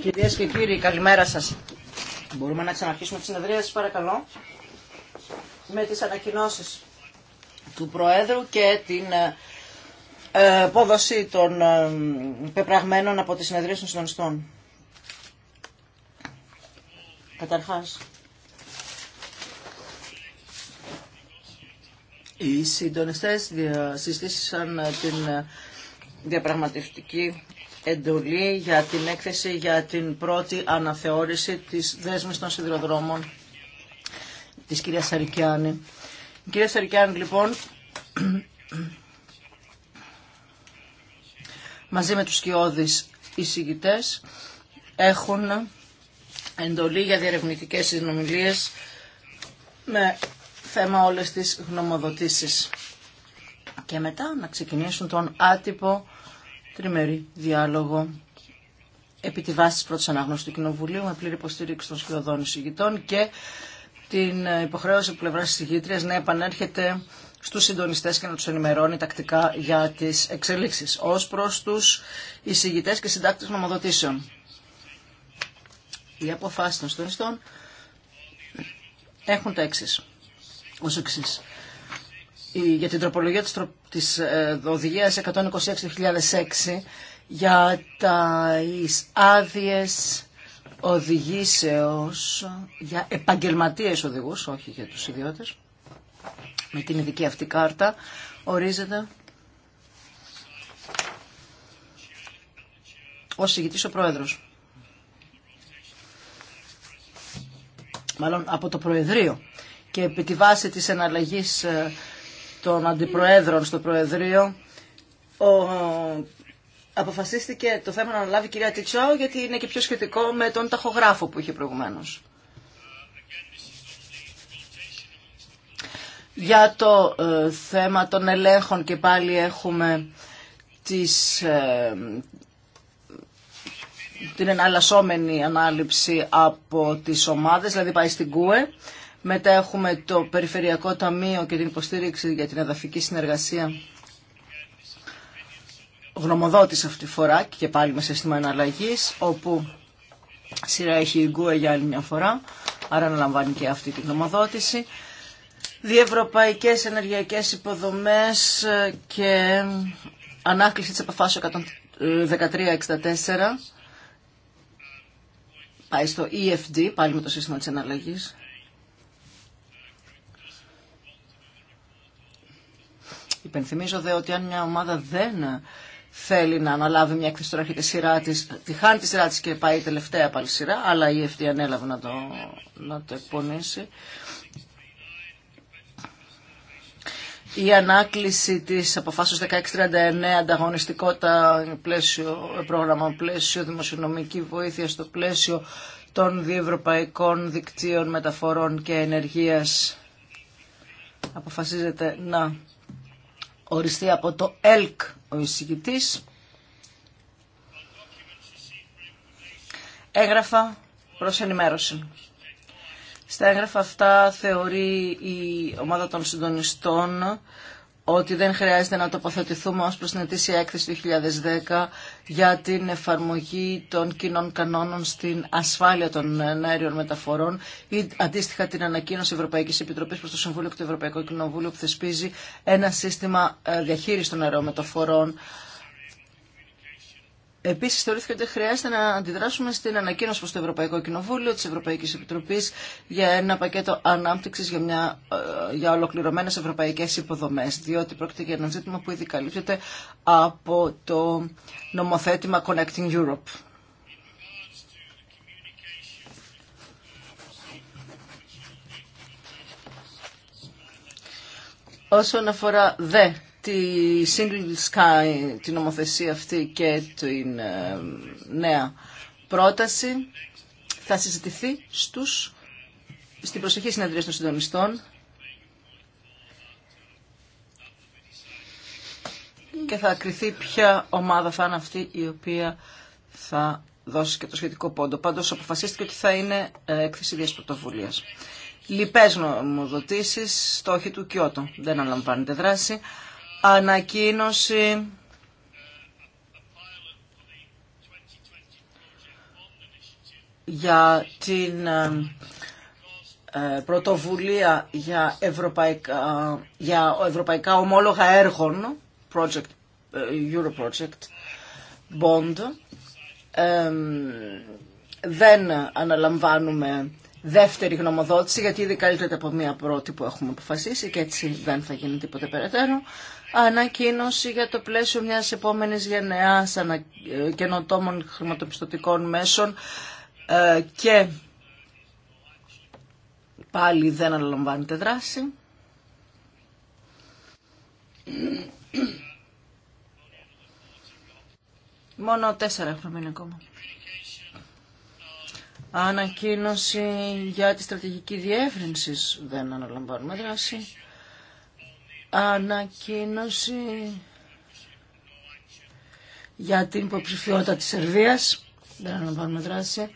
Κυρίες και κύριοι, καλημέρα σας. Μπορούμε να ξαναρχίσουμε τη συνεδρία σας, παρακαλώ, με τις ανακοινώσεις του Προέδρου και την ε, ε, απόδοση των ε, πεπραγμένων από τις συνεδρίες των συντονιστών. Καταρχάς, οι συντονιστές συστήσαν την διαπραγματευτική εντολή για την έκθεση για την πρώτη αναθεώρηση της δέσμης των σιδηροδρόμων της κυρίας Σαρικιάνη. Η κυρία Σαρικιάνη λοιπόν μαζί με τους σκιώδεις εισηγητές έχουν εντολή για διερευνητικές συνομιλίες με θέμα όλες τις γνωμοδοτήσεις και μετά να ξεκινήσουν τον άτυπο τριμερή διάλογο επί τη βάση της πρώτης ανάγνωσης του Κοινοβουλίου με πλήρη υποστήριξη των σχεδόν εισηγητών και την υποχρέωση πλευράς της εισηγήτριας να επανέρχεται στους συντονιστές και να τους ενημερώνει τακτικά για τις εξελίξεις ως προς τους εισηγητές και συντάκτες νομοδοτήσεων. Οι αποφάσεις των συντονιστών έχουν τα εξή Ως εξής για την τροπολογία της, της ε, οδηγίας 126 2006 για τα άδειε οδηγήσεως για επαγγελματίες οδηγούς, όχι για τους ιδιώτες, με την ειδική αυτή κάρτα, ορίζεται ως ηγητής ο Πρόεδρος. Μάλλον από το Προεδρείο και επί τη βάση της εναλλαγής ε, των αντιπροέδρων στο Προεδρείο, ο, αποφασίστηκε το θέμα να αναλάβει η κυρία Τιτσάου γιατί είναι και πιο σχετικό με τον ταχογράφο που είχε προηγουμένω. Για το ε, θέμα των ελέγχων και πάλι έχουμε τις, ε, την εναλλασσόμενη ανάληψη από τις ομάδες, δηλαδή πάει στην ΚΟΕ. Μετά έχουμε το Περιφερειακό Ταμείο και την υποστήριξη για την εδαφική συνεργασία. Γνωμοδότης αυτή τη φορά και πάλι με σύστημα εναλλαγή, όπου σειρά έχει η Γκουε για άλλη μια φορά, άρα αναλαμβάνει και αυτή τη γνωμοδότηση. Διευρωπαϊκές ενεργειακές υποδομές και ανάκληση της επαφάσεως 1364 πάει στο EFD, πάλι με το σύστημα της εναλλαγής. Υπενθυμίζω δε ότι αν μια ομάδα δεν θέλει να αναλάβει μια έκθεση τώρα σειρά τη, τη χάνει τη σειρά τη και πάει η τελευταία πάλι σειρά, αλλά η ΕΦΤ ανέλαβε να το, να το εκπονήσει. Η ανάκληση της αποφάσεως 1639 ανταγωνιστικότητα πλαίσιο, πρόγραμμα πλαίσιο, δημοσιονομική βοήθεια στο πλαίσιο των διευρωπαϊκών δικτύων μεταφορών και ενεργείας αποφασίζεται να οριστεί από το ΕΛΚ ο εισηγητής. έγραφα προς ενημέρωση. Στα έγγραφα αυτά θεωρεί η ομάδα των συντονιστών ότι δεν χρειάζεται να τοποθετηθούμε ως προς την ετήσια έκθεση του 2010 για την εφαρμογή των κοινών κανόνων στην ασφάλεια των αέριων μεταφορών ή αντίστοιχα την ανακοίνωση Ευρωπαϊκής Επιτροπής προς το Συμβούλιο και το Ευρωπαϊκό Κοινοβούλιο που θεσπίζει ένα σύστημα ε, διαχείρισης των αερομεταφορών Επίση, θεωρήθηκε ότι χρειάζεται να αντιδράσουμε στην ανακοίνωση προ το Ευρωπαϊκό Κοινοβούλιο τη Ευρωπαϊκή Επιτροπή για ένα πακέτο ανάπτυξη για, ε, για ολοκληρωμένε ευρωπαϊκέ υποδομέ. Διότι πρόκειται για ένα ζήτημα που ήδη καλύπτεται από το νομοθέτημα Connecting Europe. Όσον αφορά δε τη Single Sky, την νομοθεσία αυτή και την ε, νέα πρόταση θα συζητηθεί στους, στην προσεχή συνεδρία των συντονιστών και θα κριθεί ποια ομάδα θα είναι αυτή η οποία θα δώσει και το σχετικό πόντο. Πάντως αποφασίστηκε ότι θα είναι ε, έκθεση ίδιας πρωτοβουλίας. Λοιπές νομοδοτήσεις, στόχοι του Κιώτο. Δεν αναλαμβάνεται δράση ανακοίνωση για την ε, ε, πρωτοβουλία για ευρωπαϊκά, για ευρωπαϊκά ομόλογα έργων, project, ε, Euro Project Bond. δεν αναλαμβάνουμε δεύτερη γνωμοδότηση, γιατί ήδη καλύπτεται από μία πρώτη που έχουμε αποφασίσει και έτσι δεν θα γίνει τίποτε περαιτέρω ανακοίνωση για το πλαίσιο μιας επόμενης γενεάς καινοτόμων χρηματοπιστωτικών μέσων ε, και πάλι δεν αναλαμβάνεται δράση. Μόνο τέσσερα έχουν μείνει ακόμα. Ανακοίνωση για τη στρατηγική διεύρυνση δεν αναλαμβάνουμε δράση ανακοίνωση για την υποψηφιότητα της Σερβίας. Δεν αναλαμβάνουμε δράση.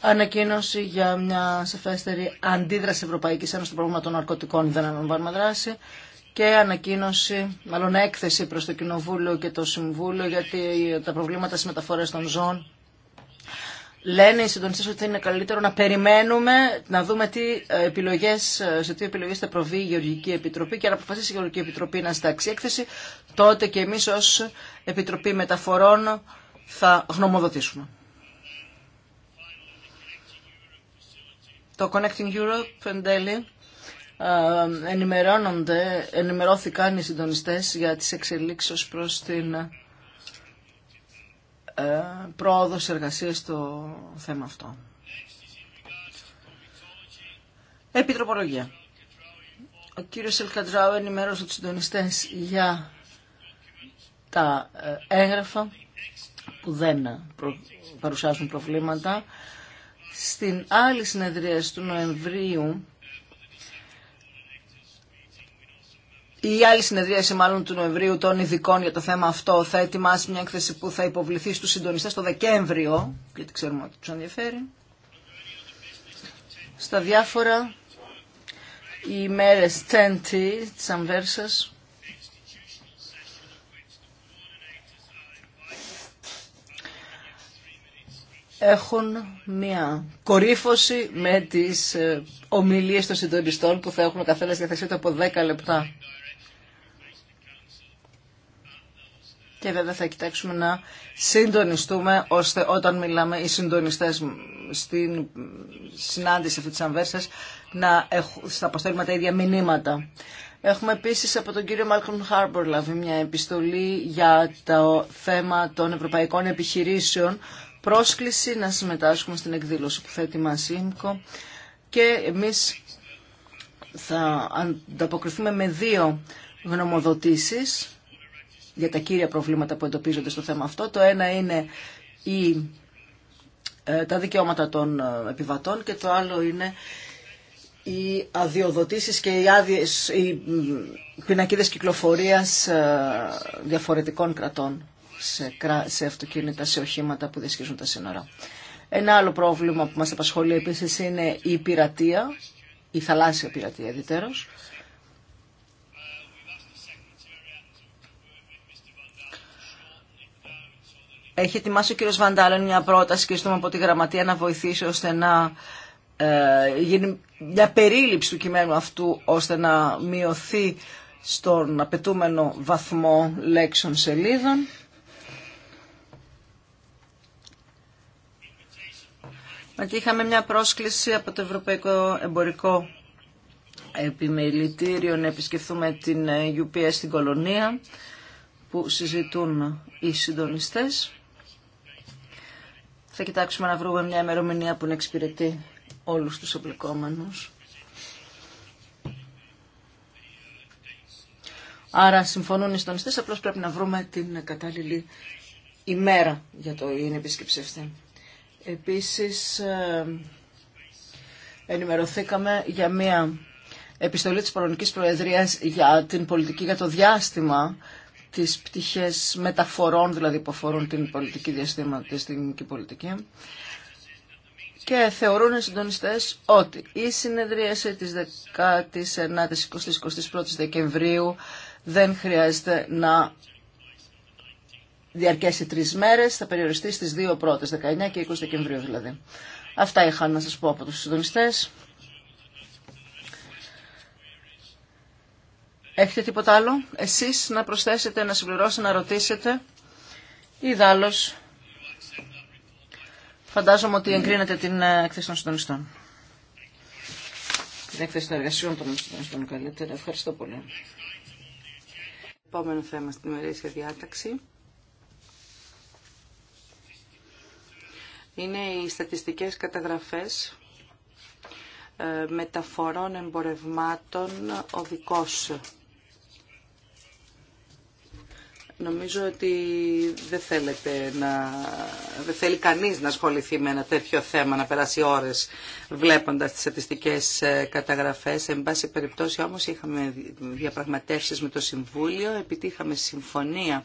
Ανακοίνωση για μια σαφέστερη αντίδραση Ευρωπαϊκής Ένωσης στο πρόβλημα των ναρκωτικών. Δεν αναλαμβάνουμε δράση. Και ανακοίνωση, μάλλον έκθεση προς το Κοινοβούλιο και το Συμβούλιο για τα προβλήματα στις μεταφορές των ζώων Λένε οι συντονιστέ ότι είναι καλύτερο να περιμένουμε, να δούμε τι ε, επιλογές, ε, σε τι επιλογές θα προβεί η Γεωργική Επιτροπή και να αποφασίσει η Γεωργική Επιτροπή να συντάξει έκθεση, τότε και εμείς ως Επιτροπή Μεταφορών θα γνωμοδοτήσουμε. Το Connecting Europe εν τέλει ε, ενημερώνονται, ενημερώθηκαν οι συντονιστές για τις εξελίξεις προς την ε, πρόοδος εργασίας στο θέμα αυτό. Επιτροπολογία. Ο κύριος Ελκαντράου ενημέρωσε τους συντονιστές για τα ε, έγγραφα που δεν ε, παρουσιάζουν προβλήματα. Στην άλλη συνεδρία του Νοεμβρίου η άλλη συνεδρίαση μάλλον του Νοεμβρίου των ειδικών για το θέμα αυτό θα ετοιμάσει μια έκθεση που θα υποβληθεί στους συντονιστές το Δεκέμβριο, γιατί ξέρουμε ότι τους ενδιαφέρει. Στα διάφορα οι μέρες τέντη της Αμβέρσας. έχουν μια κορύφωση με τις ε, ομιλίες των συντονιστών που θα έχουν καθένα διαθεσία από 10 λεπτά. Και βέβαια θα κοιτάξουμε να συντονιστούμε ώστε όταν μιλάμε οι συντονιστές στην συνάντηση αυτή της Αμβέρσας να αποστέλουμε τα ίδια μηνύματα. Έχουμε επίσης από τον κύριο Μάλκον Χάρμπορ λάβει μια επιστολή για το θέμα των ευρωπαϊκών επιχειρήσεων πρόσκληση να συμμετάσχουμε στην εκδήλωση που θα η και εμείς θα ανταποκριθούμε με δύο γνωμοδοτήσεις για τα κύρια προβλήματα που εντοπίζονται στο θέμα αυτό. Το ένα είναι η, ε, τα δικαιώματα των ε, επιβατών και το άλλο είναι οι αδειοδοτήσεις και οι, άδειες, οι πινακίδες κυκλοφορίας ε, διαφορετικών κρατών σε, σε αυτοκίνητα, σε οχήματα που διασχίζουν τα σύνορα. Ένα άλλο πρόβλημα που μας απασχολεί επίσης είναι η πειρατεία, η θαλάσσια πειρατεία ιδιαίτερως, Έχει ετοιμάσει ο κύριος Βαντάλεν μια πρόταση και ζητούμε από τη γραμματεία να βοηθήσει ώστε να ε, γίνει μια περίληψη του κειμένου αυτού ώστε να μειωθεί στον απαιτούμενο βαθμό λέξεων σελίδων. Και είχαμε μια πρόσκληση από το Ευρωπαϊκό Εμπορικό Επιμελητήριο να επισκεφθούμε την ε, UPS στην Κολονία που συζητούν οι συντονιστές. Θα κοιτάξουμε να βρούμε μια ημερομηνία που να εξυπηρετεί όλους τους εμπλεκόμενους. Άρα συμφωνούν οι συντονιστές, απλώς πρέπει να βρούμε την κατάλληλη ημέρα για το είναι επίσκεψη αυτή. Επίσης, ε, ενημερωθήκαμε για μια επιστολή της Πολωνικής Προεδρίας για την πολιτική για το διάστημα τις πτυχές μεταφορών, δηλαδή που αφορούν την πολιτική την πολιτική. Και θεωρούν οι συντονιστέ ότι η συνεδρίαση τη 19η-21η Δεκεμβρίου δεν χρειάζεται να διαρκέσει τρει μέρε, θα περιοριστεί στις δύο πρωτες 19 και 20 Δεκεμβρίου δηλαδή. Αυτά είχα να σα πω από του συντονιστέ. Έχετε τίποτα άλλο εσείς να προσθέσετε, να συμπληρώσετε, να ρωτήσετε ή δάλλως. Φαντάζομαι ότι εγκρίνετε την ε, έκθεση των συντονιστών. Την έκθεση των εργασιών των συντονιστών καλύτερα. Ευχαριστώ πολύ. Επόμενο θέμα στην ημερήσια διάταξη. Είναι οι στατιστικές καταγραφές ε, μεταφορών εμπορευμάτων οδικός. Νομίζω ότι δεν θέλετε να... δεν θέλει κανείς να ασχοληθεί με ένα τέτοιο θέμα, να περάσει ώρες βλέποντας τις στατιστικές ε, καταγραφές. Εν πάση περιπτώσει όμως είχαμε διαπραγματεύσεις με το Συμβούλιο, επιτύχαμε συμφωνία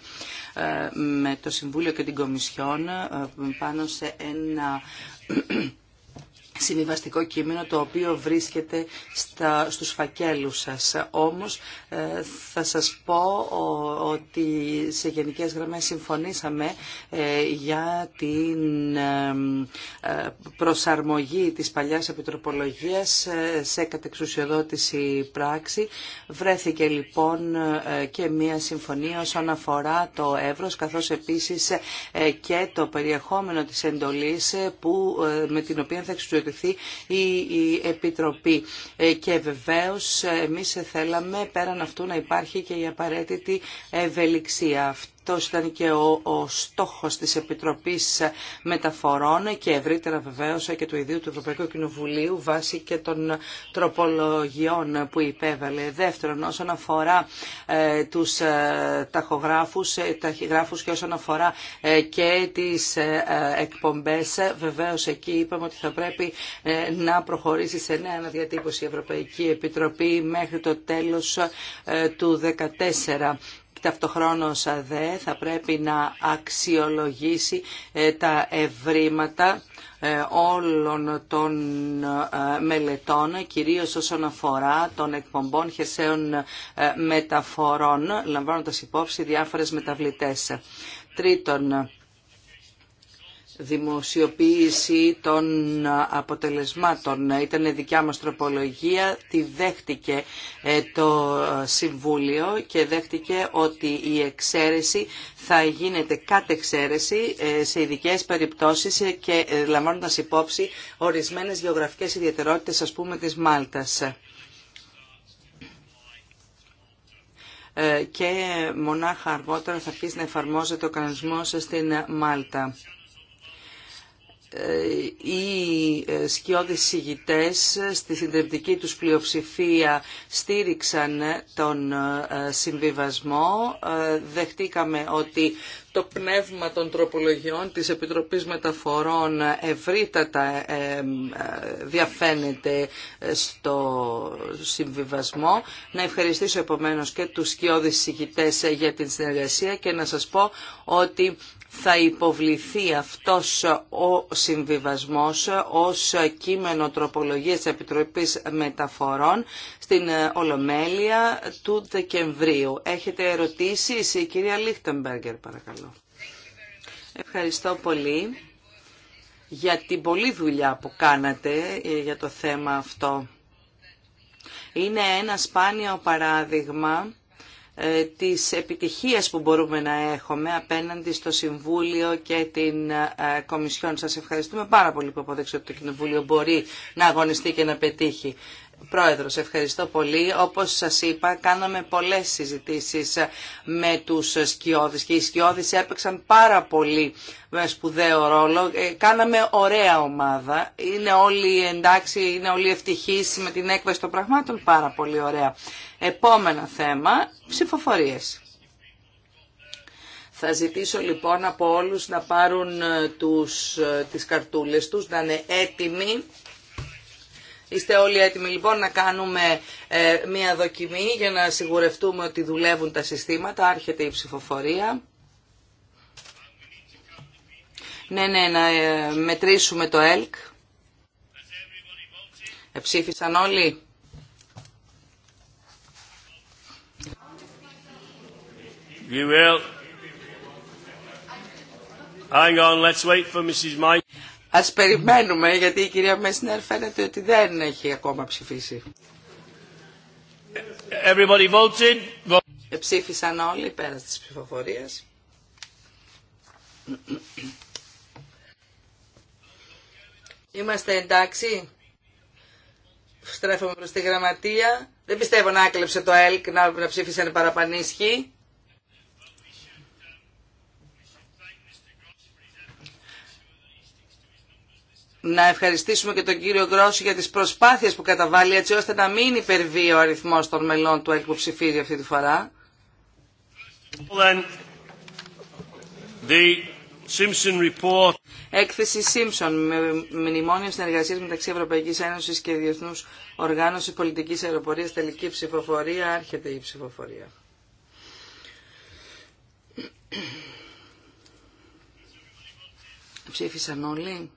ε, με το Συμβούλιο και την Κομισιόν ε, πάνω σε ένα συμβιβαστικό κείμενο το οποίο βρίσκεται στα, στους φακέλους σας. Όμως ε, θα σας πω ότι σε γενικές γραμμές συμφωνήσαμε ε, για την ε, προσαρμογή της παλιάς επιτροπολογίας σε κατεξουσιοδότηση πράξη. Βρέθηκε λοιπόν και μία συμφωνία όσον αφορά το εύρος καθώς επίσης και το περιεχόμενο της εντολής που, με την οποία θα η Επιτροπή. Ε, και βεβαίως εμείς θέλαμε πέραν αυτού να υπάρχει και η απαραίτητη ευελιξία αυτός ήταν και ο, ο στόχος της Επιτροπής Μεταφορών και ευρύτερα βεβαίως και του ιδίου του Ευρωπαϊκού Κοινοβουλίου βάσει και των τροπολογιών που υπέβαλε. Δεύτερον, όσον αφορά ε, τους ε, ε, ταχυγράφους και όσον αφορά ε, και τις ε, εκπομπές, βεβαίως εκεί είπαμε ότι θα πρέπει να προχωρήσει σε νέα αναδιατύπωση η Ευρωπαϊκή Επιτροπή μέχρι το τέλος του 2014 ταυτοχρόνως δε θα πρέπει να αξιολογήσει ε, τα ευρήματα ε, όλων των ε, μελετών, κυρίως όσον αφορά των εκπομπών χερσαίων μεταφορών, λαμβάνοντας υπόψη διάφορες μεταβλητές. Τρίτον, δημοσιοποίηση των αποτελεσμάτων. Ήταν δικιά μας τροπολογία, τη δέχτηκε ε, το Συμβούλιο και δέχτηκε ότι η εξαίρεση θα γίνεται κάτ' εξαίρεση ε, σε ειδικέ περιπτώσεις και ε, λαμβάνοντας υπόψη ορισμένες γεωγραφικές ιδιαιτερότητες, ας πούμε, της Μάλτας. και μονάχα αργότερα θα αρχίσει να εφαρμόζεται ο κανονισμός στην Μάλτα οι ε, σκιώδεις συγητές στη συντριπτική τους πλειοψηφία στήριξαν τον ε, συμβιβασμό. Ε, δεχτήκαμε ότι το πνεύμα των τροπολογιών της Επιτροπής Μεταφορών ευρύτατα διαφαίνεται στο συμβιβασμό. Να ευχαριστήσω επομένως και τους σκιώδεις συγητές για την συνεργασία και να σας πω ότι θα υποβληθεί αυτός ο συμβιβασμός ως κείμενο τροπολογίας της Επιτροπής Μεταφορών στην Ολομέλεια του Δεκεμβρίου. Έχετε ερωτήσεις, η κυρία Λίχτεμπεργκερ παρακαλώ. Ευχαριστώ πολύ για την πολλή δουλειά που κάνατε ε, για το θέμα αυτό. Είναι ένα σπάνιο παράδειγμα ε, της επιτυχίας που μπορούμε να έχουμε απέναντι στο Συμβούλιο και την ε, Κομισιόν. Σας ευχαριστούμε πάρα πολύ που αποδείξατε ότι το Κοινοβούλιο μπορεί να αγωνιστεί και να πετύχει. Πρόεδρος, ευχαριστώ πολύ. Όπως σας είπα, κάναμε πολλές συζητήσεις με τους σκιώδεις και οι σκιώδεις έπαιξαν πάρα πολύ με σπουδαίο ρόλο. Ε, κάναμε ωραία ομάδα. Είναι όλοι εντάξει, είναι όλοι ευτυχείς με την έκβαση των πραγμάτων. Πάρα πολύ ωραία. Επόμενο θέμα, ψηφοφορίες. Θα ζητήσω λοιπόν από όλους να πάρουν ε, τους, ε, τις καρτούλες τους, να είναι έτοιμοι Είστε όλοι έτοιμοι λοιπόν να κάνουμε ε, μία δοκιμή για να σιγουρευτούμε ότι δουλεύουν τα συστήματα. Άρχεται η ψηφοφορία. Ναι, ναι, να ε, μετρήσουμε το ΕΛΚ. Εψήφισαν όλοι. will. Hang on, let's wait for Mrs. Mike. Ας περιμένουμε, γιατί η κυρία Μέσνερ φαίνεται ότι δεν έχει ακόμα ψηφίσει. Everybody Ψήφισαν όλοι πέρα της ψηφοφορίας. Είμαστε εντάξει. Στρέφουμε προς τη γραμματεία. Δεν πιστεύω να άκλεψε το ΕΛΚ να, να παραπανίσχοι. να ευχαριστήσουμε και τον κύριο Γκρόση για τις προσπάθειες που καταβάλει έτσι ώστε να μην υπερβεί ο αριθμός των μελών του ΕΛΚ που ψηφίζει αυτή τη φορά. Έκθεση Σίμψον με μνημόνιο συνεργασίας μεταξύ Ευρωπαϊκή Ένωση και Διεθνού Οργάνωση Πολιτικής Αεροπορία τελική ψηφοφορία άρχεται η ψηφοφορία. Ψήφισαν όλοι.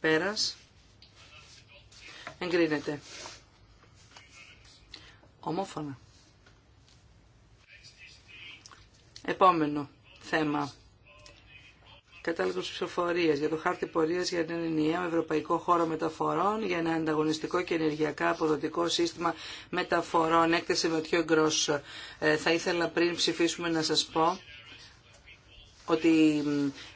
Πέρας. Εγκρίνεται. Ομόφωνα. Επόμενο θέμα. Κατάλληλο ψηφοφορία για το χάρτη πορεία για έναν ενιαίο ευρωπαϊκό χώρο μεταφορών, για ένα ανταγωνιστικό και ενεργειακά αποδοτικό σύστημα μεταφορών. Έκθεση με ο Γκρό. Ε, θα ήθελα πριν ψηφίσουμε να σα πω ότι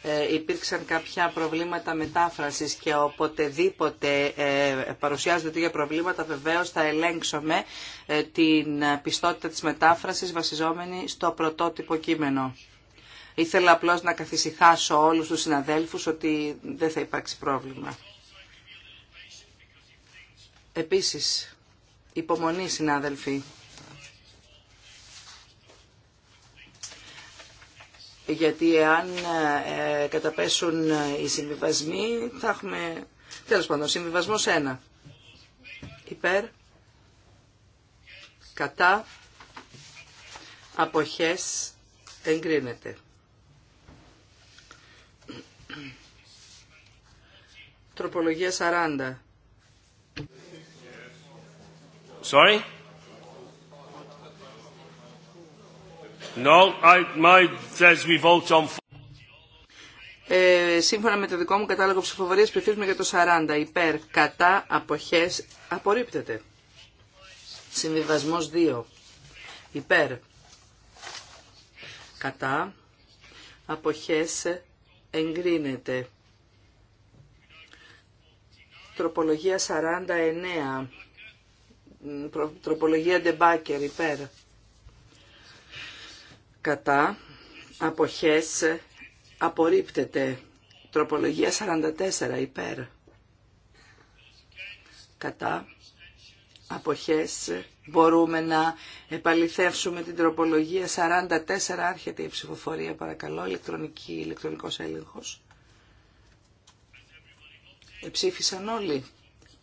ε, υπήρξαν κάποια προβλήματα μετάφρασης και οποτεδήποτε ε, παρουσιάζονται τέτοια προβλήματα βεβαίως θα ελέγξουμε ε, την πιστότητα της μετάφρασης βασιζόμενη στο πρωτότυπο κείμενο. Ήθελα απλώς να καθησυχάσω όλους τους συναδέλφους ότι δεν θα υπάρξει πρόβλημα. Επίσης, υπομονή συνάδελφοι. γιατί εάν ε, καταπέσουν οι συμβιβασμοί θα έχουμε, τέλος πάντων, συμβιβασμός 1. Υπέρ, κατά, αποχές, εγκρίνεται. Τροπολογία 40. Sorry? No, I, my says we vote on... Ε, σύμφωνα με το δικό μου κατάλογο ψηφοφορίας ψηφίζουμε για το 40. Υπέρ, κατά, αποχές, απορρίπτεται. Συμβιβασμός 2. Υπέρ, κατά, αποχές, εγκρίνεται. Τροπολογία 49. Τροπολογία debacker υπέρ κατά αποχές απορρίπτεται τροπολογία 44 υπέρ κατά αποχές μπορούμε να επαληθεύσουμε την τροπολογία 44 άρχεται η ψηφοφορία παρακαλώ ηλεκτρονική, ηλεκτρονικός έλεγχος εψήφισαν όλοι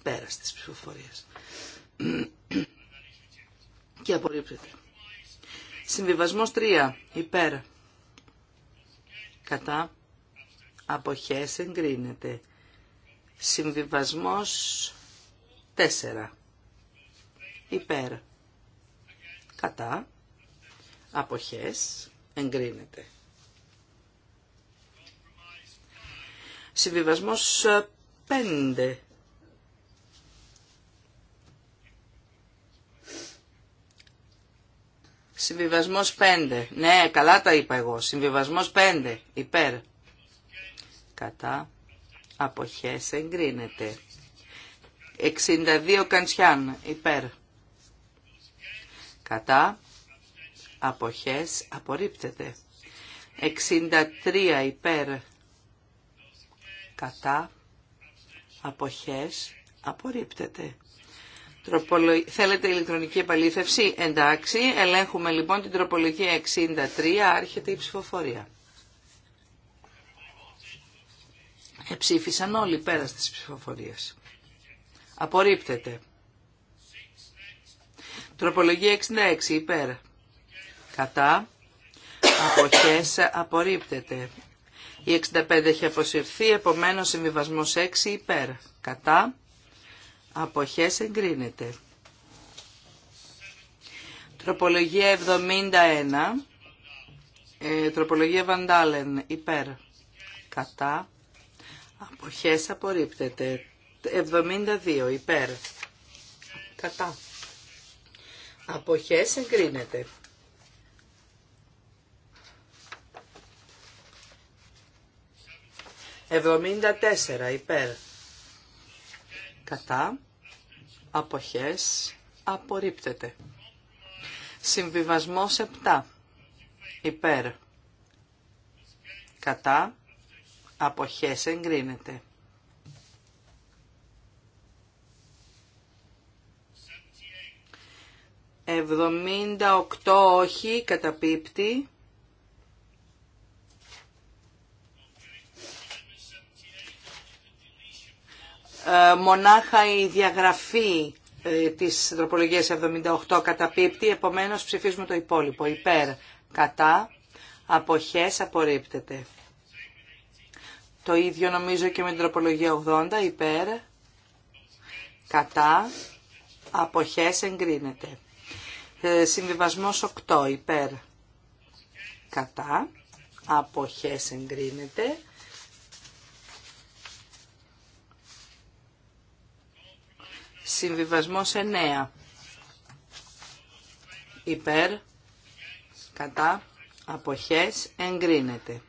πέρα της ψηφοφορίας και απορρίπτεται Συμβιβασμό 3. Υπέρ. Κατά. Αποχές εγκρίνεται. Συμβιβασμό 4. Υπέρ. Κατά. Αποχές εγκρίνεται. Συμβιβασμό 5. Συμβιβασμός 5. Ναι, καλά τα είπα εγώ. Συμβιβασμός 5. Υπέρ. Κατά. Αποχές εγκρίνεται. 62 κανσιάν Υπέρ. Κατά. Αποχές απορρίπτεται. 63 υπέρ. Κατά. Αποχές απορρίπτεται. Τροπολογ... Θέλετε ηλεκτρονική επαλήθευση. Εντάξει. Ελέγχουμε λοιπόν την τροπολογία 63. Άρχεται η ψηφοφορία. Εψήφισαν όλοι πέρα της ψηφοφορίες. Απορρίπτεται. Τροπολογία 66 υπέρ. Κατά. Αποχές απορρίπτεται. Η 65 έχει αποσυρθεί, επομένως συμβιβασμός 6 υπέρ. Κατά. Αποχές εγκρίνεται. Τροπολογία 71. Ε, τροπολογία Βαντάλεν. Υπέρ. Κατά. Αποχές απορρίπτεται. 72. Υπέρ. Κατά. Αποχές εγκρίνεται. 74 τέσσερα υπέρ. Κατά αποχές απορρίπτεται. Συμβιβασμός 7 υπέρ κατά αποχές εγκρίνεται. 78 όχι, καταπίπτει. Ε, μονάχα η διαγραφή ε, της τροπολογίας 78 καταπίπτει, επομένως ψηφίζουμε το υπόλοιπο. Υπέρ, κατά, αποχές, απορρίπτεται. Το ίδιο νομίζω και με την τροπολογία 80, υπέρ, κατά, αποχές, εγκρίνεται. Ε, συμβιβασμός 8, υπέρ, κατά, αποχές, εγκρίνεται. Συμβιβασμός 9. Υπέρ, κατά, αποχές, εγκρίνεται.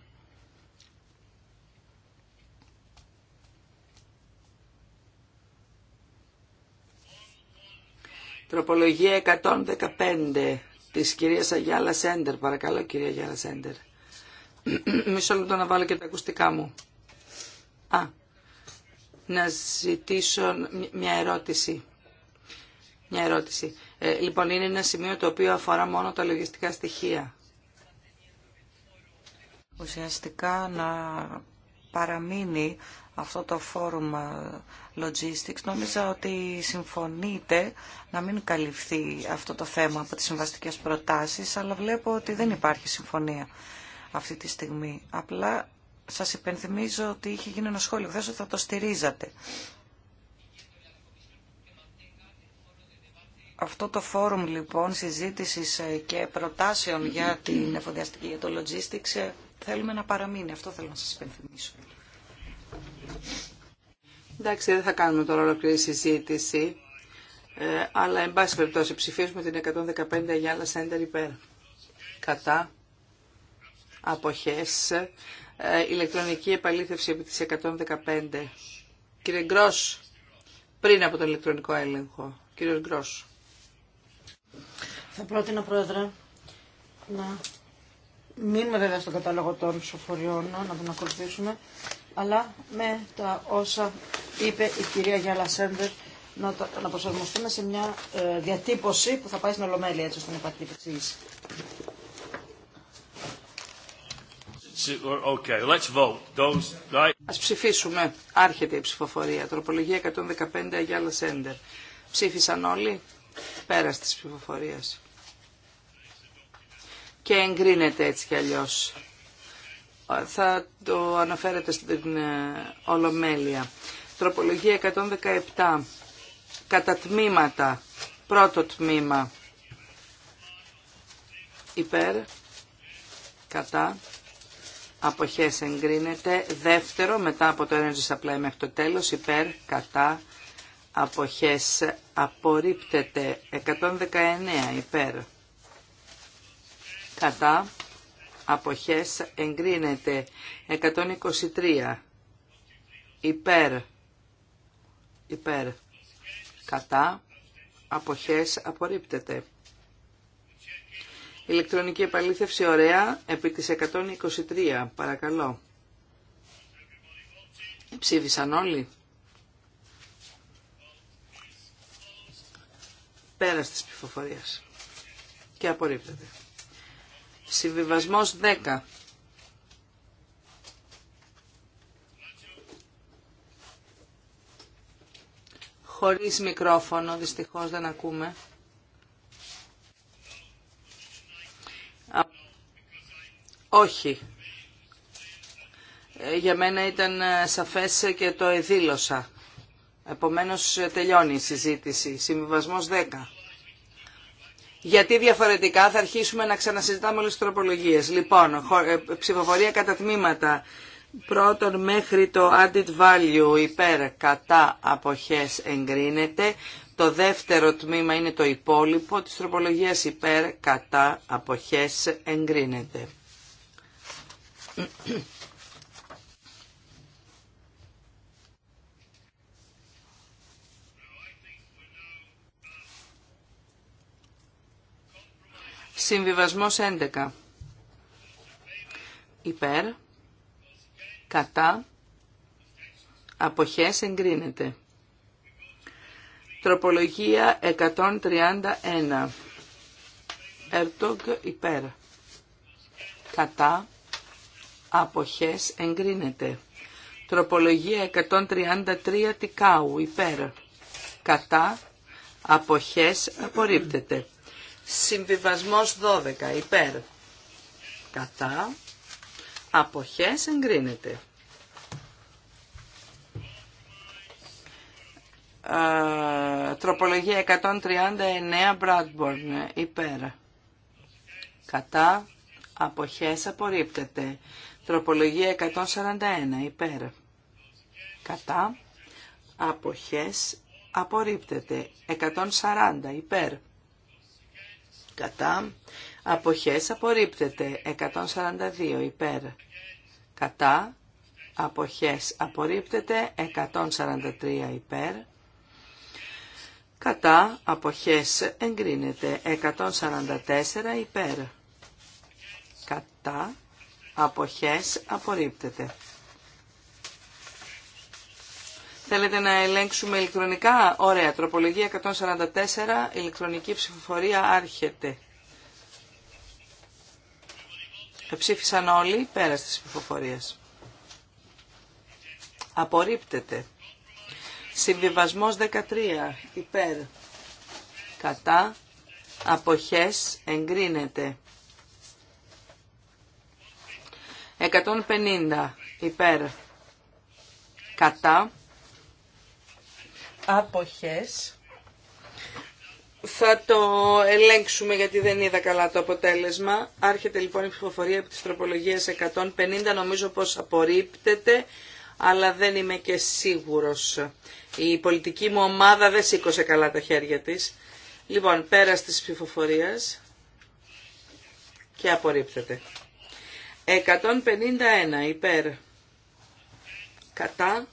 Τροπολογία 115 της κυρίας Αγιάλα Σέντερ. Παρακαλώ κυρία Αγιάλα Σέντερ. Μισό λεπτό να βάλω και τα ακουστικά μου. Α, να ζητήσω μια ερώτηση. Μια ερώτηση. Ε, λοιπόν, είναι ένα σημείο το οποίο αφορά μόνο τα λογιστικά στοιχεία. Ουσιαστικά να παραμείνει αυτό το φόρουμ ε, logistics. Νομίζω ότι συμφωνείτε να μην καλυφθεί αυτό το θέμα από τις συμβαστικές προτάσεις, αλλά βλέπω ότι δεν υπάρχει συμφωνία αυτή τη στιγμή. Απλά Σα υπενθυμίζω ότι είχε γίνει ένα σχόλιο χθε ότι θα το στηρίζατε. Αυτό το φόρουμ λοιπόν συζήτηση ε, και προτάσεων για την εφοδιαστική, για το logistics, ε, θέλουμε να παραμείνει. Αυτό θέλω να σα υπενθυμίσω. Εντάξει, δεν θα κάνουμε τώρα ολόκληρη συζήτηση, ε, αλλά εν πάση περιπτώσει ψηφίσουμε την 115 για άλλα σέντερ υπέρ. Κατά αποχές ε, ηλεκτρονική επαλήθευση επί της 115. Κύριε Γκρός, πριν από το ηλεκτρονικό έλεγχο. Κύριε Γκρός. Θα πρότεινα, Πρόεδρε, να μείνουμε βέβαια στον κατάλογο των ψηφοφοριών, να τον ακολουθήσουμε, αλλά με τα όσα είπε η κυρία Γιάννα Σέντερ, να, προσαρμοστούμε σε μια ε, διατύπωση που θα πάει στην Ολομέλεια, έτσι ώστε να υπάρχει Okay, Ας ψηφίσουμε. Άρχεται η ψηφοφορία. Τροπολογία 115 Αγιάλα Σέντερ. Ψήφισαν όλοι πέρα της ψηφοφορίας. Και εγκρίνεται έτσι κι αλλιώς. Θα το αναφέρετε στην ε, Ολομέλεια. Τροπολογία 117. Κατά τμήματα. Πρώτο τμήμα. Υπέρ. Κατά αποχές εγκρίνεται. Δεύτερο, μετά από το Energy Supply μέχρι το τέλος, υπέρ, κατά, αποχές απορρίπτεται. 119 υπέρ, κατά, αποχές εγκρίνεται. 123 υπέρ, υπέρ, κατά, αποχές απορρίπτεται. Ηλεκτρονική επαλήθευση, ωραία, επί της 123, παρακαλώ. Ψήφισαν όλοι. Πέρας της ψηφοφορίας. Και απορρίπτεται. Συμβιβασμός 10. Χωρίς μικρόφωνο, δυστυχώς δεν ακούμε. Όχι. Ε, για μένα ήταν ε, σαφές ε, και το εδήλωσα. Επομένως τελειώνει η συζήτηση. Συμβιβασμός 10. Γιατί διαφορετικά θα αρχίσουμε να ξανασυζητάμε όλες τις τροπολογίες. Λοιπόν, ψηφοφορία κατά τμήματα. Πρώτον μέχρι το added value υπέρ κατά αποχές εγκρίνεται. Το δεύτερο τμήμα είναι το υπόλοιπο της τροπολογίας υπέρ κατά αποχές εγκρίνεται. Συμβιβασμός 11. Υπέρ, κατά, αποχές εγκρίνεται. Τροπολογία 131. Ερτογ υπέρ. Κατά, αποχές εγκρίνεται. Τροπολογία 133 τικάου υπέρ κατά αποχές απορρίπτεται. Συμβιβασμός 12 υπέρ κατά αποχές εγκρίνεται. Ε, τροπολογία 139 Bradburn υπέρ κατά αποχές απορρίπτεται. Τροπολογία 141 υπέρ. Κατά. Αποχές απορρίπτεται. 140 υπέρ. Κατά. Αποχές απορρίπτεται. 142 υπέρ. Κατά. Αποχές απορρίπτεται. 143 υπέρ. Κατά. Αποχές εγκρίνεται. 144 υπέρ. Κατά αποχές απορρίπτεται. Θέλετε να ελέγξουμε ηλεκτρονικά. Ωραία. Τροπολογία 144. Ηλεκτρονική ψηφοφορία άρχεται. Ψήφισαν όλοι πέρα της ψηφοφορίας. Απορρίπτεται. Συμβιβασμός 13. Υπέρ. Κατά. Αποχές εγκρίνεται. 150 υπέρ κατά αποχές θα το ελέγξουμε γιατί δεν είδα καλά το αποτέλεσμα. Άρχεται λοιπόν η ψηφοφορία από τις τροπολογίες 150. Νομίζω πως απορρίπτεται, αλλά δεν είμαι και σίγουρος. Η πολιτική μου ομάδα δεν σήκωσε καλά τα χέρια της. Λοιπόν, πέρα της ψηφοφορίας και απορρίπτεται. 151 υπέρ κατά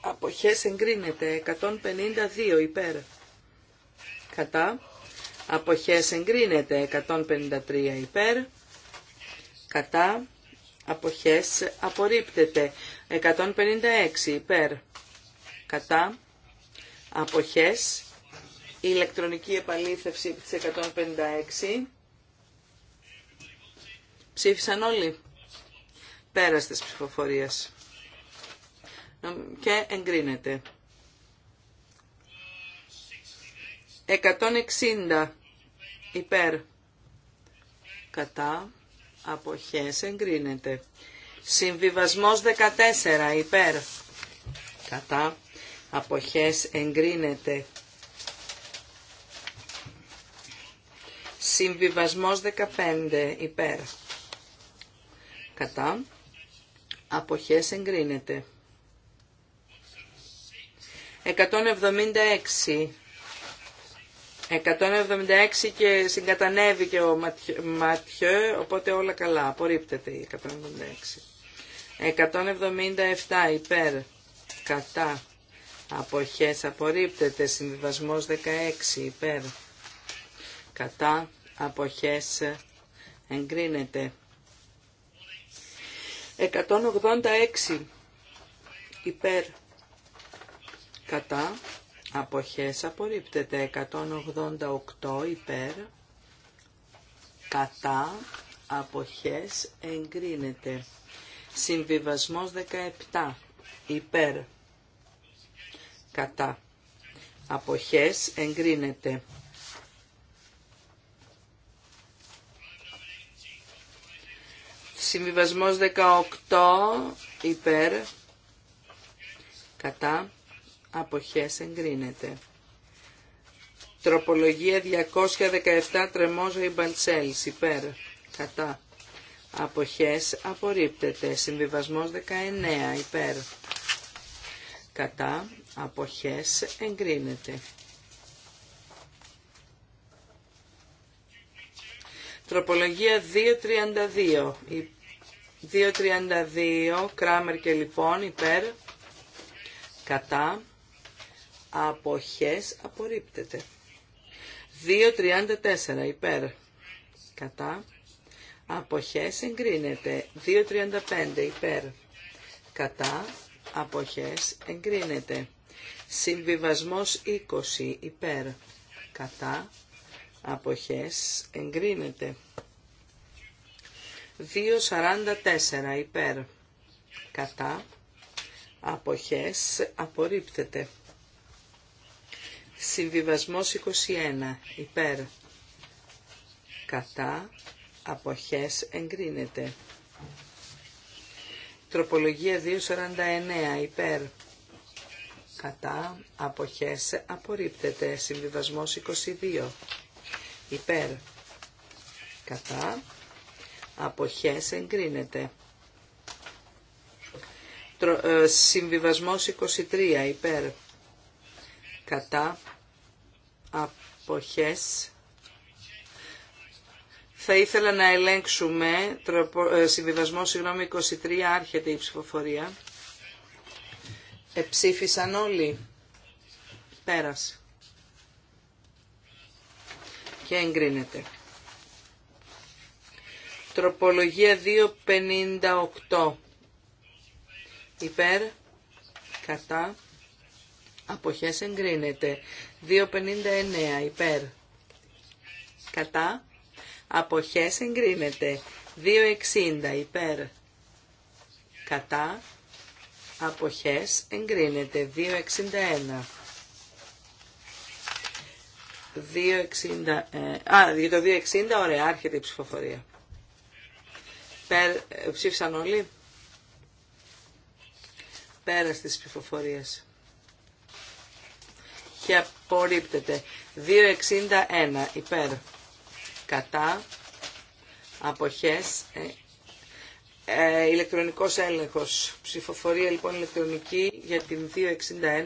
αποχές εγκρίνεται 152 υπέρ κατά αποχές εγκρίνεται 153 υπέρ κατά αποχές απορρίπτεται 156 υπέρ κατά αποχές ηλεκτρονική επαλήθευση της 156 ψήφισαν όλοι Πέρας της ψηφοφορίας. Και εγκρίνεται. 160 υπέρ. Κατά. Αποχές εγκρίνεται. Συμβιβασμός 14 υπέρ. Κατά. Αποχές εγκρίνεται. Συμβιβασμός 15 υπέρ. Κατά. Αποχές εγκρίνεται. 176. 176 και συγκατανεύει και ο Ματιό, οπότε όλα καλά. Απορρίπτεται η 176. 177 υπέρ, κατά, αποχές, απορρίπτεται, συνδυασμός 16 υπέρ, κατά, αποχές, εγκρίνεται. 186 υπέρ κατά αποχές απορρίπτεται 188 υπέρ κατά αποχές εγκρίνεται συμβιβασμός 17 υπέρ κατά αποχές εγκρίνεται Συμβιβασμός 18 υπέρ κατά αποχές εγκρίνεται. Τροπολογία 217 τρεμόζο ή μπαλτσέλς υπέρ κατά αποχές απορρίπτεται. Συμβιβασμός 19 υπέρ κατά αποχές εγκρίνεται. Τροπολογία 2.32. 2.32, κράμερ και λοιπόν, υπέρ, κατά, αποχές, απορρίπτεται. 2.34, υπέρ, κατά, αποχές, εγκρίνεται. 2.35, υπέρ, κατά, αποχές, εγκρίνεται. Συμβιβασμός 20, υπέρ, κατά, αποχές εγκρίνεται. 2.44 υπέρ κατά αποχές απορρίπτεται. Συμβιβασμός 21 υπέρ κατά αποχές εγκρίνεται. Τροπολογία 2.49 υπέρ κατά αποχές απορρίπτεται. Συμβιβασμός 22 υπέρ κατά αποχές εγκρίνεται. Ε, συμβιβασμός 23 υπέρ κατά αποχές θα ήθελα να ελέγξουμε ε, συμβιβασμό συγγνώμη 23 άρχεται η ψηφοφορία. Εψήφισαν όλοι. Πέρασε και εγκρίνεται. Τροπολογία 258. Υπέρ, κατά, αποχές εγκρίνεται. 259. Υπέρ, κατά, αποχές εγκρίνεται. 260. Υπέρ, κατά, αποχές εγκρίνεται. 261. 260, ε, α, για το 260, ωραία, άρχεται η ψηφοφορία. ε, ψήφισαν όλοι. Πέρα τη ψηφοφορία. Και απορρίπτεται. 261 υπέρ. Κατά. Αποχές. Ε, ε, ηλεκτρονικός έλεγχος. Ψηφοφορία λοιπόν ηλεκτρονική για την 261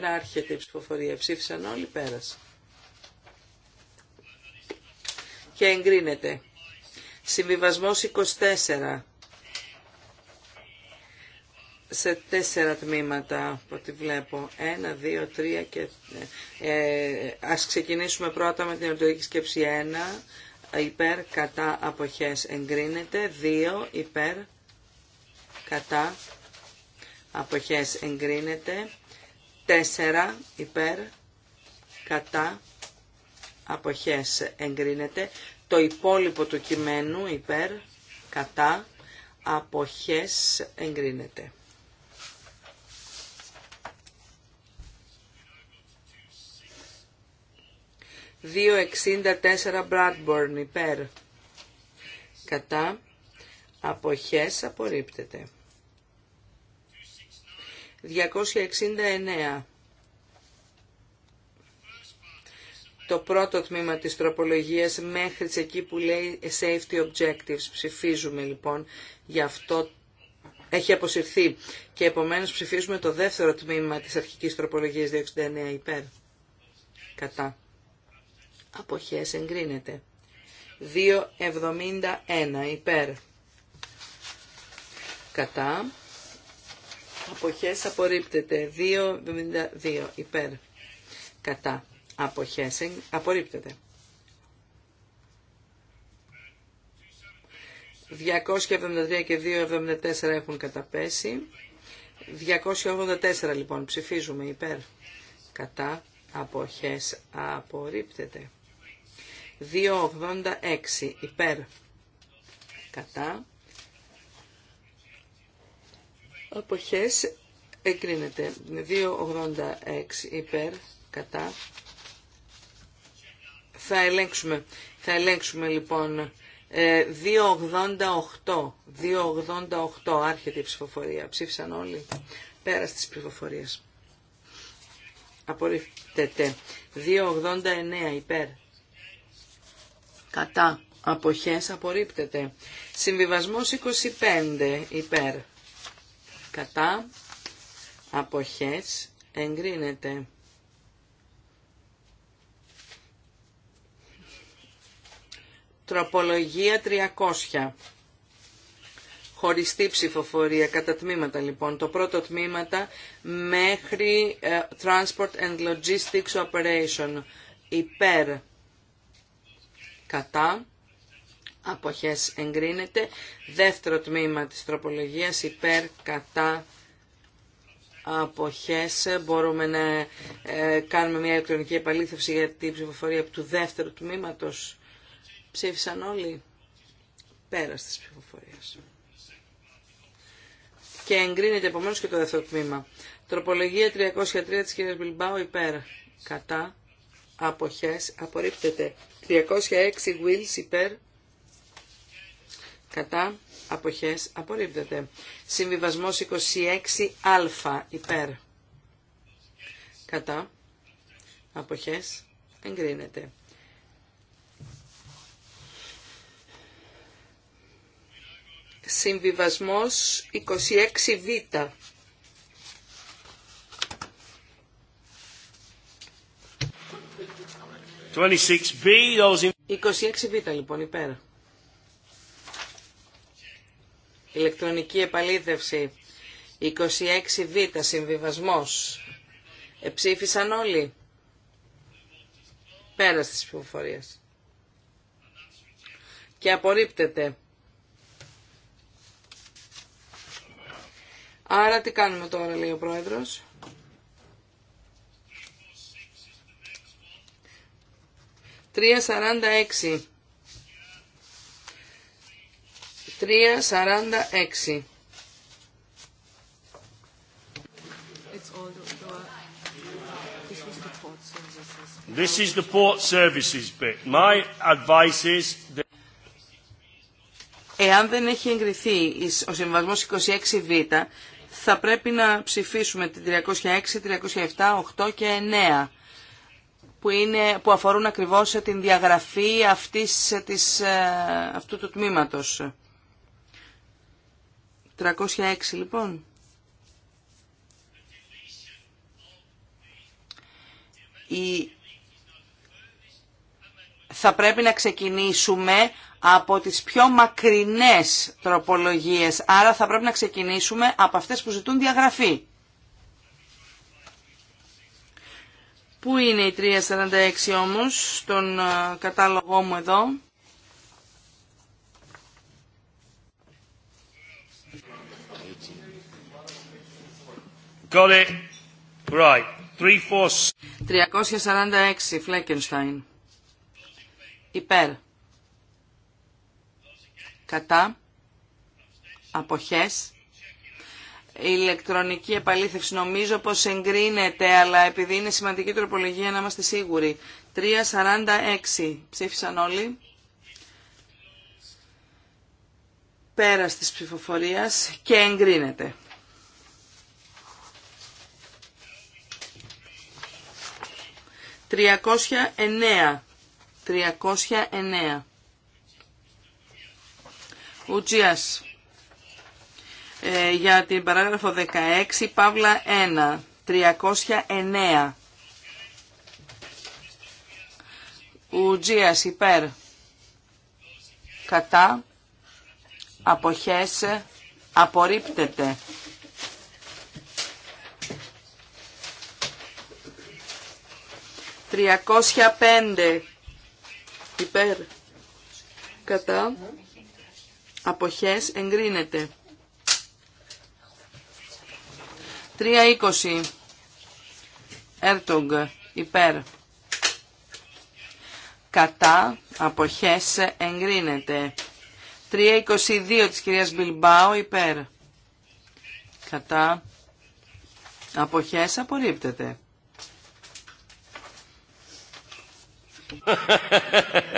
άρχεται η ψηφοφορία. Ψήφισαν όλοι πέρασε. και εγκρίνεται. Συμβιβασμός 24 σε τέσσερα τμήματα από ό,τι βλέπω. Ένα, δύο, τρία και... Ε, ε ας ξεκινήσουμε πρώτα με την ορτορική σκέψη Ένα, Υπέρ, κατά, αποχές εγκρίνεται. Δύο, Υπέρ, κατά, αποχές εγκρίνεται. Τέσσερα, Υπέρ, κατά, αποχές εγκρίνεται. Το υπόλοιπο του κειμένου υπέρ, κατά, αποχές εγκρίνεται. Δύο εξήντα τέσσερα Bradburn υπέρ, κατά, αποχές απορρίπτεται. 269 το πρώτο τμήμα της τροπολογίας μέχρι εκεί που λέει safety objectives. Ψηφίζουμε λοιπόν γι' αυτό έχει αποσυρθεί και επομένως ψηφίζουμε το δεύτερο τμήμα της αρχικής τροπολογίας 269 υπέρ. Κατά. Αποχές εγκρίνεται. 271 υπέρ. Κατά. Αποχές απορρίπτεται. 272 υπέρ. Κατά αποχές απορρίπτεται. 273 και 274 έχουν καταπέσει. 284 λοιπόν ψηφίζουμε υπέρ. Κατά αποχές απορρίπτεται. 286 υπέρ. Κατά αποχές εγκρίνεται. 286 υπέρ. Κατά θα ελέγξουμε. Θα ελέγξουμε λοιπόν 288. Ε, 288 άρχεται η ψηφοφορία. Ψήφισαν όλοι. Πέρα της ψηφοφορίες. Απορρίφτεται. 289 υπέρ. Κατά. Αποχές απορρίπτεται. Συμβιβασμός 25 υπέρ. Κατά. Αποχές εγκρίνεται. Τροπολογία 300. Χωριστή ψηφοφορία, κατά τμήματα λοιπόν. Το πρώτο τμήματα μέχρι ε, Transport and Logistics Operation. Υπέρ, κατά, αποχές εγκρίνεται. Δεύτερο τμήμα της τροπολογίας, υπέρ, κατά, αποχές. Μπορούμε να ε, κάνουμε μια ηλεκτρονική επαλήθευση για την ψηφοφορία του δεύτερου τμήματος. Ψήφισαν όλοι πέρα της πληροφορία. Και εγκρίνεται επομένω και το δεύτερο τμήμα. Τροπολογία 303 της κυρίας Μπιλμπάου υπέρ. Κατά. Αποχές. Απορρίπτεται. 306 Wills υπέρ. Κατά. Αποχές. Απορρίπτεται. Συμβιβασμός 26α υπέρ. Κατά. Αποχές. Εγκρίνεται. Συμβιβασμός 26β. 26β λοιπόν υπέρ. Ηλεκτρονική επαλήθευση. 26β συμβιβασμός. Εψήφισαν όλοι. Πέρα της ψηφοφορίας. Και απορρίπτεται. Άρα τι κάνουμε τώρα, λέει ο πρόεδρος. Τρία σαράντα έξι. Τρία σαράντα έξι. This is the port services bit. My advice is Εάν δεν έχει εγκριθεί ο συμβασμός 26β, θα πρέπει να ψηφίσουμε την 306, 307, 8 και 9 που, είναι, που αφορούν ακριβώς την διαγραφή αυτής, της, ε, αυτού του τμήματος. 306 λοιπόν. Η... Θα πρέπει να ξεκινήσουμε από τις πιο μακρινές τροπολογίες. Άρα θα πρέπει να ξεκινήσουμε από αυτές που ζητούν διαγραφή. Πού είναι η 346 όμως, στον ε, κατάλογό μου εδώ. Got it. Right. 346 Φλέκενστάιν. Υπέρ κατά, αποχές, ηλεκτρονική επαλήθευση. Νομίζω πως εγκρίνεται, αλλά επειδή είναι σημαντική τροπολογία να είμαστε σίγουροι. 3.46 ψήφισαν όλοι. Πέρα της ψηφοφορίας και εγκρίνεται. 309. 309. Ουτζίας ε, για την παράγραφο 16, Παύλα 1, 309. Ουτζίας υπέρ κατά Αποχέσε. απορρίπτεται. 305. υπέρ κατά αποχές εγκρίνεται. 3.20 Έρτογκ υπέρ κατά αποχές εγκρίνεται. 3.22 της κυρίας Μπιλμπάου υπέρ κατά αποχές απορρίπτεται.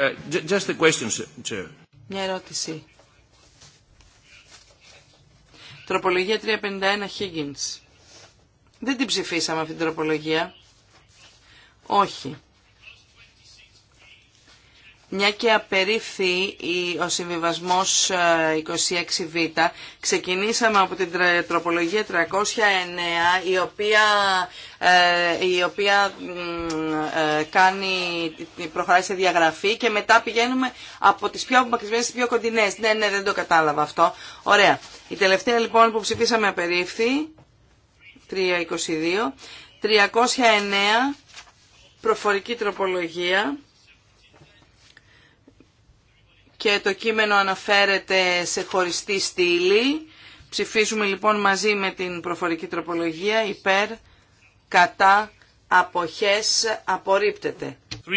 Uh, just a question, sir. Μια ερώτηση. Τροπολογία 351 Higgins. Δεν την ψηφίσαμε αυτή την τροπολογία. Όχι. Μια και απερίφθη ο συμβιβασμός 26β, ε, ξεκινήσαμε από την τροπολογία 309, η οποία, ε, η οποία ε, κάνει, προχωράει σε διαγραφή και μετά πηγαίνουμε από τις πιο απομακρυσμένες στις πιο κοντινές. Ναι, ναι, δεν το κατάλαβα αυτό. Ωραία. Η τελευταία λοιπόν που ψηφίσαμε απερίφθη, 322, 309, προφορική τροπολογία και το κείμενο αναφέρεται σε χωριστή στήλη. Ψηφίζουμε λοιπόν μαζί με την προφορική τροπολογία υπέρ, κατά, αποχές, απορρίπτεται. 342,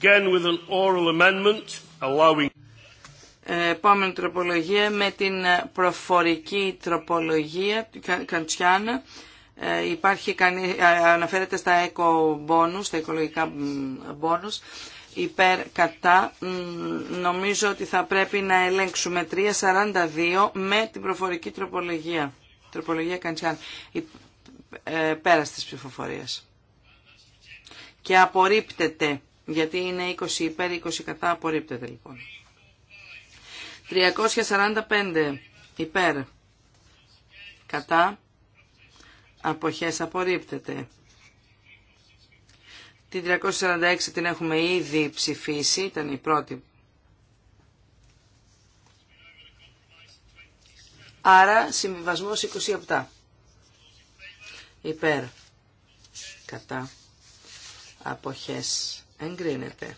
again with ε, Επόμενη τροπολογία με την προφορική τροπολογία Καντσιάνα. Ε, υπάρχει, ε, αναφέρεται στα eco bonus, στα οικολογικά bonus υπέρ κατά νομίζω ότι θα πρέπει να ελέγξουμε 3.42 με την προφορική τροπολογία. Τροπολογία Καντσιάν. Ε, πέρας της ψηφοφορίας. Και απορρίπτεται. Γιατί είναι 20 υπέρ, 20 κατά. Απορρίπτεται λοιπόν. 345 υπέρ. Κατά. Αποχές απορρίπτεται. Την 346 την έχουμε ήδη ψηφίσει, ήταν η πρώτη. Άρα συμβιβασμός 27. Υπέρ. Κατά. Αποχές. Εγκρίνεται.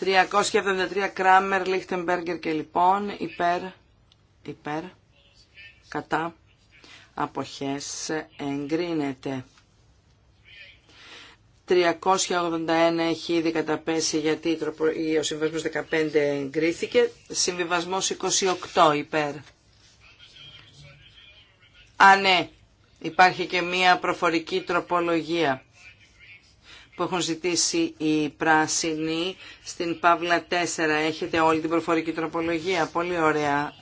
373 Κράμερ, Λίχτεμπεργκερ και λοιπόν υπέρ, υπέρ, κατά, αποχές εγκρίνεται. 381 έχει ήδη καταπέσει γιατί ο συμβασμός 15 εγκρίθηκε. Συμβιβασμός 28 υπέρ. Α, ναι. Υπάρχει και μία προφορική τροπολογία που έχουν ζητήσει οι πράσινοι στην Παύλα 4. Έχετε όλη την προφορική τροπολογία. Πολύ ωραία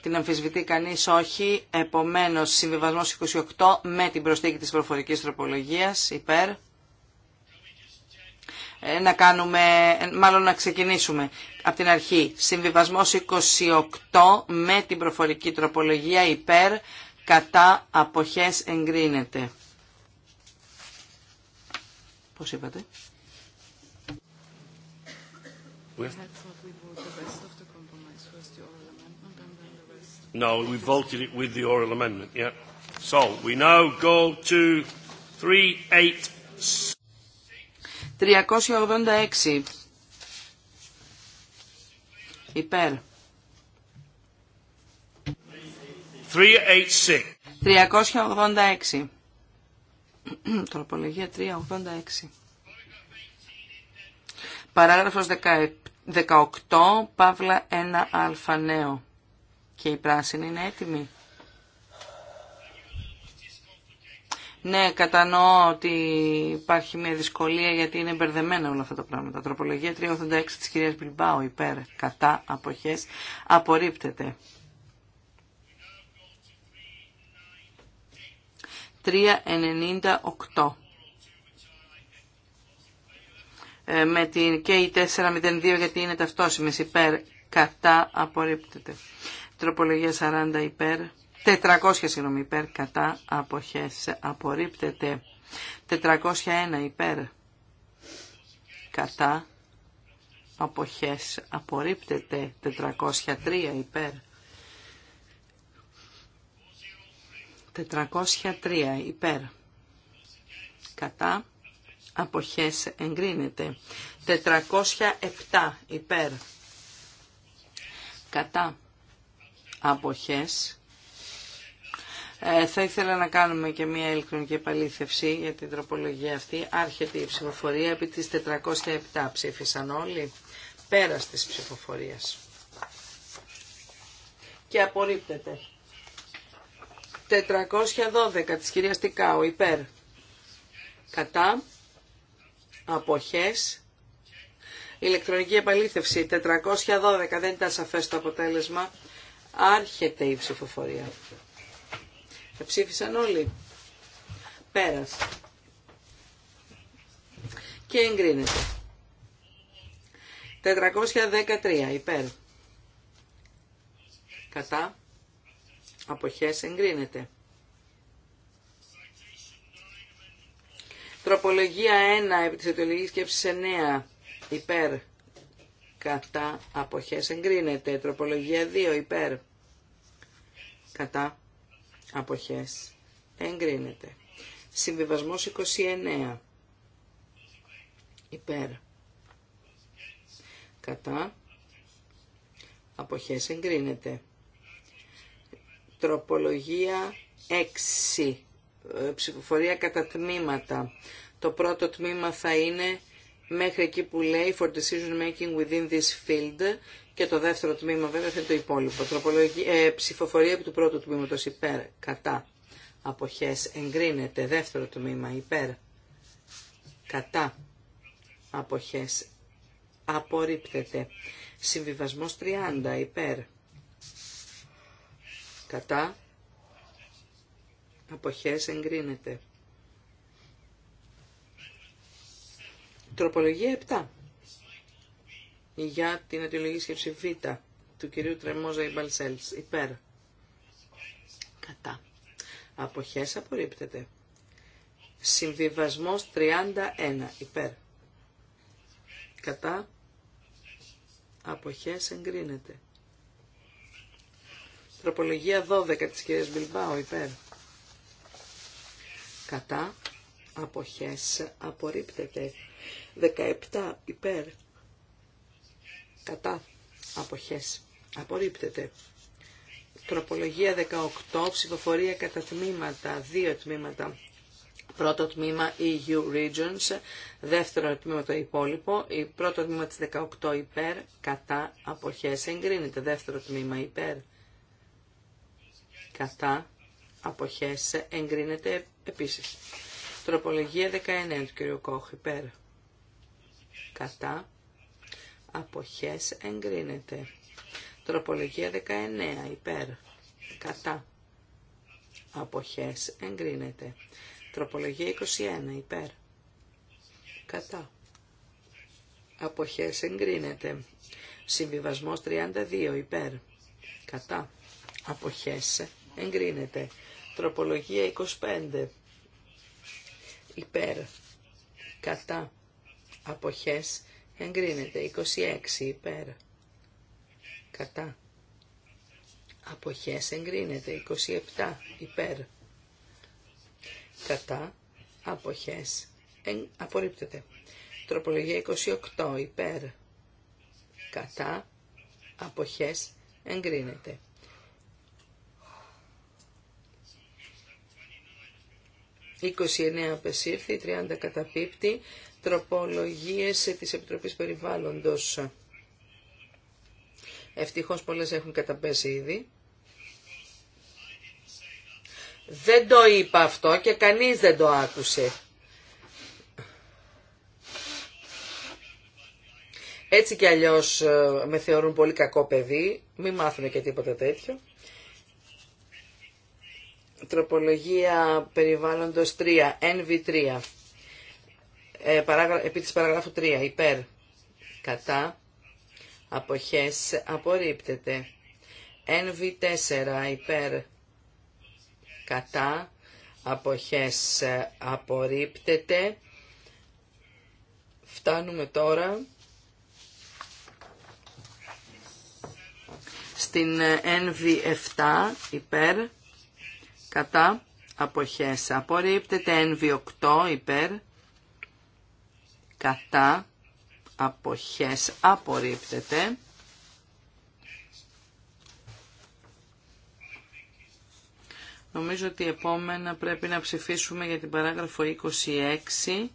την αμφισβητεί κανεί όχι. επομένω συμβιβασμό 28 με την προσθήκη τη προφορική τροπολογία υπέρ. Ε, να κάνουμε, ε, μάλλον να ξεκινήσουμε από την αρχή. Συμβιβασμός 28 με την προφορική τροπολογία υπέρ κατά αποχές εγκρίνεται. Πώς είπατε? No, we voted it with the oral amendment, yeah. So, we now go to 386. 386. Υπέρ. 386. 386. Τροπολογία 386. Παράγραφος 18, Παύλα 1α νέο. Και η πράσινη είναι έτοιμη. Ναι, κατανοώ ότι υπάρχει μια δυσκολία γιατί είναι μπερδεμένα όλα αυτά τα πράγματα. Τροπολογία 386 της κυρίας Μπιλμπάου υπέρ κατά αποχές απορρίπτεται. 398 ε, με την και η 402 γιατί είναι ταυτόσιμες υπέρ κατά απορρίπτεται. Τροπολογία 40 υπέρ. 400 συγγνώμη υπέρ κατά αποχές. Απορρίπτεται. 401 υπέρ κατά αποχές. Απορρίπτεται. 403 υπέρ. 403 υπέρ. Κατά αποχές εγκρίνεται. 407 υπέρ. Κατά αποχές. Ε, θα ήθελα να κάνουμε και μια ηλεκτρονική επαλήθευση για την τροπολογία αυτή. Άρχεται η ψηφοφορία επί της 407 ψήφισαν όλοι πέρα της ψηφοφορίας. Και απορρίπτεται. 412 της κυρίας Τικάου υπέρ. Κατά. Αποχές. Ηλεκτρονική επαλήθευση 412 δεν ήταν σαφές το αποτέλεσμα. Άρχεται η ψηφοφορία. Ψήφισαν όλοι. Πέρας. Και εγκρίνεται. 413 υπέρ. Κατά. Αποχές εγκρίνεται. Τροπολογία 1 επί της σκέψης 9 υπέρ κατά αποχές εγκρίνεται. Τροπολογία 2 υπέρ κατά αποχές εγκρίνεται. Συμβιβασμός 29 υπέρ κατά αποχές εγκρίνεται. Τροπολογία 6 ε, ψηφοφορία κατά τμήματα. Το πρώτο τμήμα θα είναι μέχρι εκεί που λέει for decision making within this field και το δεύτερο τμήμα βέβαια θα είναι το υπόλοιπο. ε, ψηφοφορία επί του πρώτου τμήματος υπέρ, κατά, αποχές, εγκρίνεται, δεύτερο τμήμα υπέρ, κατά, αποχές, απορρίπτεται. Συμβιβασμός 30 υπέρ, κατά, αποχές, εγκρίνεται. Τροπολογία 7 για την αιτιολογική σκέψη Β του κυρίου Τρεμόζα Ιμπαλσέλς. Υπέρ. Κατά. Αποχές απορρίπτεται. Συμβιβασμός 31. Υπέρ. Κατά. Αποχές εγκρίνεται. Τροπολογία 12 της κυρία Μπιλμπάου. Υπέρ. Κατά. Αποχές απορρίπτεται. 17 υπέρ κατά αποχές απορρίπτεται. Τροπολογία 18, ψηφοφορία κατά τμήματα, δύο τμήματα. Πρώτο τμήμα EU Regions, δεύτερο τμήμα το υπόλοιπο. Η πρώτο τμήμα της 18 υπέρ, κατά αποχές εγκρίνεται. Δεύτερο τμήμα υπέρ, κατά αποχές εγκρίνεται επίσης. Τροπολογία 19 του κ. Κόχ υπέρ, κατά αποχές εγκρίνεται. Τροπολογία 19 υπέρ κατά αποχές εγκρίνεται. Τροπολογία 21 υπέρ κατά αποχές εγκρίνεται. Συμβιβασμός 32 υπέρ κατά αποχές εγκρίνεται. Τροπολογία 25 υπέρ κατά αποχές εγκρίνεται. 26 υπέρ κατά αποχές εγκρίνεται. 27 υπέρ κατά αποχές εν, απορρίπτεται. Τροπολογία 28 υπέρ κατά αποχές εγκρίνεται. «29 απεσύρθη, 30 καταπίπτει, τροπολογίες της Επιτροπής Περιβάλλοντος. Ευτυχώς πολλές έχουν καταπέσει ήδη. Δεν το είπα αυτό και κανείς δεν το άκουσε. Έτσι κι αλλιώς ε, με θεωρούν πολύ κακό παιδί, μη μάθουν και τίποτα τέτοιο. Τροπολογία περιβάλλοντος 3, NV3. Ε, επί της παραγράφου 3 υπέρ κατά αποχές απορρίπτεται. NV4 υπέρ κατά αποχές απορρίπτεται. Φτάνουμε τώρα στην NV7 υπέρ κατά αποχές απορρίπτεται. NV8 υπέρ κατά αποχές απορρίπτεται. Νομίζω ότι επόμενα πρέπει να ψηφίσουμε για την παράγραφο 26.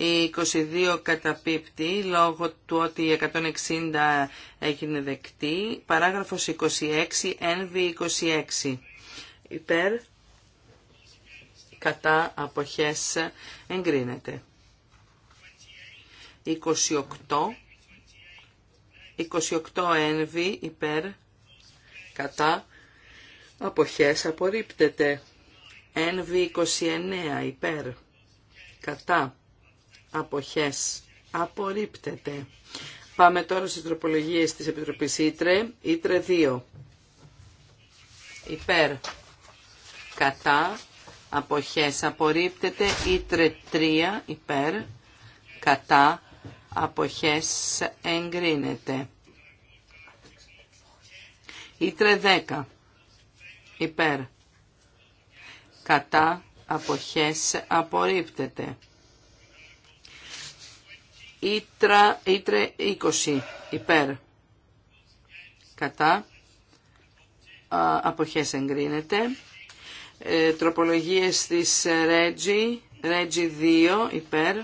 Η 22 καταπίπτει λόγω του ότι η 160 έγινε δεκτή. Παράγραφος 26, NV26. Υπέρ, κατά αποχές εγκρίνεται. 28, 28 ένβη υπέρ κατά αποχές απορρίπτεται. Ένβη 29 υπέρ κατά αποχές απορρίπτεται. Πάμε τώρα στις τροπολογίες της Επιτροπής Ήτρε. Ήτρε 2. Υπέρ. Κατά αποχές απορρίπτεται ή 3 υπέρ κατά αποχές εγκρίνεται. Ήτρε 10 υπέρ κατά αποχές απορρίπτεται. Ήτρα, ήτρε 20 υπέρ κατά αποχές εγκρίνεται. Ε, τροπολογίες της Reggie, Reggie 2 υπέρ,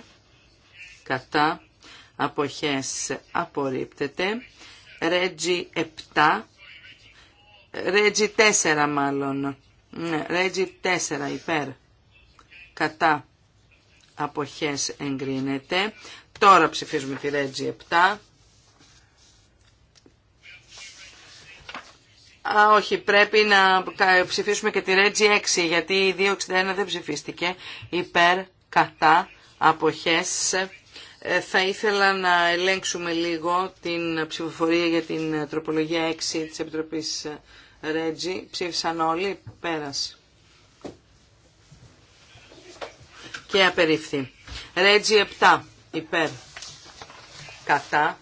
κατά, αποχές απορρίπτεται, Reggie 7, Reggie 4 μάλλον, Reggie ναι, 4 υπέρ, κατά, αποχές εγκρίνεται, τώρα ψηφίζουμε τη Reggie 7, Α, όχι, πρέπει να ψηφίσουμε και τη Ρέτζι 6, γιατί η 261 δεν ψηφίστηκε. Υπέρ, κατά, αποχές. Ε, θα ήθελα να ελέγξουμε λίγο την ψηφοφορία για την ε, τροπολογία 6 της Επιτροπής ε, Ρέτζι. Ψήφισαν όλοι, πέρασε. Και απερίφθη. Ρέτζι 7, υπέρ, κατά,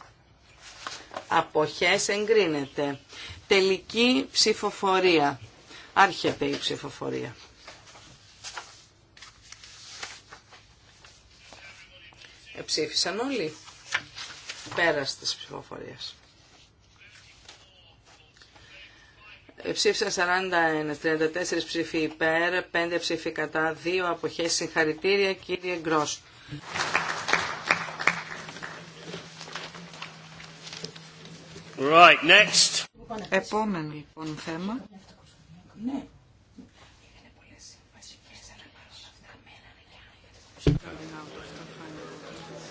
αποχές εγκρίνεται τελική ψηφοφορία. Άρχεται η ψηφοφορία. Εψήφισαν όλοι. Πέρας της ψηφοφορίας. Εψήφισαν 41, 34 ψήφοι υπέρ, 5 ψήφοι κατά, 2 αποχές. Συγχαρητήρια κύριε Γκρός. Right, next. Λοιπόν, Επόμενο λοιπόν θέμα. Ναι.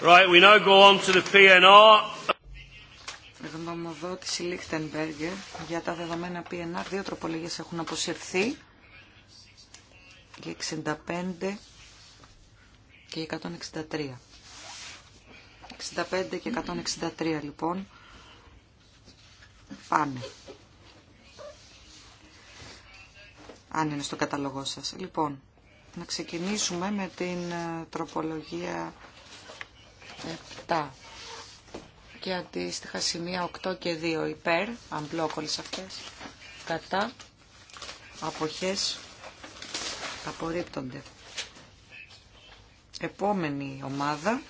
Right, we now go on to the PNR. Γνωμοδότηση Λίχτενμπεργκερ για τα δεδομένα PNR. Δύο τροπολογίες έχουν αποσυρθεί. 65 και 163. 65 και 163 λοιπόν πάνε. Αν είναι στο καταλογό σας. Λοιπόν, να ξεκινήσουμε με την ε, τροπολογία 7 και αντίστοιχα σημεία 8 και 2 υπέρ, αμπλόκολες αυτές, κατά, αποχές, απορρίπτονται. Επόμενη ομάδα,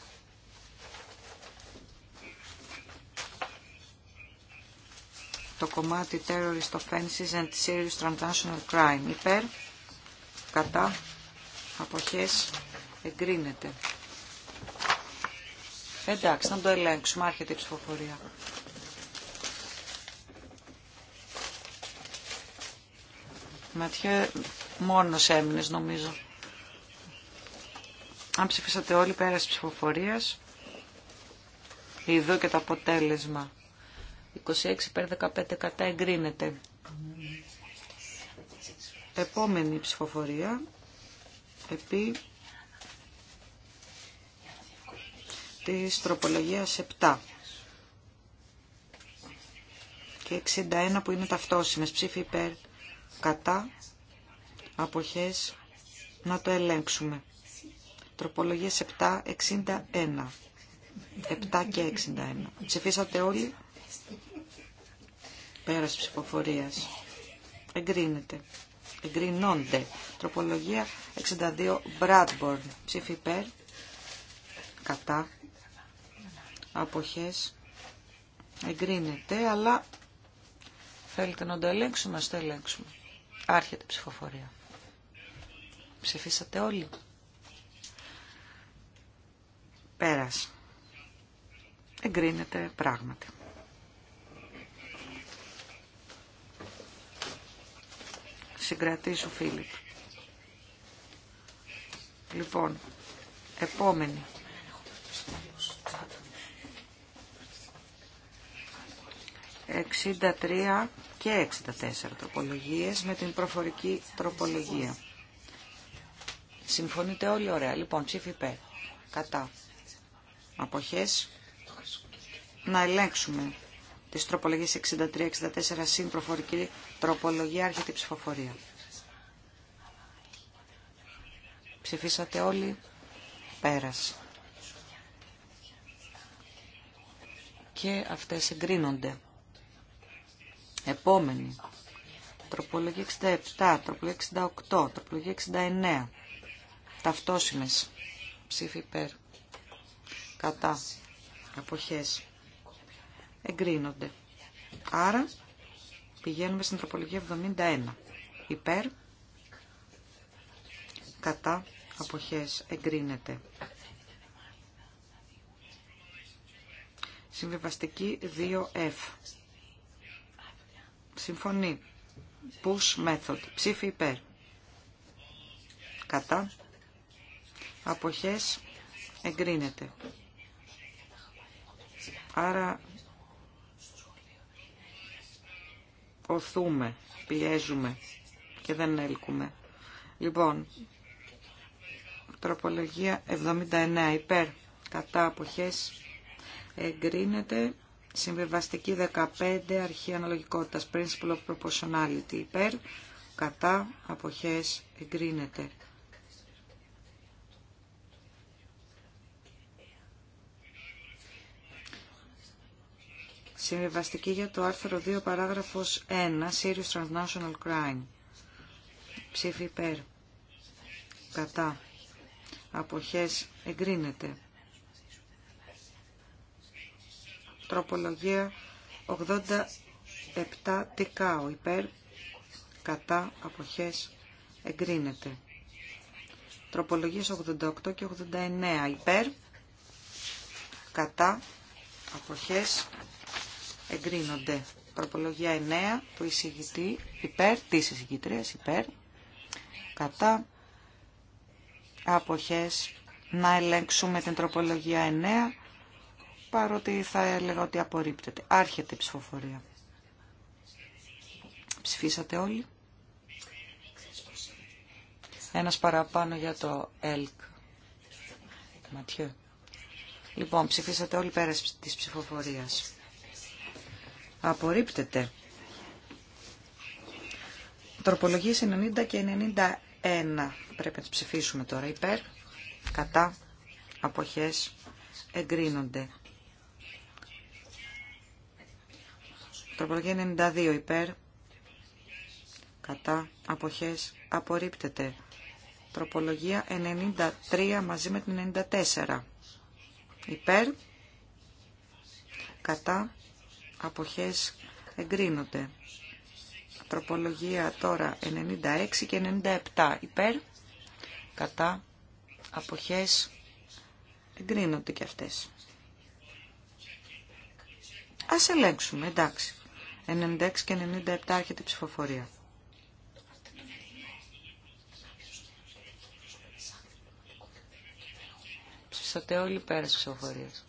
το κομμάτι Terrorist Offenses and Serious Transnational Crime. Υπέρ, κατά, αποχές, εγκρίνεται. Εντάξει, να το ελέγξουμε, άρχεται η ψηφοφορία. Ματιέ, μόνος έμεινες νομίζω. Αν ψηφίσατε όλοι πέρας ψηφοφορίας, εδώ και το αποτέλεσμα. 26 υπέρ 15 κατά εγκρίνεται. Επόμενη ψηφοφορία επί της τροπολογίας 7 και 61 που είναι ταυτόσιμες ψήφι υπέρ κατά αποχές να το ελέγξουμε. Τροπολογίες 7, 61. 7 και 61. Ψηφίσατε όλοι. Πέρας ψηφοφορίας. Εγκρίνεται. Εγκρινώνται. Τροπολογία 62 Bradburn Ψήφι Κατά. Αποχές. Εγκρίνεται, αλλά θέλετε να το ελέγξουμε, ας το ελέγξουμε. Άρχεται ψηφοφορία. Ψηφίσατε όλοι. Πέρας. Εγκρίνεται πράγματι. συγκρατήσω, Φίλιπ. Λοιπόν, επόμενη. ...63 και 64 τροπολογίες με την προφορική τροπολογία. Συμφωνείτε όλοι ωραία. Λοιπόν, ψήφι Κατά. Αποχές. Να ελέγξουμε Τη τροπολογία 63 63-64 συν προφορική τροπολογία άρχεται η ψηφοφορία. Ψηφίσατε όλοι. Πέρας. Και αυτές συγκρίνονται. Επόμενη. Τροπολογία 67, τροπολογία 68, τροπολογία 69. Ταυτόσιμες. Ψήφι υπέρ. Κατά. Αποχές εγκρίνονται. Άρα πηγαίνουμε στην τροπολογία 71. Υπέρ, κατά, αποχές, εγκρίνεται. Συμβιβαστική 2F. Συμφωνή. Push method. Ψήφι υπέρ. Κατά. Αποχές εγκρίνεται. Άρα οθούμε, πιέζουμε και δεν έλκουμε. Λοιπόν, τροπολογία 79 υπέρ κατά αποχές εγκρίνεται συμβιβαστική 15 αρχή αναλογικότητας principle of proportionality υπέρ κατά αποχές εγκρίνεται Συμβιβαστική για το άρθρο 2 παράγραφος 1 Serious Transnational Crime. Ψήφι υπέρ. Κατά. Αποχές εγκρίνεται. Τροπολογία 87 τικάω υπέρ. Κατά. Αποχές εγκρίνεται. Τροπολογίες 88 και 89 υπέρ. Κατά. Αποχές εγκρίνονται. Τροπολογία 9 που εισηγητή υπέρ, τη εισηγητρίας υπέρ, κατά αποχές να ελέγξουμε την τροπολογία 9 παρότι θα έλεγα ότι απορρίπτεται. Άρχεται η ψηφοφορία. Ψηφίσατε όλοι. Ένας παραπάνω για το ΕΛΚ. Ματιέ. Λοιπόν, ψηφίσατε όλοι πέρα της ψηφοφορίας. Απορρίπτεται. Τροπολογίες 90 και 91. Πρέπει να τις ψηφίσουμε τώρα. Υπέρ, κατά, αποχές, εγκρίνονται. Τροπολογία 92. Υπέρ, κατά, αποχές, απορρίπτεται. Τροπολογία 93 μαζί με την 94. Υπέρ, κατά, αποχές εγκρίνονται. Τροπολογία τώρα 96 και 97 υπέρ, κατά, αποχές εγκρίνονται και αυτές. Ας ελέγξουμε, εντάξει. 96 και 97 έρχεται η ψηφοφορία. Ψηφίσατε όλοι πέρα ψηφοφορίας.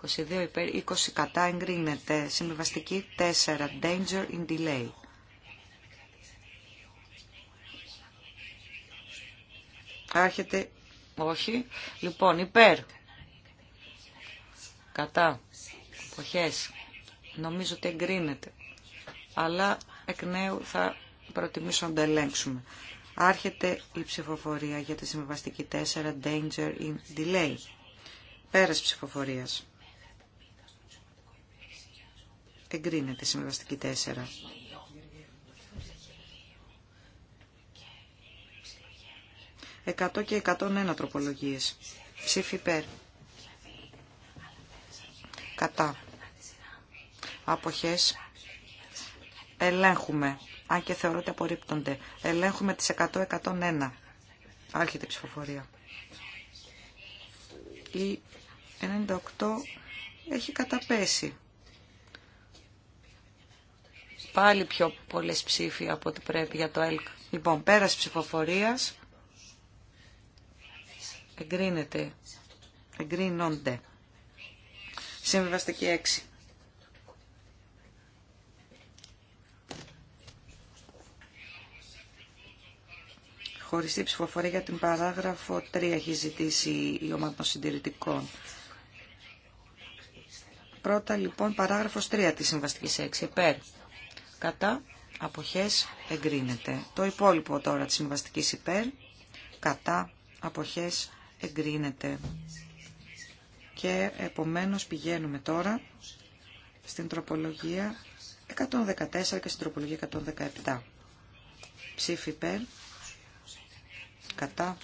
22 υπέρ, 20 κατά εγκρίνεται. Συμβιβαστική 4. Danger in delay. Άρχεται. Όχι. Λοιπόν, υπέρ. Κατά. Εποχές. Νομίζω ότι εγκρίνεται. Αλλά εκ νέου θα προτιμήσω να το ελέγξουμε. Άρχεται η ψηφοφορία για τη συμβιβαστική 4. Danger in delay. Πέρας ψηφοφορίας. Εγκρίνεται συμβαστική 4. Εκατό και 101 τροπολογίες. Ψήφι υπέρ. Κατά. Αποχές. Ελέγχουμε. Αν και θεωρώ ότι απορρίπτονται. Ελέγχουμε τις 100-101. Άρχεται η ψηφοφορία. Η 98 έχει καταπέσει πάλι πιο πολλές ψήφοι από ό,τι πρέπει για το ΕΛΚ. Λοιπόν, πέρας ψηφοφορίας εγκρίνεται, εγκρίνονται. Συμβιβαστική 6. Χωριστή ψηφοφορία για την παράγραφο 3 έχει ζητήσει η ομάδα των συντηρητικών. Πρώτα λοιπόν παράγραφος 3 της συμβαστικής 6. Επέρ κατά αποχές εγκρίνεται. Το υπόλοιπο τώρα της συμβαστικής υπέρ κατά αποχές εγκρίνεται. Και επομένως πηγαίνουμε τώρα στην τροπολογία 114 και στην τροπολογία 117. Ψήφι υπέρ, κατά.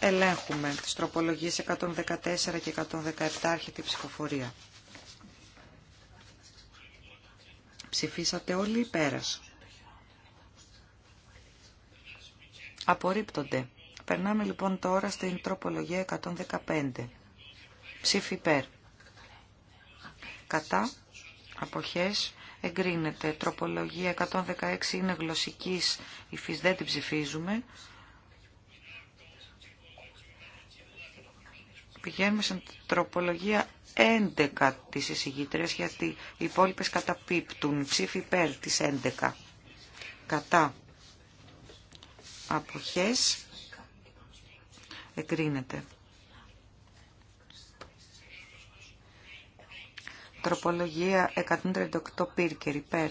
Ελέγχουμε τις τροπολογίες 114 και 117 άρχεται η ψηφοφορία. Ψηφίσατε όλοι πέρας. Απορρίπτονται. Περνάμε λοιπόν τώρα στην τροπολογία 115. Ψήφι υπέρ. Κατά. Αποχές. Εγκρίνεται. Τροπολογία 116 είναι γλωσσικής υφής. Δεν την ψηφίζουμε. Πηγαίνουμε στην τροπολογία 11 τις εισηγήτριας γιατί οι υπόλοιπες καταπίπτουν. Ψήφι υπέρ τις 11. Κατά. Αποχές. Εγκρίνεται. Τροπολογία 138 πύρκερ υπέρ.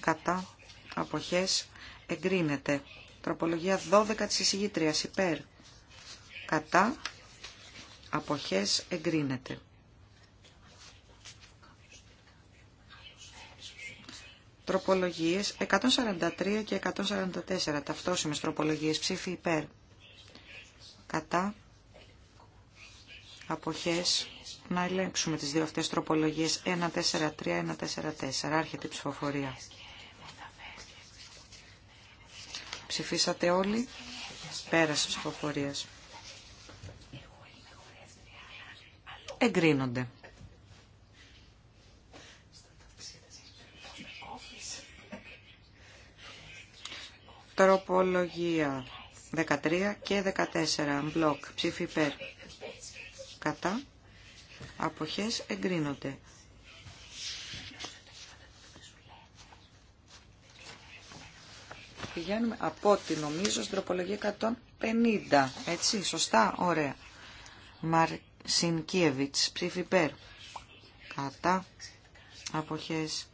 Κατά. Αποχές. Εγκρίνεται. Τροπολογία 12 της εισηγήτριας υπέρ. Κατά αποχές εγκρίνεται. Τροπολογίες 143 και 144 ταυτόσιμες τροπολογίες ψήφι υπέρ. Κατά αποχές να ελέγξουμε τις δύο αυτές τροπολογίες 143-144. Άρχεται η ψηφοφορία. Ψηφίσατε όλοι. Πέρασε ψηφοφορίας. εγκρίνονται. Τροπολογία 13 και 14. Μπλοκ. Ψήφι υπέρ. Κατά. Αποχές εγκρίνονται. Πηγαίνουμε από ό,τι νομίζω τροπολογία 150. Έτσι, σωστά, ωραία. Μαρ Σινκίεβιτς, ψήφι υπέρ. Κατά αποχές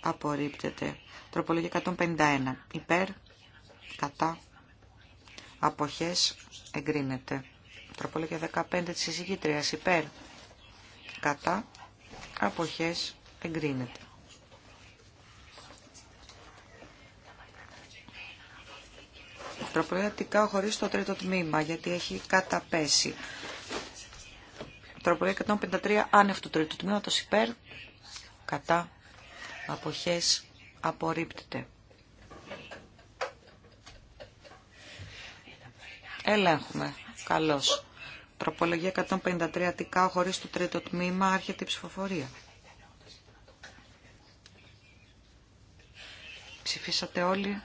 απορρίπτεται. Τροπολογία 151. Υπέρ, κατά, αποχές, εγκρίνεται. Τροπολογία 15 της εισηγήτριας. Υπέρ, κατά, αποχές, εγκρίνεται. Τροπολογία χωρίς το τρίτο τμήμα, γιατί έχει καταπέσει. Τροπολογία 153 άνευ του τρίτου τμηματο υπέρ κατά αποχές απορρίπτεται. Ελέγχουμε. Ελέγχουμε. Τροπολογία 153 τικά χωρίς το τρίτο τμήμα άρχεται η ψηφοφορία. Ψηφίσατε όλοι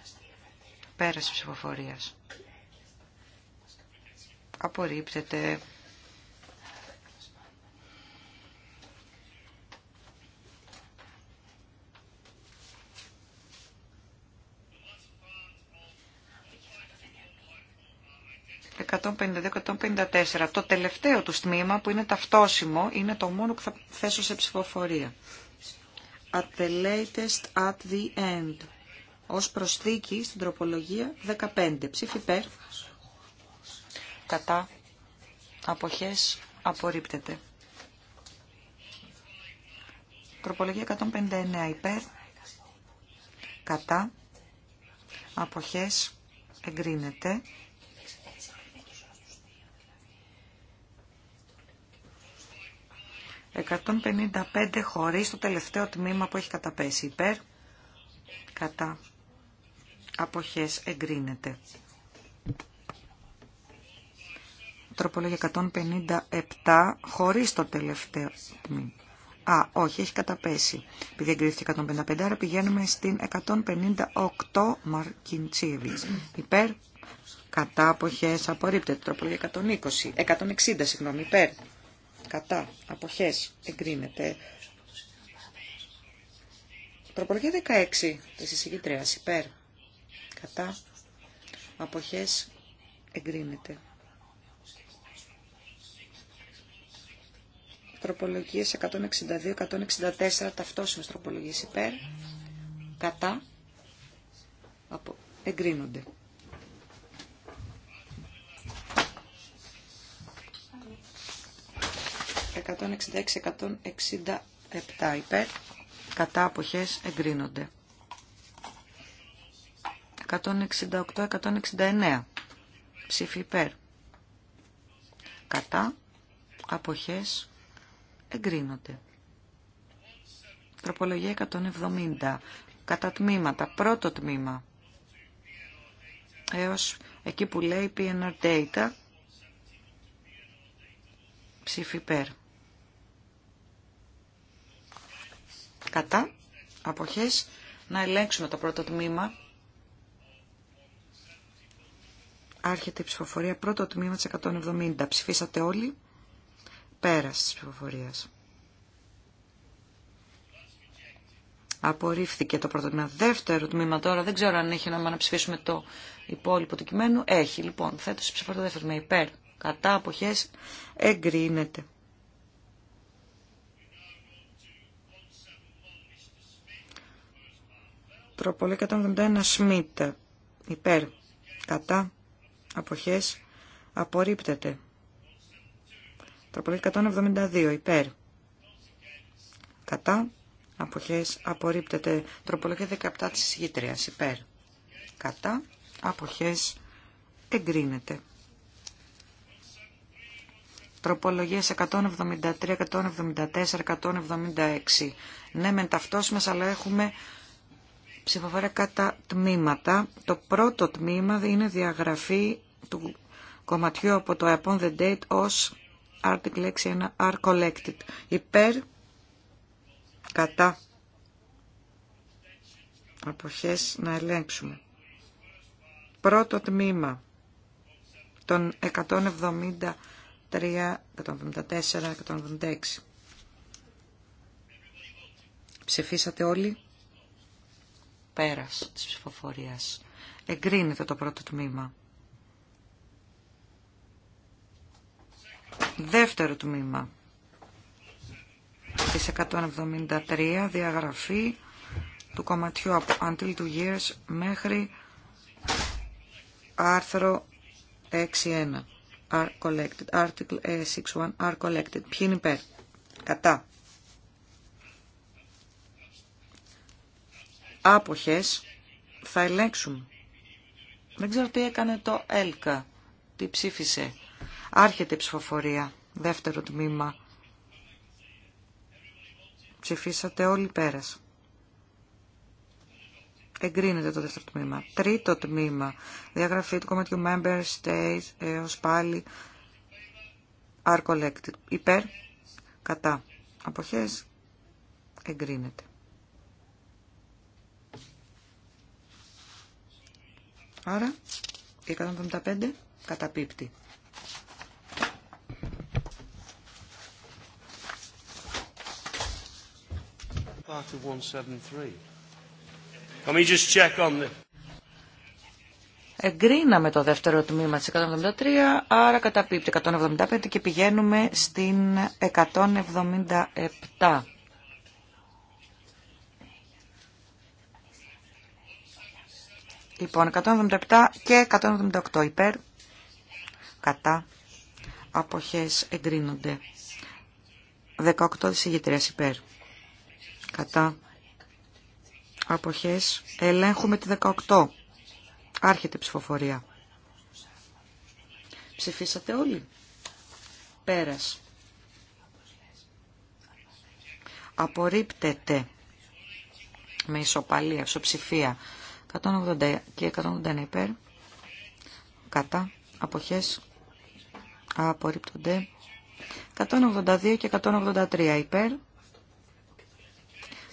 πέρας ψηφοφορίας. Απορρίπτεται. 152-154. Το τελευταίο του τμήμα που είναι ταυτόσιμο είναι το μόνο που θα θέσω σε ψηφοφορία. At the latest at the end. Ως προσθήκη στην τροπολογία 15. Ψήφι υπέρ. Κατά. Αποχές. Απορρίπτεται. Τροπολογία 159 υπέρ. Κατά. Αποχές εγκρίνεται 155 χωρίς το τελευταίο τμήμα που έχει καταπέσει. Υπέρ, κατά, αποχές εγκρίνεται. Τροπολογία 157 χωρίς το τελευταίο τμήμα. Α, όχι, έχει καταπέσει. Επειδή εγκρίθηκε 155, άρα πηγαίνουμε στην 158 Μαρκιντσίβης. Υπέρ, κατά, αποχές, απορρίπτεται. Τροπολογία 120, 160, συγγνώμη, υπέρ κατά, αποχές, εγκρίνεται. Τροπολογία 16 της εισηγητρίας, υπέρ, κατά, αποχές, εγκρίνεται. Τροπολογίες 162-164, ταυτόσιμες τροπολογίες υπέρ, κατά, απο, εγκρίνονται. 166-167 υπέρ, κατά αποχές εγκρίνονται. 168-169 ψήφι υπέρ, κατά αποχές εγκρίνονται. Τροπολογία 170. Κατά τμήματα. Πρώτο τμήμα. Έως εκεί που λέει PNR data. Ψήφι υπέρ. κατά, αποχές, να ελέγξουμε το πρώτο τμήμα. Άρχεται η ψηφοφορία, πρώτο τμήμα της 170. Ψηφίσατε όλοι, πέρας της ψηφοφορίας. Απορρίφθηκε το πρώτο τμήμα. Δεύτερο τμήμα τώρα, δεν ξέρω αν έχει νόημα να ψηφίσουμε το υπόλοιπο του κειμένου. Έχει, λοιπόν, θέτω σε ψηφοφορία δεύτερο τμήμα. Υπέρ, κατά, αποχές, εγκρίνεται. Τροπολογία 171 Σμιτ. Υπέρ. Κατά. Αποχές. Απορρίπτεται. Τροπολογία 172. Υπέρ. Κατά. Αποχές. Απορρίπτεται. Τροπολογία 17 της γήτριας. Υπέρ. Κατά. Αποχές. Εγκρίνεται. Τροπολογίες 173, 174, 176. Ναι, μεν ταυτόσιμες, αλλά έχουμε ψηφοφορία κατά τμήματα. Το πρώτο τμήμα είναι διαγραφή του κομματιού από το upon the date ως article 6.1 are collected. Υπέρ, κατά, αποχές να ελέγξουμε. Πρώτο τμήμα των 173, 174, 176. Ψηφίσατε όλοι. Πέρας της ψηφοφορίας. Εγκρίνεται το πρώτο τμήμα. Δεύτερο τμήμα. Της 173 διαγραφή του κομματιού από Until Two Years μέχρι άρθρο 6.1. Are collected. Article 6.1. Ε, are collected. Ποιοι είναι υπέρ. Κατά. άποχες θα ελέγξουν. Δεν ξέρω τι έκανε το ΕΛΚΑ, τι ψήφισε. Άρχεται η ψηφοφορία, δεύτερο τμήμα. Ψηφίσατε όλοι πέρας. Εγκρίνεται το δεύτερο τμήμα. Τρίτο τμήμα. Διαγραφή του κομματιού Member States έως πάλι are collected. Υπέρ, κατά. Αποχές, εγκρίνεται. Άρα, 175 καταπίπτει. Εγκρίναμε το δεύτερο τμήμα της 173, άρα καταπίπτει 175 και πηγαίνουμε στην 177. Λοιπόν, 177 και 178 υπέρ, κατά, αποχές εγκρίνονται. 18 της υπέρ, κατά, αποχές ελέγχουμε τη 18. Άρχεται η ψηφοφορία. Ψηφίσατε όλοι. Πέρας. Απορρίπτεται με ισοπαλία, ισοψηφία. 180 και 181 υπέρ. Κατά. Αποχές. Απορρίπτονται. 182 και 183 υπέρ.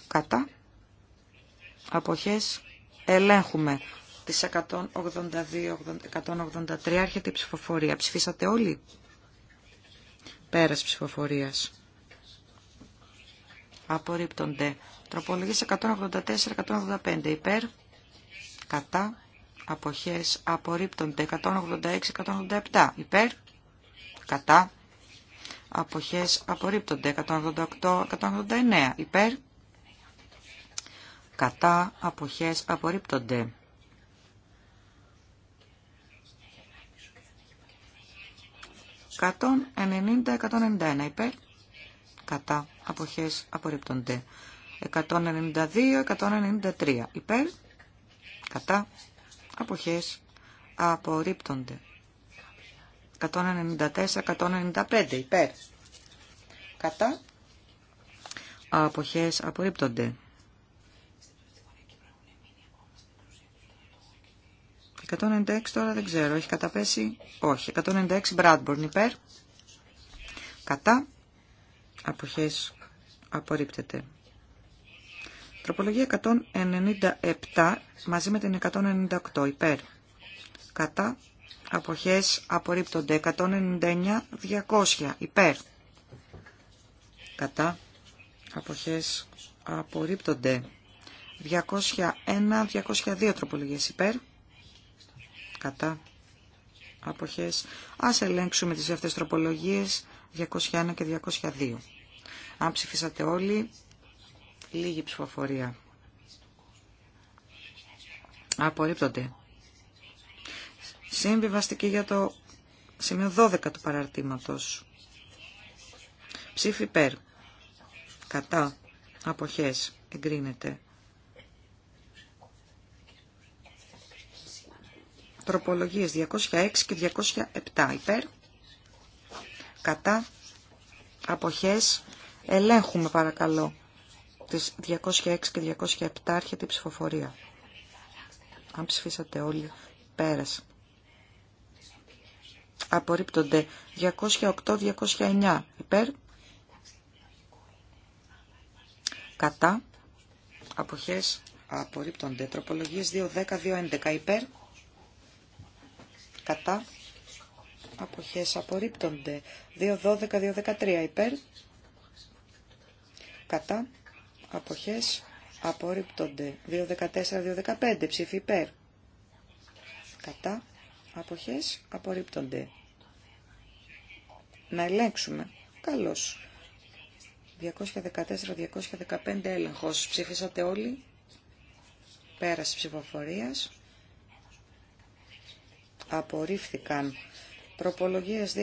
Κατά. Αποχές. Ελέγχουμε. Τις 182, 183 έρχεται η ψηφοφορία. Ψηφίσατε όλοι. Πέρας ψηφοφορίας. Απορρίπτονται. Τροπολογίες 184-185 υπέρ κατά αποχές απορρίπτονται 186-187 υπέρ κατά αποχές απορρίπτονται 188-189 υπέρ κατά αποχές απορρίπτονται 190-191 υπέρ κατά αποχές απορρίπτονται 192-193 υπέρ κατά αποχές απορρίπτονται. 194-195 υπέρ. Κατά αποχές απορρίπτονται. 196 τώρα δεν ξέρω, έχει καταπέσει, όχι, 196 Bradburn υπέρ, κατά, αποχές απορρίπτεται. Τροπολογία 197 μαζί με την 198 υπέρ. Κατά αποχές απορρίπτονται 199 200 υπέρ. Κατά αποχές απορρίπτονται 201-202 τροπολογίες υπέρ. Κατά αποχές. Ας ελέγξουμε τις δεύτερες τροπολογίες 201 και 202. Αν ψηφίσατε όλοι, Λίγη ψηφοφορία. Απορρίπτονται. Συμβιβαστική για το σημείο 12 του παραρτήματος. Ψήφι υπέρ. Κατά. Αποχές. Εγκρίνεται. Τροπολογίες 206 και 207 υπέρ. Κατά. Αποχές. Ελέγχουμε παρακαλώ τις 206 και 207 έρχεται η ψηφοφορία. Αν ψηφίσατε όλοι, πέρασε. Απορρίπτονται 208-209 υπέρ, κατά, αποχές, απορρίπτονται τροπολογίες 2-10-2-11 υπέρ, κατά, αποχές, απορρίπτονται 2-12-2-13 υπέρ, κατά, αποχές απορρίπτονται. 2.14-2.15 ψήφι υπέρ. Κατά αποχές απορρίπτονται. Να ελέγξουμε. Καλώς. 214-215 έλεγχος. Ψήφισατε όλοι. Πέραση ψηφοφορίας. Απορρίφθηκαν. Προπολογίες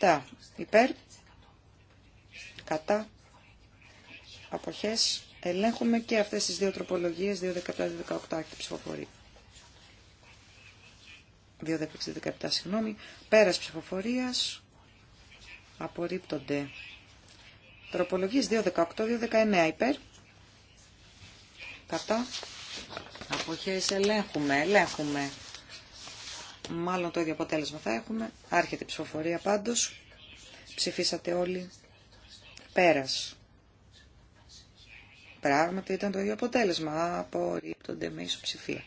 216-217. Υπέρ. Κατά αποχές ελέγχουμε και αυτές τις δύο τροπολογίες 2.17-2.18 άκτη ψηφοφορία. 2.16-17 συγγνώμη, πέρας ψηφοφορίας απορρίπτονται τροπολογίες 2.18-2.19 υπέρ κατά αποχές ελέγχουμε, ελέγχουμε μάλλον το ίδιο αποτέλεσμα θα έχουμε άρχεται η ψηφοφορία πάντως ψηφίσατε όλοι πέρας Πράγματι ήταν το ίδιο αποτέλεσμα. Απορρίπτονται με ισοψηφία.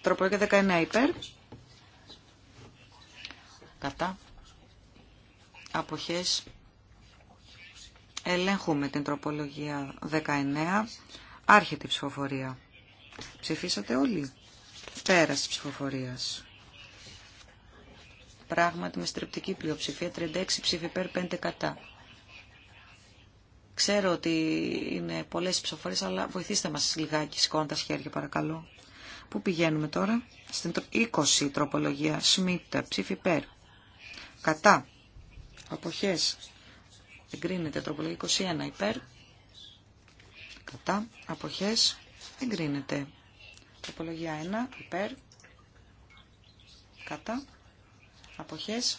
Τροπολογία 19 υπέρ. Κατά. Αποχές. Ελέγχουμε την τροπολογία 19. Άρχεται η ψηφοφορία. Ψηφίσατε όλοι. Πέρας της ψηφοφορίας. Πράγματι με στρεπτική πλειοψηφία 36 ψήφι υπέρ 5 κατά. Ξέρω ότι είναι πολλές ψηφοφορίες, αλλά βοηθήστε μας λιγάκι σηκώνοντας χέρια παρακαλώ. Πού πηγαίνουμε τώρα. Στην 20 τροπολογία. ΣΜΙΤΑ, ψήφι υπέρ. Κατά. Αποχές. Εγκρίνεται τροπολογία 21 υπέρ. Κατά. Αποχές. Εγκρίνεται. Τροπολογία 1 υπέρ. Κατά. Αποχές.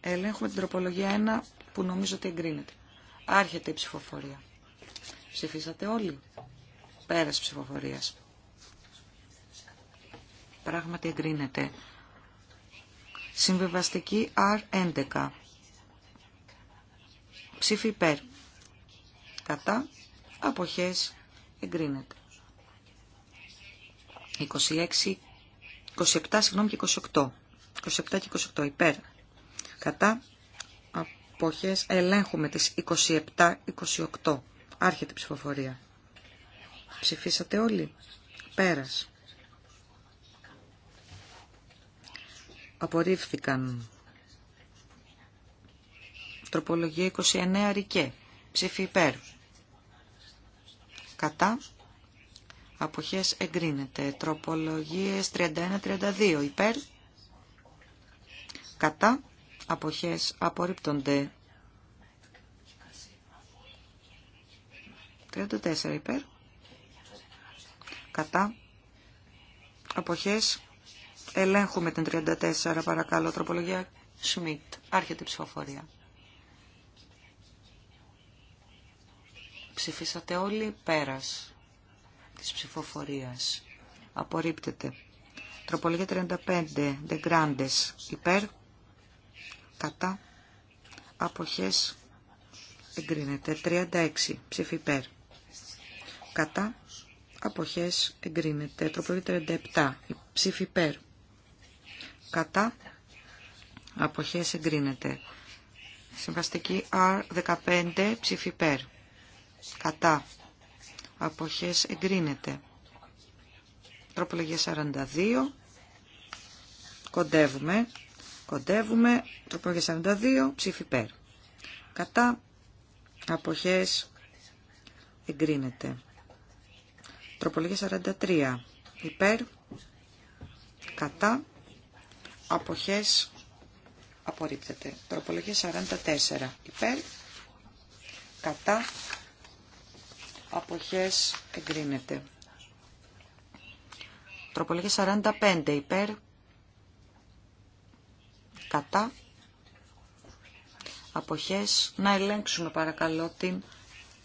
Ελέγχουμε την τροπολογία 1 που νομίζω ότι εγκρίνεται. Άρχεται η ψηφοφορία. Ψηφίσατε όλοι. Πέρας ψηφοφορίας. Πράγματι εγκρίνεται. Συμβιβαστική R11. Ψήφι υπέρ. Κατά. Αποχές. Εγκρίνεται. 26, 27, συγγνώμη και 28. 27 και 28 υπέρ. Κατά εποχές ελέγχουμε τις 27-28. Άρχεται η ψηφοφορία. Ψηφίσατε όλοι. Πέρας. Απορρίφθηκαν. Τροπολογία 29 ρικέ. Ψήφι υπέρ. Κατά. Αποχές εγκρίνεται. Τροπολογίες 31-32 υπέρ. Κατά αποχές απορρίπτονται. 34 υπέρ. Κατά. Αποχές. Ελέγχουμε την 34 παρακαλώ. Τροπολογία Σμιτ. Άρχεται η ψηφοφορία. Ψηφίσατε όλοι πέρας της ψηφοφορίας. Απορρίπτεται. Τροπολογία 35. De Grandes. Υπέρ κατά αποχές εγκρίνεται 36 ψήφι υπέρ κατά αποχές εγκρίνεται τροπολογία 37 ψήφι υπέρ κατά αποχές εγκρίνεται συμβαστική R15 ψήφι υπέρ κατά αποχές εγκρίνεται τροπολογία 42 κοντεύουμε Κοντεύουμε. Τροπολογία 42. Ψήφι υπέρ. Κατά. Αποχές. Εγκρίνεται. Τροπολογία 43. Υπέρ. Κατά. Αποχές. Απορρίπτεται. Τροπολογία 44. Υπέρ. Κατά. Αποχές. Εγκρίνεται. Τροπολογία 45. Υπέρ κατά αποχές. Να ελέγξουμε παρακαλώ την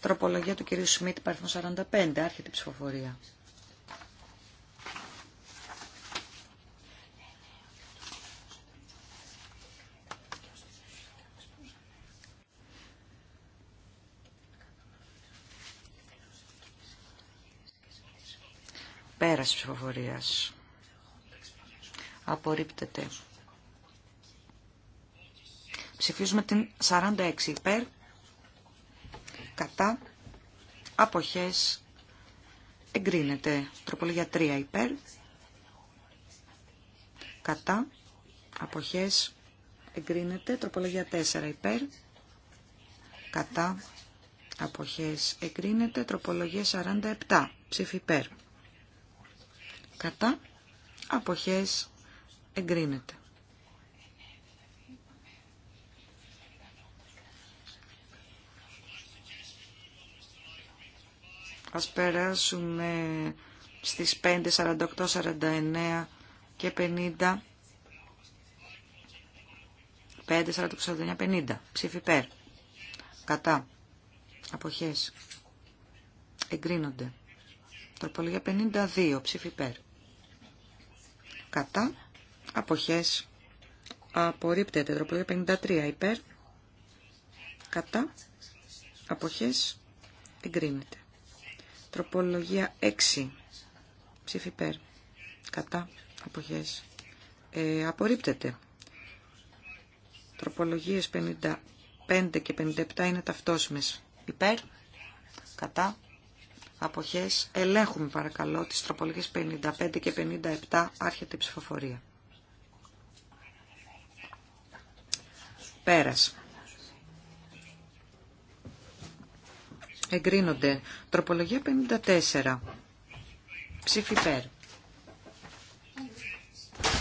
τροπολογία του κυρίου Σμίτ παριθμό 45. Άρχεται η ψηφοφορία. Πέραση ψηφοφορίας. Απορρίπτεται. Ψηφίζουμε την 46 υπέρ, κατά, αποχές, εγκρίνεται. Τροπολογία 3 υπέρ, κατά, αποχές, εγκρίνεται. Τροπολογία 4 υπέρ, κατά, αποχές, εγκρίνεται. Τροπολογία 47, ψήφι υπέρ, κατά, αποχές, εγκρίνεται. Ας περάσουμε στις 5, 48, 49 και 50. 5, 49, 50. Ψήφι υπέρ. Κατά. Αποχές. Εγκρίνονται. Τροπολογία 52. Ψήφι υπέρ. Κατά. Αποχές. Απορρίπτεται. Τροπολογία 53. Υπέρ. Κατά. Αποχές. Εγκρίνεται. Τροπολογία 6. Ψήφι υπέρ. Κατά. Αποχές. Ε, απορρίπτεται. Τροπολογίες 55 και 57 είναι ταυτόσιμες. Υπέρ. Κατά. Αποχές. Ελέγχουμε παρακαλώ τις τροπολογίες 55 και 57. Άρχεται η ψηφοφορία. Πέρασε. εγκρίνονται. Τροπολογία 54. Ψήφι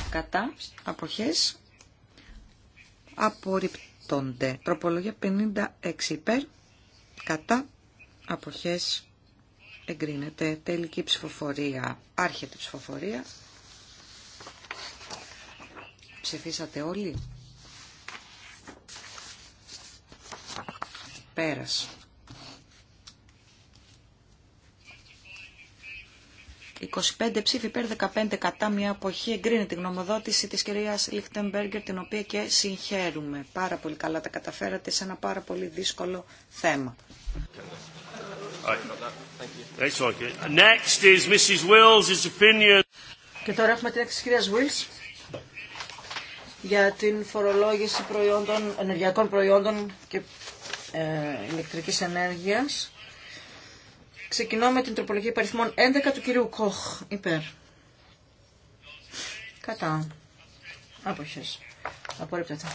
Κατά αποχές απορριπτώνται. Τροπολογία 56 υπέρ. Κατά αποχές εγκρίνεται. Τελική ψηφοφορία. Άρχεται ψηφοφορία. Ψηφίσατε όλοι. Πέρας. 25 ψήφοι υπέρ 15 κατά μια αποχή εγκρίνει η γνωμοδότηση της κυρίας Λιχτεμπέργκερ την οποία και συγχαίρουμε. Πάρα πολύ καλά τα καταφέρατε σε ένα πάρα πολύ δύσκολο θέμα. Και τώρα έχουμε την έξι κυρίας Wills για την φορολόγηση προϊόντων, ενεργειακών προϊόντων και ε, ηλεκτρικής ενέργειας. Ξεκινώ με την τροπολογία υπαριθμών 11 του κυρίου Κοχ. Υπέρ. Κατά. Άποχες. Απορρίπτεται.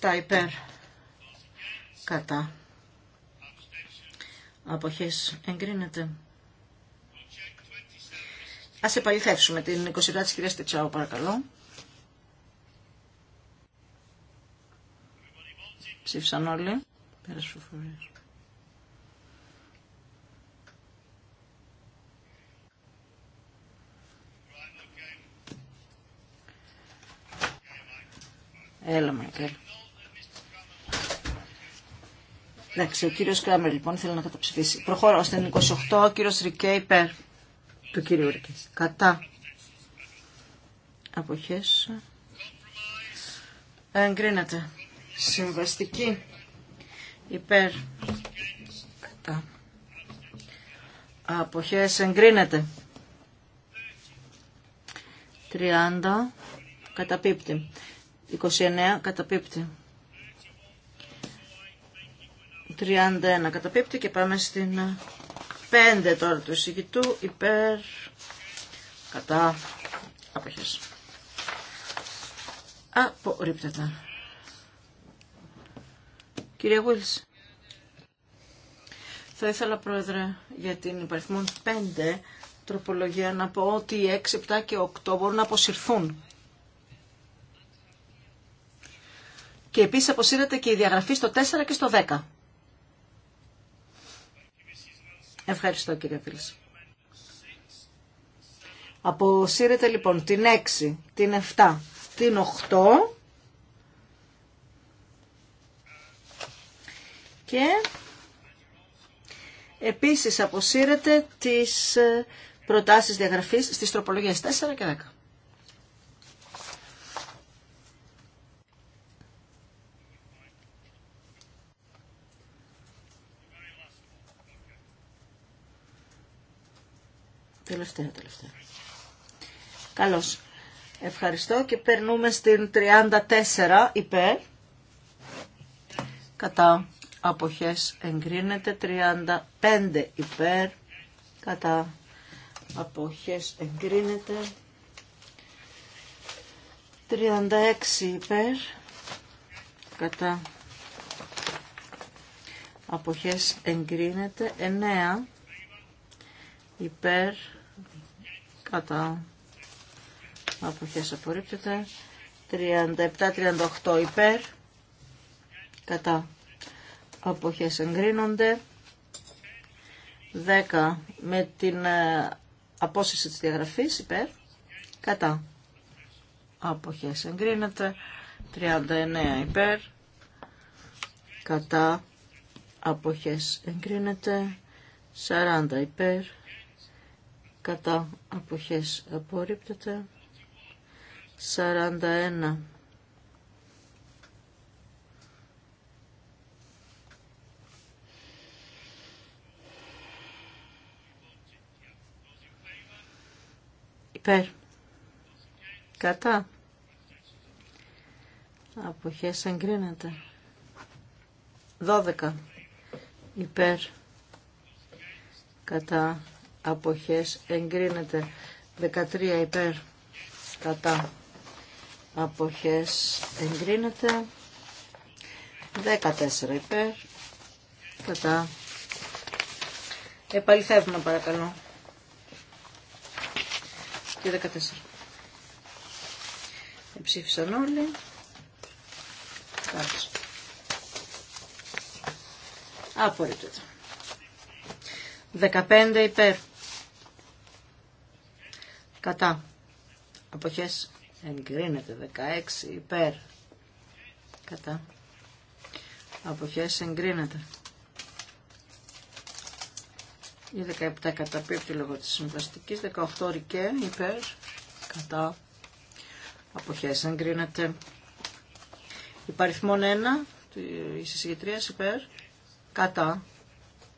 27 υπέρ. Κατά. Αποχές. Εγκρίνεται. Ας επαληθεύσουμε την 27 της κυρίας Τετσάου, παρακαλώ. Ψήφισαν όλοι. Πέρασε φορές. Έλα, Μάικλ. Εντάξει, ο κύριος Κράμερ λοιπόν θέλει να καταψηφίσει. Προχωρώ στην 28, ο κύριος Ρικέ υπέρ του κύριου Ρικέ. Κατά. Αποχές. Εγκρίνεται. Συμβαστική. Υπέρ. Κατά. Αποχές εγκρίνεται. 30. Καταπίπτει. 29 καταπίπτει. 31 καταπίπτει και πάμε στην 5 ε, τώρα του εισηγητού υπέρ κατά αποχές. Απορρίπτεται. Κύριε Γουίλς. Θα ήθελα, Πρόεδρε, για την υπαριθμόν 5 τροπολογία να πω ότι 6, 7 και 8 μπορούν να αποσυρθούν. Και επίση αποσύρεται και η διαγραφή στο 4 και στο 10. Ευχαριστώ κύριε φίλη. Αποσύρεται λοιπόν την 6, την 7, την 8 και επίσης αποσύρεται τις ε, προτάσεις διαγραφής στις τροπολογίες 4 και 10. Τελευταία, τελευταία. Καλώς. Ευχαριστώ και περνούμε στην 34 υπέρ. Κατά αποχές εγκρίνεται 35 υπέρ. Κατά αποχές εγκρίνεται 36 υπέρ. Κατά αποχές εγκρίνεται 9 υπέρ κατά αποχές απορρίπτεται 37-38 υπέρ κατά αποχές εγκρίνονται 10 με την ε, απόσυρση της διαγραφής υπέρ κατά αποχές εγκρίνεται 39 υπέρ κατά αποχές εγκρίνεται 40 υπέρ κατά αποχές απορρίπτεται 41 Υπέρ. Κατά. Αποχές εγκρίνεται. 12. Υπέρ. Κατά αποχές εγκρίνεται 13 υπέρ κατά αποχές εγκρίνεται 14 υπέρ κατά επαληθεύουμε παρακαλώ και 14 εψήφισαν όλοι εντάξει απορρίπτεται 15 υπέρ Κατά. Αποχές εγκρίνεται. 16 υπέρ. Κατά. Αποχές εγκρίνεται. Η 17 καταπίπτει λόγω της συμβαστικής. 18 ρικέ υπέρ. Κατά. Αποχές εγκρίνεται. Υπαριθμόν 1 της εισηγητρίας υπέρ. Κατά.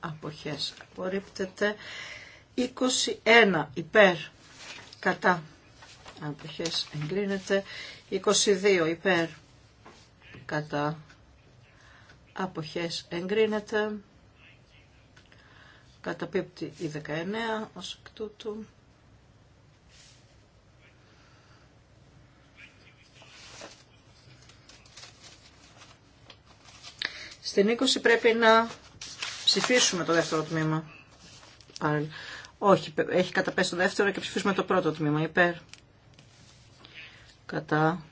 Αποχές απορρίπτεται. 21 υπέρ κατά αποχές εγκρίνεται 22 υπέρ κατά αποχές εγκρίνεται καταπίπτει η 19 ως εκ τούτου Στην 20 πρέπει να ψηφίσουμε το δεύτερο τμήμα. Άρα, όχι, έχει καταπέσει το δεύτερο και ψηφίσουμε το πρώτο τμήμα. Υπέρ. Κατά.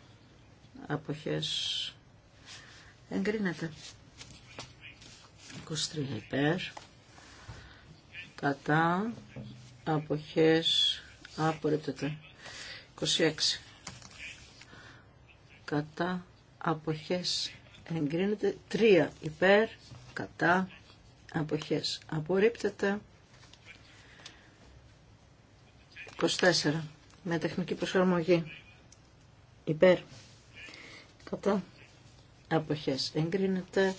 Αποχές. Εγκρίνεται. 23 υπέρ. Κατά. Αποχές. Απορρίπτεται. 26. Κατά. Αποχές. Εγκρίνεται. 3 υπέρ. Κατά. Αποχές. Απορρίπτεται. 24. Με τεχνική προσαρμογή. Υπέρ. Κατά. Αποχές. Εγκρίνεται.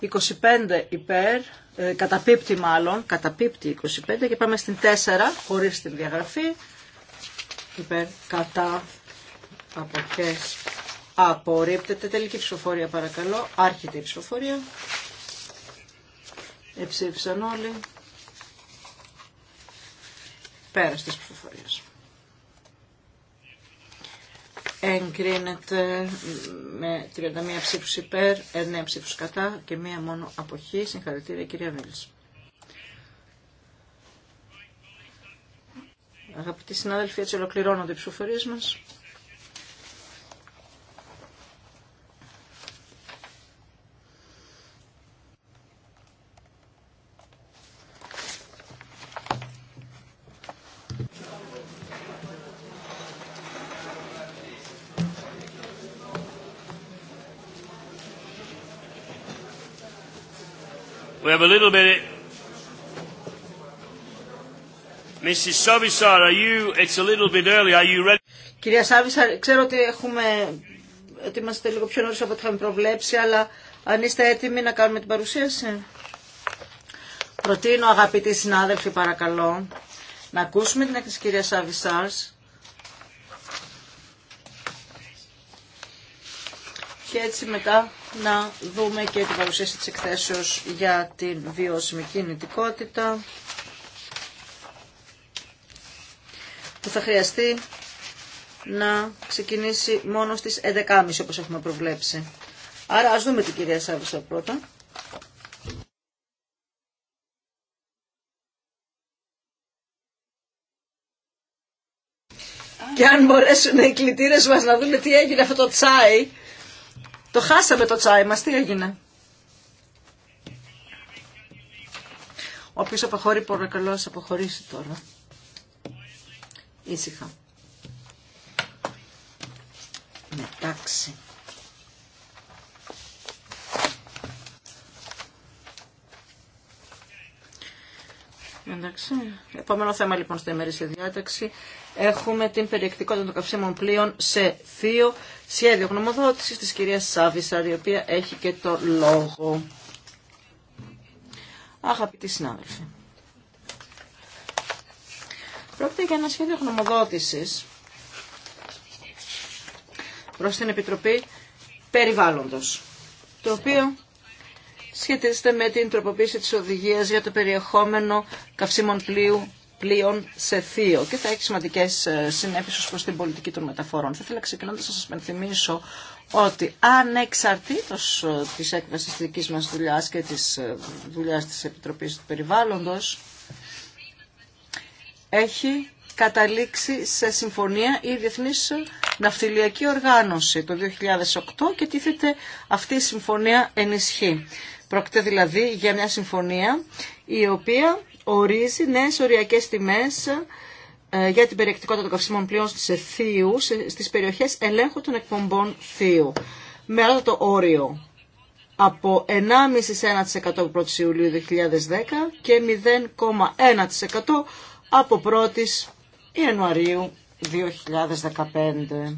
25 υπέρ, ε, καταπίπτει μάλλον, καταπίπτει 25 και πάμε στην 4 χωρίς την διαγραφή. Υπέρ, κατά, αποχές, απορρίπτεται. Τελική ψηφοφορία παρακαλώ, άρχεται η ψηφοφορία. Εψήφισαν όλοι. Πέρα τη ψηφοφορία. Εγκρίνεται με 31 ψήφους υπέρ, 9 ε, ναι, ψήφους κατά και μία μόνο αποχή. Συγχαρητήρια κυρία Μίλης. Αγαπητοί συνάδελφοι, έτσι ολοκληρώνονται οι ψηφοφορίες μας. We have a little bit. you? It's a little bit early. Are you ready? Κυρία Σάβισαρ, ξέρω ότι έχουμε ότι είμαστε λίγο πιο νωρίς από ό,τι είχαμε προβλέψει, αλλά αν είστε έτοιμοι να κάνουμε την παρουσίαση. Προτείνω, αγαπητοί συνάδελφοι, παρακαλώ, να ακούσουμε την έκθεση κυρία Σάβισαρς και έτσι μετά να δούμε και την παρουσίαση της εκθέσεως για την βιώσιμη κινητικότητα που θα χρειαστεί να ξεκινήσει μόνο στις 11.30 όπως έχουμε προβλέψει. Άρα ας δούμε την κυρία Σάβησα πρώτα. Και αν μπορέσουν οι κλητήρες μας να δούμε τι έγινε αυτό το τσάι το χάσαμε το τσάι μας. Τι έγινε. Όποιος αποχωρεί, παρακαλώ, ας αποχωρήσει τώρα. Ήσυχα. Μετάξει. Ναι, εντάξει. Επόμενο θέμα λοιπόν στην ημερήσια διάταξη. Έχουμε την περιεκτικότητα των καυσίμων πλοίων σε θείο σχέδιο γνωμοδότησης της κυρίας Σάβησαρ, η οποία έχει και το λόγο. Αγαπητοί συνάδελφοι, πρόκειται για ένα σχέδιο γνωμοδότησης προς την Επιτροπή Περιβάλλοντος, το οποίο σχετίζεται με την τροποποίηση της οδηγίας για το περιεχόμενο καυσίμων πλοίου πλοίων σε θείο και θα έχει σημαντικέ ε, συνέπειε προ την πολιτική των μεταφορών. Θα ήθελα ξεκινώντα να σα πενθυμίσω ότι ανεξαρτήτω ε, τη έκβαση τη δική μα δουλειά και τη ε, δουλειά τη Επιτροπή του Περιβάλλοντο, έχει καταλήξει σε συμφωνία η διεθνή Ναυτιλιακή Οργάνωση το 2008 και τίθεται αυτή η συμφωνία ενισχύ. Πρόκειται δηλαδή για μια συμφωνία η οποία ορίζει νέες οριακές τιμές ε, για την περιεκτικότητα των καυσίμων πλοίων στις θείου, στις περιοχές ελέγχου των εκπομπών θείου. Με άλλο το όριο από 1,5% 1% από 1η Ιουλίου 2010 και 0,1% από 1η Ιανουαρίου 2015.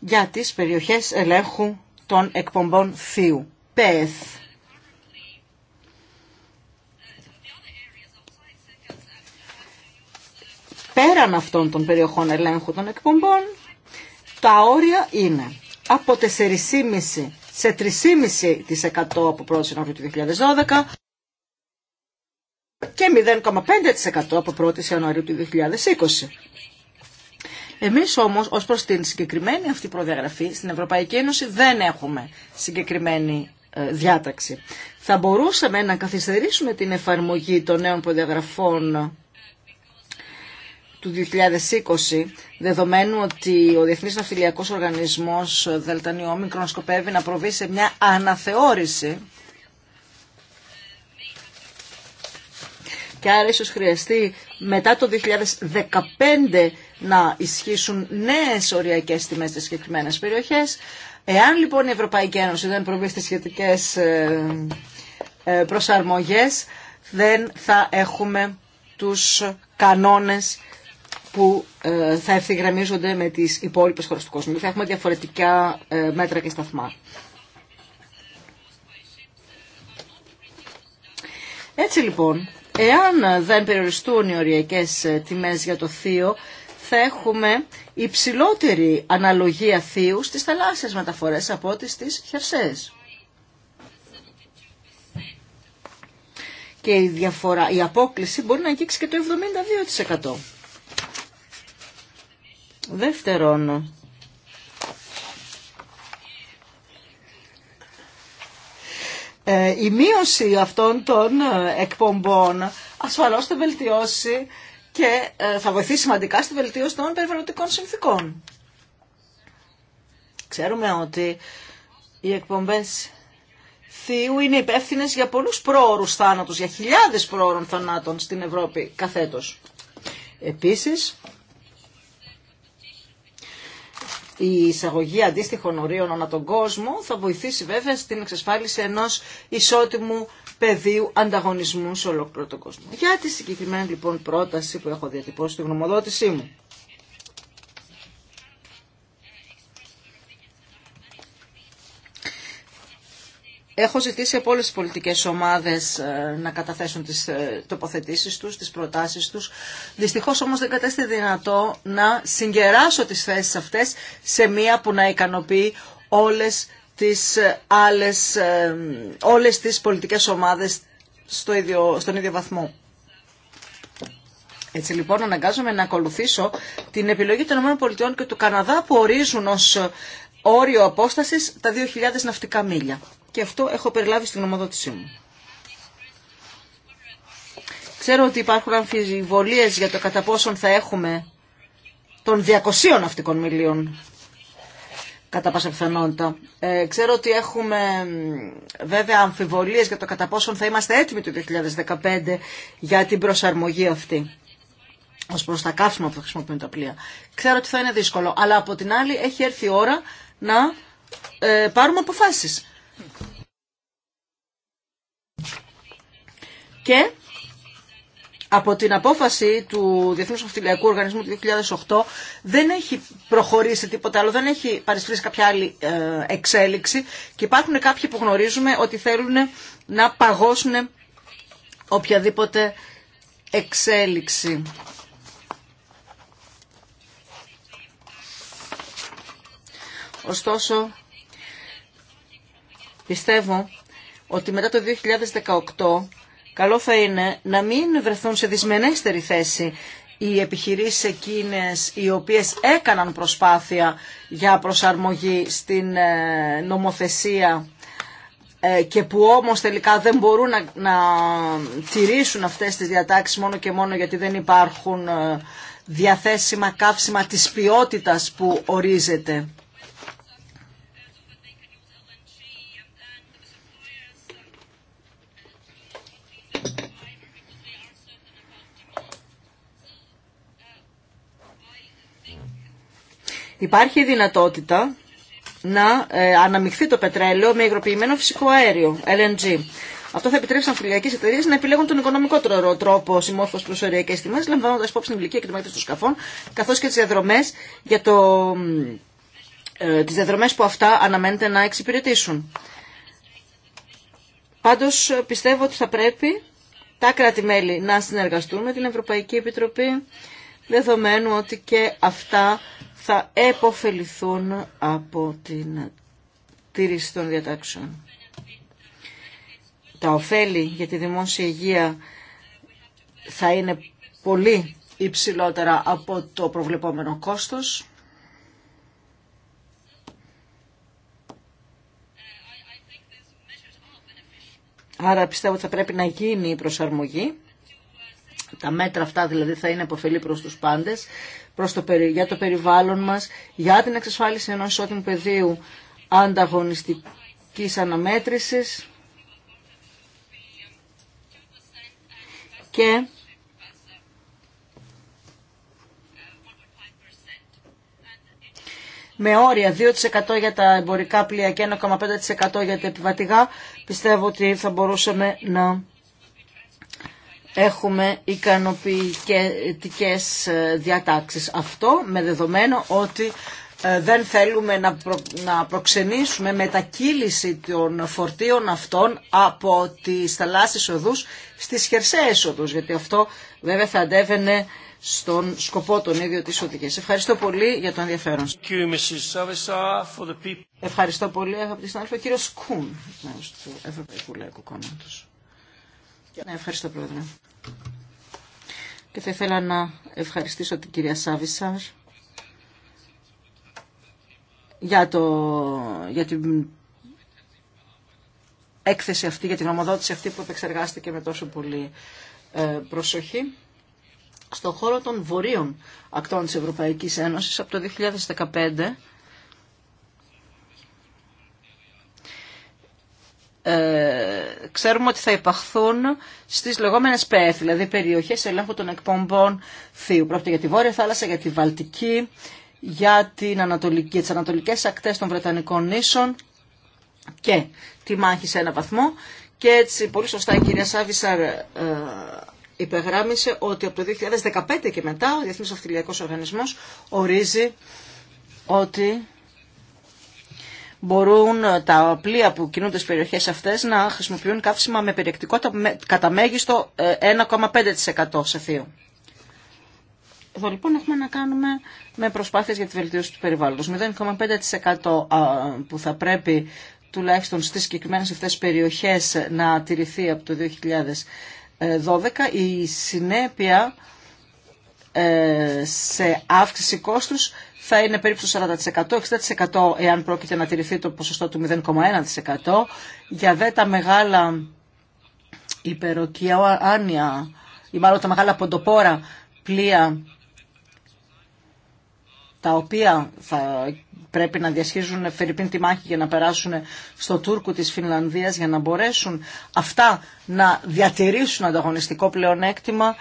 για τις περιοχές ελέγχου των εκπομπών θείου. ΠΕΘ. Πέραν αυτών των περιοχών ελέγχου των εκπομπών, τα όρια είναι από 4,5% σε 3,5% από 1η Ιανουαρίου του 2012 και 0,5% από 1η Ιανουαρίου του 2020. Εμείς όμως ως προ την συγκεκριμένη αυτή προδιαγραφή στην Ευρωπαϊκή Ένωση δεν έχουμε συγκεκριμένη ε, διάταξη. Θα μπορούσαμε να καθυστερήσουμε την εφαρμογή των νέων προδιαγραφών ε, του 2020, δεδομένου ότι ο Διεθνής Ναυτιλιακός Οργανισμός ε, ΔΝΙ σκοπεύει να προβεί σε μια αναθεώρηση και άρα ίσως χρειαστεί μετά το 2015 να ισχύσουν νέες οριακές τιμές στις συγκεκριμένες περιοχές. Εάν λοιπόν η Ευρωπαϊκή Ένωση δεν προβεί στις σχετικές ε, ε, προσαρμογές, δεν θα έχουμε τους κανόνες που ε, θα ευθυγραμμίζονται με τις υπόλοιπες χώρες του κόσμου. Θα έχουμε διαφορετικά μέτρα και σταθμά. Έτσι λοιπόν, Εάν δεν περιοριστούν οι οριακές ε, τιμές για το θείο, θα έχουμε υψηλότερη αναλογία θείου στις θαλάσσιες μεταφορές από ό,τι στι χερσαίες. Και η, διαφορά, η απόκληση μπορεί να αγγίξει και το 72%. Δεύτερον, Ε, η μείωση αυτών των ε, εκπομπών ασφαλώς θα βελτιώσει και ε, θα βοηθήσει σημαντικά στη βελτίωση των περιβαλλοντικών συνθήκων. Ξέρουμε ότι οι εκπομπές θείου είναι υπεύθυνε για πολλούς πρόωρους θάνατου, για χιλιάδες πρόωρων θανάτων στην Ευρώπη καθέτος. Επίσης, η εισαγωγή αντίστοιχων ορίων ανά τον κόσμο θα βοηθήσει βέβαια στην εξασφάλιση ενός ισότιμου πεδίου ανταγωνισμού σε ολόκληρο τον κόσμο. Για τη συγκεκριμένη λοιπόν πρόταση που έχω διατυπώσει στη γνωμοδότησή μου. Έχω ζητήσει από όλες τις πολιτικές ομάδες ε, να καταθέσουν τις ε, τοποθετήσεις τους, τις προτάσεις τους. Δυστυχώς όμως δεν κατέστη δυνατό να συγκεράσω τις θέσεις αυτές σε μία που να ικανοποιεί όλες τις, ε, άλλες, όλες τις πολιτικές ομάδες στο ίδιο, στον ίδιο βαθμό. Έτσι λοιπόν αναγκάζομαι να ακολουθήσω την επιλογή των ΗΠΑ και του Καναδά που ορίζουν ως όριο απόστασης τα 2.000 ναυτικά μίλια και αυτό έχω περιλάβει στην ομοδοτήσή μου. Ξέρω ότι υπάρχουν αμφιβολίες για το κατά πόσον θα έχουμε των 200 ναυτικών μιλίων κατά πάσα πιθανότητα. Ε, ξέρω ότι έχουμε βέβαια αμφιβολίες για το κατά πόσον θα είμαστε έτοιμοι το 2015 για την προσαρμογή αυτή ως προς τα κάψιμα που θα χρησιμοποιούν τα πλοία. Ξέρω ότι θα είναι δύσκολο, αλλά από την άλλη έχει έρθει η ώρα να ε, πάρουμε αποφάσεις. Και από την απόφαση του Διεθνούς Αυτιλιακού Οργανισμού του 2008 δεν έχει προχωρήσει τίποτα άλλο, δεν έχει παρισφρήσει κάποια άλλη ε, εξέλιξη και υπάρχουν κάποιοι που γνωρίζουμε ότι θέλουν να παγώσουν οποιαδήποτε εξέλιξη. Ωστόσο, Πιστεύω ότι μετά το 2018 καλό θα είναι να μην βρεθούν σε δυσμενέστερη θέση οι επιχειρήσεις εκείνες οι οποίες έκαναν προσπάθεια για προσαρμογή στην ε, νομοθεσία ε, και που όμως τελικά δεν μπορούν να, να τηρήσουν αυτές τις διατάξεις μόνο και μόνο γιατί δεν υπάρχουν ε, διαθέσιμα καύσιμα της ποιότητας που ορίζεται. Υπάρχει η δυνατότητα να ε, αναμειχθεί το πετρέλαιο με υγροποιημένο φυσικό αέριο, LNG. Αυτό θα επιτρέψει στι αμφιλιακέ εταιρείε να επιλέγουν τον οικονομικότερο τρόπο συμμόρφωση προ οριακέ τιμέ, λαμβάνοντα υπόψη την ηλικία και των σκαφών, καθώ και τι διαδρομέ για το. Ε, τις διαδρομές που αυτά αναμένεται να εξυπηρετήσουν. Πάντως πιστεύω ότι θα πρέπει τα κράτη-μέλη να συνεργαστούν με την Ευρωπαϊκή Επιτροπή, δεδομένου ότι και αυτά θα επωφεληθούν από την τήρηση των διατάξεων. Τα ωφέλη για τη δημόσια υγεία θα είναι πολύ υψηλότερα από το προβλεπόμενο κόστος. Άρα πιστεύω ότι θα πρέπει να γίνει η προσαρμογή τα μέτρα αυτά δηλαδή θα είναι αποφελή προς τους πάντες, προς το, για το περιβάλλον μας, για την εξασφάλιση ενός ισότιμου πεδίου ανταγωνιστικής αναμέτρησης και με όρια 2% για τα εμπορικά πλοία και 1,5% για τα επιβατηγά, πιστεύω ότι θα μπορούσαμε να έχουμε ικανοποιητικές ε, διατάξεις. Αυτό με δεδομένο ότι ε, δεν θέλουμε να, προ, να προξενήσουμε μετακύληση των φορτίων αυτών από τις θαλάσσιες οδούς στις χερσαίες οδούς, γιατί αυτό βέβαια θα αντέβαινε στον σκοπό των ίδιων της οδικής. Ευχαριστώ πολύ για το ενδιαφέρον σας. Ευχαριστώ πολύ αγαπητή συνάδελφοι. Ο κύριος Κούν, του Ευρωπαϊκού Λαϊκού Κόμματος. Ναι, ευχαριστώ Πρόεδρε. Και θα ήθελα να ευχαριστήσω την κυρία Σάβησαρ για, το, για την έκθεση αυτή, για την ομοδότηση αυτή που επεξεργάστηκε με τόσο πολύ ε, προσοχή στον χώρο των βορείων ακτών της Ευρωπαϊκής Ένωσης από το 2015 Ε, ξέρουμε ότι θα υπαχθούν στις λεγόμενες ΠΕΦ, δηλαδή περιοχές ελέγχου των εκπομπών θείου. Πρόκειται για τη Βόρεια Θάλασσα, για τη Βαλτική, για, την Ανατολική, τις ανατολικές ακτές των Βρετανικών νήσων και τη μάχη σε ένα βαθμό. Και έτσι πολύ σωστά η κυρία Σάβισαρ ε, υπεγράμμισε ότι από το 2015 και μετά ο Διεθνής Οργανισμός ορίζει ότι μπορούν ε, τα πλοία που κινούνται στις περιοχές αυτές να χρησιμοποιούν καύσιμα με περιεκτικότητα κατά μέγιστο 1,5% σε θείο. Εδώ λοιπόν έχουμε να κάνουμε με προσπάθειες για τη βελτίωση του περιβάλλοντος. 0,5% που θα πρέπει τουλάχιστον στις συγκεκριμένε αυτές περιοχές να τηρηθεί από το 2012. Η συνέπεια ε, σε αύξηση κόστους θα είναι περίπου στο 40%, 60% εάν πρόκειται να τηρηθεί το ποσοστό του 0,1%. Για δε τα μεγάλα υπεροκειάνια ή μάλλον τα μεγάλα ποντοπόρα πλοία τα οποία θα πρέπει να διασχίζουν φερρυπίν τη μάχη για να περάσουν στο Τούρκο της Φινλανδίας για να μπορέσουν αυτά να διατηρήσουν ανταγωνιστικό πλεονέκτημα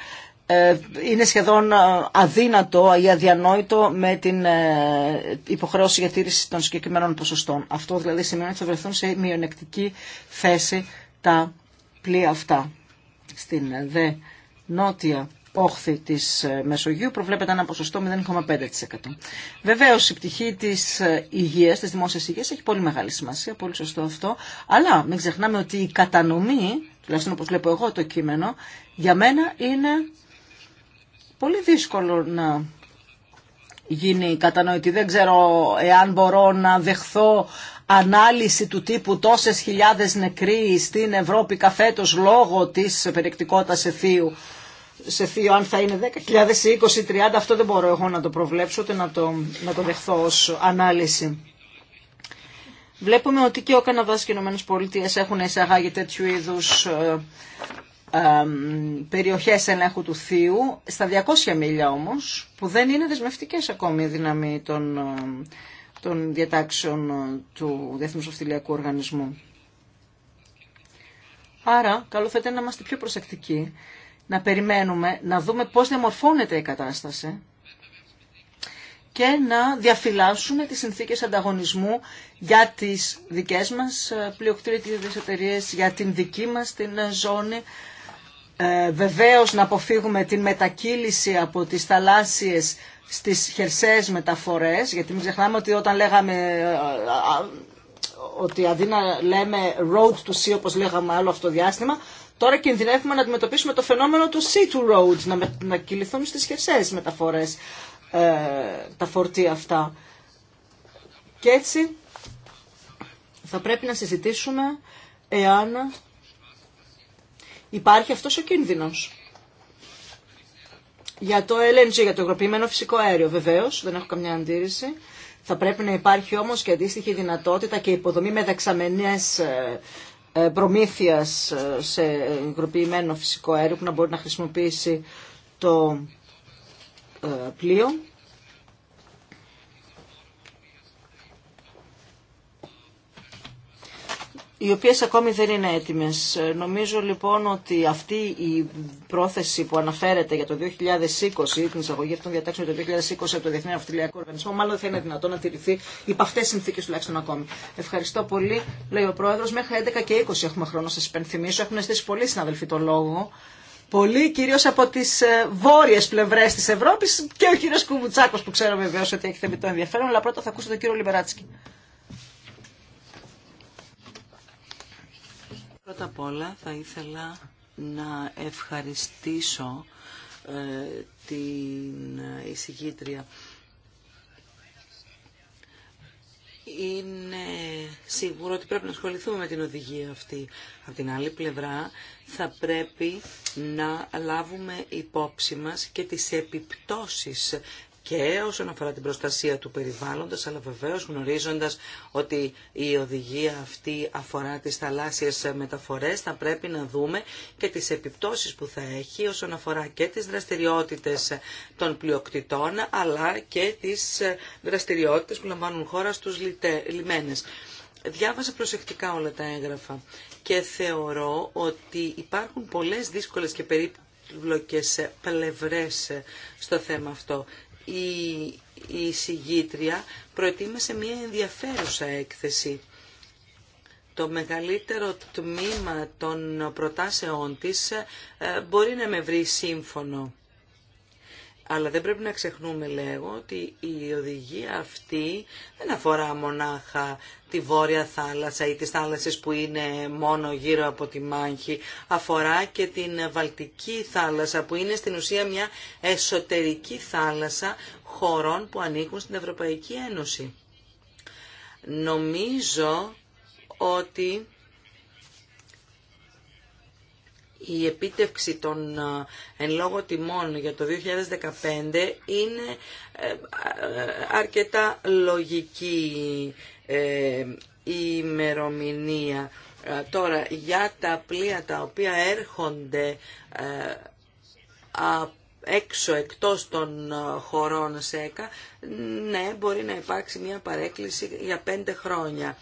ε, είναι σχεδόν ε, αδύνατο ή αδιανόητο με την ε, υποχρέωση για τήρηση των συγκεκριμένων ποσοστών. Αυτό δηλαδή σημαίνει ότι θα βρεθούν σε μειονεκτική θέση τα πλοία αυτά. Στην δε νότια όχθη της Μεσογείου προβλέπεται ένα ποσοστό 0,5%. Βεβαίως η πτυχή της υγείας, της δημόσιας υγείας έχει πολύ μεγάλη σημασία, πολύ σωστό αυτό, αλλά μην ξεχνάμε ότι η κατανομή, τουλάχιστον όπως βλέπω εγώ το κείμενο, για μένα είναι πολύ δύσκολο να γίνει κατανοητή. Δεν ξέρω εάν μπορώ να δεχθώ ανάλυση του τύπου τόσες χιλιάδες νεκροί στην Ευρώπη καφέτος λόγω της περιεκτικότητας εθίου. Σε θείο, αν θα είναι 10.000 ή 30, αυτό δεν μπορώ εγώ να το προβλέψω, ούτε να το, να το δεχθώ ως ανάλυση. Βλέπουμε ότι και ο Καναδάς και οι ΗΠΑ έχουν εισαγάγει τέτοιου είδους ε, περιοχές ελέγχου του θείου, στα 200 μίλια όμως, που δεν είναι δεσμευτικές ακόμη η δύναμοι των, των διατάξεων ε, του Διεθνούς Οργανισμού. Άρα, καλό θα ήταν να είμαστε πιο προσεκτικοί, να περιμένουμε, να δούμε πώς διαμορφώνεται η κατάσταση και να διαφυλάσσουμε τις συνθήκες ανταγωνισμού για τις δικές μας ε, πλειοκτήριες εταιρείε, για την δική μας την ζώνη ε, βεβαίως να αποφύγουμε την μετακύληση από τις θαλάσσιες στις χερσαίες μεταφορές, γιατί μην ξεχνάμε ότι όταν λέγαμε ε, ε, ότι αντί να λέμε road to sea όπως λέγαμε άλλο αυτό το διάστημα, τώρα κινδυνεύουμε να αντιμετωπίσουμε το φαινόμενο του sea to road, να, με, να κυληθούν στις χερσαίες μεταφορές ε, τα φορτία αυτά. Και έτσι θα πρέπει να συζητήσουμε εάν Υπάρχει αυτός ο κίνδυνος. Για το LNG, για το υγροποιημένο φυσικό αέριο βεβαίως, δεν έχω καμιά αντίρρηση. Θα πρέπει να υπάρχει όμως και αντίστοιχη δυνατότητα και υποδομή με δεξαμενές ε, ε, προμήθειας ε, σε υγροποιημένο φυσικό αέριο που να μπορεί να χρησιμοποιήσει το πλοίο. οι οποίες ακόμη δεν είναι έτοιμες. Νομίζω λοιπόν ότι αυτή η πρόθεση που αναφέρεται για το 2020, την εισαγωγή αυτών διατάξεων για το 2020 από το Διεθνή Αυτιλιακό Οργανισμό, μάλλον δεν θα είναι δυνατόν να τηρηθεί υπ' αυτές τις συνθήκες τουλάχιστον ακόμη. Ευχαριστώ πολύ, λέει ο Πρόεδρος. Μέχρι 11 και 20 έχουμε χρόνο να σας υπενθυμίσω. Έχουν στήσει πολλοί συναδελφοί το λόγο. Πολλοί κυρίω από τι ε, βόρειε πλευρέ τη Ευρώπη και ο κύριο Κουμουτσάκο που ξέρω βεβαίω ότι έχει θεμητό ενδιαφέρον, αλλά πρώτα θα ακούσω τον κύριο Λιμπεράτσκι. Πρώτα απ' όλα θα ήθελα να ευχαριστήσω ε, την εισηγήτρια. Είναι σίγουρο ότι πρέπει να ασχοληθούμε με την οδηγία αυτή. Από την άλλη πλευρά θα πρέπει να λάβουμε υπόψη μας και τις επιπτώσεις και όσον αφορά την προστασία του περιβάλλοντος, αλλά βεβαίως γνωρίζοντας ότι η οδηγία αυτή αφορά τις θαλάσσιες μεταφορές, θα πρέπει να δούμε και τις επιπτώσεις που θα έχει όσον αφορά και τις δραστηριότητες των πλειοκτητών, αλλά και τις δραστηριότητες που λαμβάνουν χώρα στους λιμένες. Διάβασα προσεκτικά όλα τα έγγραφα και θεωρώ ότι υπάρχουν πολλές δύσκολες και περίπλοκες πλευρές στο θέμα αυτό η, η συγγήτρια προετοίμασε μια ενδιαφέρουσα έκθεση. Το μεγαλύτερο τμήμα των προτάσεών της ε, μπορεί να με βρει σύμφωνο. Αλλά δεν πρέπει να ξεχνούμε, λέγω, ότι η οδηγία αυτή δεν αφορά μονάχα τη Βόρεια Θάλασσα ή τις θάλασσες που είναι μόνο γύρω από τη Μάνχη. Αφορά και την Βαλτική Θάλασσα που είναι στην ουσία μια εσωτερική θάλασσα χωρών που ανήκουν στην Ευρωπαϊκή Ένωση. Νομίζω ότι η επίτευξη των ε, εν λόγω τιμών για το 2015 είναι ε, ε, αρκετά λογική η ημερομηνία. Τώρα, για τα πλοία τα οποία έρχονται έξω εκτός των χωρών ΣΕΚΑ, ναι, μπορεί να υπάρξει μια παρέκκληση για πέντε χρόνια.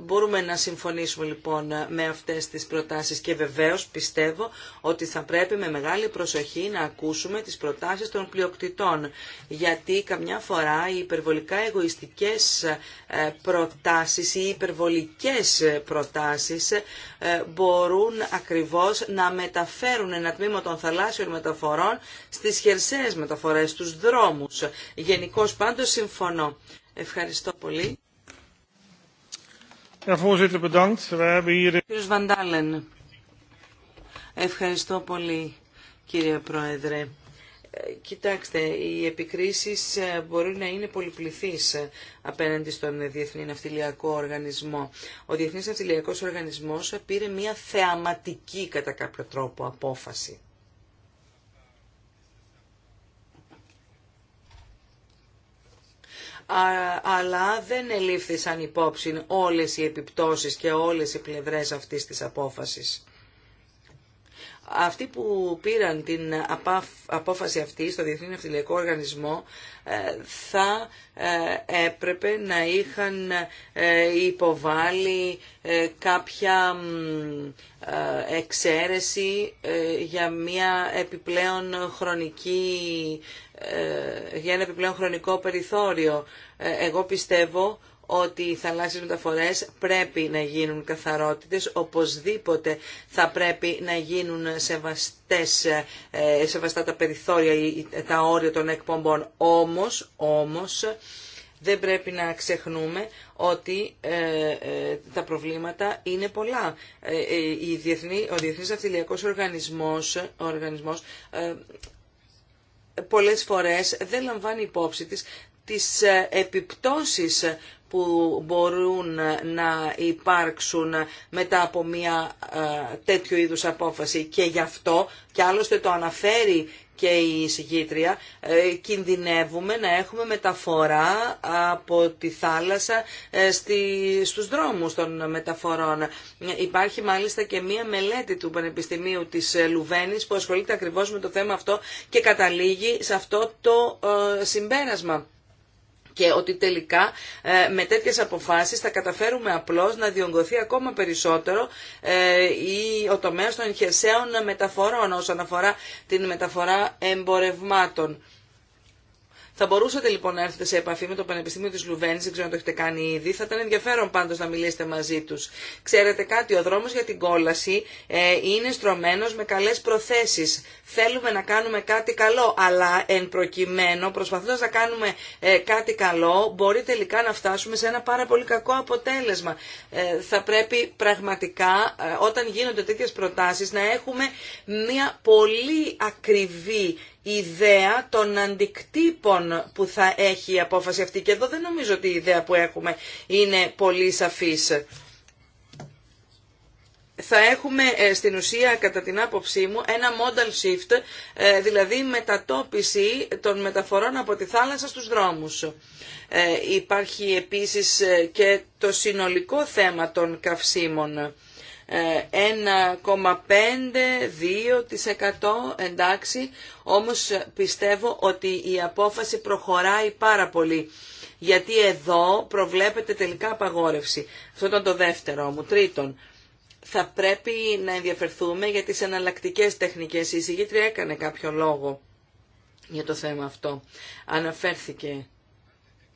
Μπορούμε να συμφωνήσουμε λοιπόν με αυτές τις προτάσεις και βεβαίως πιστεύω ότι θα πρέπει με μεγάλη προσοχή να ακούσουμε τις προτάσεις των πλειοκτητών γιατί καμιά φορά οι υπερβολικά εγωιστικές ε, προτάσεις ή υπερβολικές προτάσεις ε, μπορούν ακριβώς να μεταφέρουν ένα τμήμα των θαλάσσιων μεταφορών στις χερσαίες μεταφορές, στους δρόμους. Γενικώ πάντως συμφωνώ. Ευχαριστώ πολύ. Κύριος Βαντάλεν, ευχαριστώ πολύ κύριε Πρόεδρε. Ε, κοιτάξτε, οι επικρίσεις ε, μπορεί να είναι πολυπληθείς ε, απέναντι στον Διεθνή Ναυτιλιακό Οργανισμό. Ο Διεθνής Ναυτιλιακός Οργανισμός πήρε μια θεαματική κατά κάποιο τρόπο απόφαση. αλλά δεν ελήφθησαν υπόψη όλες οι επιπτώσεις και όλες οι πλευρές αυτής της απόφασης. Αυτοί που πήραν την απόφαση αυτή στο Διεθνή Ναυτιλιακό Οργανισμό ε, θα ε, έπρεπε να είχαν ε, υποβάλει κάποια εξαίρεση για μια επιπλέον χρονική ε, για ένα επιπλέον χρονικό περιθώριο. Ε, εγώ πιστεύω ότι οι θαλάσσιες μεταφορές πρέπει να γίνουν καθαρότητες, οπωσδήποτε θα πρέπει να γίνουν σεβαστές, ε, σεβαστά τα περιθώρια ή τα όρια των εκπομπών. Όμως, όμως, δεν πρέπει να ξεχνούμε ότι τα προβλήματα είναι πολλά. Ε, η διεθνή, ο Διεθνής Οργανισμός, οργανισμός πολλές φορές δεν λαμβάνει υπόψη της τις ε, επιπτώσεις που μπορούν ε, να υπάρξουν ε, μετά από μια τέτοιο είδους απόφαση και γι' αυτό και άλλωστε το αναφέρει και η συγκήτρια, ε, κινδυνεύουμε να έχουμε μεταφορά από τη θάλασσα ε, στους δρόμους των μεταφορών. Υπάρχει μάλιστα και μία μελέτη του Πανεπιστημίου της Λουβένης που ασχολείται ακριβώς με το θέμα αυτό και καταλήγει σε αυτό το ε, συμπέρασμα και ότι τελικά ε, με τέτοιες αποφάσεις θα καταφέρουμε απλώς να διονγκωθεί ακόμα περισσότερο ε, η, ο τομέας των χερσαίων μεταφορών όσον αφορά την μεταφορά εμπορευμάτων. Θα μπορούσατε λοιπόν να έρθετε σε επαφή με το Πανεπιστήμιο τη Λουβέννη, δεν ξέρω αν το έχετε κάνει ήδη. Θα ήταν ενδιαφέρον πάντω να μιλήσετε μαζί του. Ξέρετε κάτι, ο δρόμο για την κόλαση ε, είναι στρωμένο με καλέ προθέσει. Θέλουμε να κάνουμε κάτι καλό, αλλά εν προκειμένου, προσπαθώντα να κάνουμε ε, κάτι καλό, μπορεί τελικά να φτάσουμε σε ένα πάρα πολύ κακό αποτέλεσμα. Ε, θα πρέπει πραγματικά, ε, όταν γίνονται τέτοιε προτάσει, να έχουμε μια πολύ ακριβή ιδέα των αντικτύπων που θα έχει η απόφαση αυτή. Και εδώ δεν νομίζω ότι η ιδέα που έχουμε είναι πολύ σαφής. Θα έχουμε ε, στην ουσία, κατά την άποψή μου, ένα modal shift, ε, δηλαδή μετατόπιση των μεταφορών από τη θάλασσα στους δρόμους. Ε, υπάρχει επίσης και το συνολικό θέμα των καυσίμων 1,5-2% ε, εντάξει, όμως πιστεύω ότι η απόφαση προχωράει πάρα πολύ. Γιατί εδώ προβλέπεται τελικά απαγόρευση. Αυτό ήταν το δεύτερο μου. Τρίτον, θα πρέπει να ενδιαφερθούμε για τις εναλλακτικέ τεχνικές. Η εισηγήτρια έκανε κάποιο λόγο για το θέμα αυτό. Αναφέρθηκε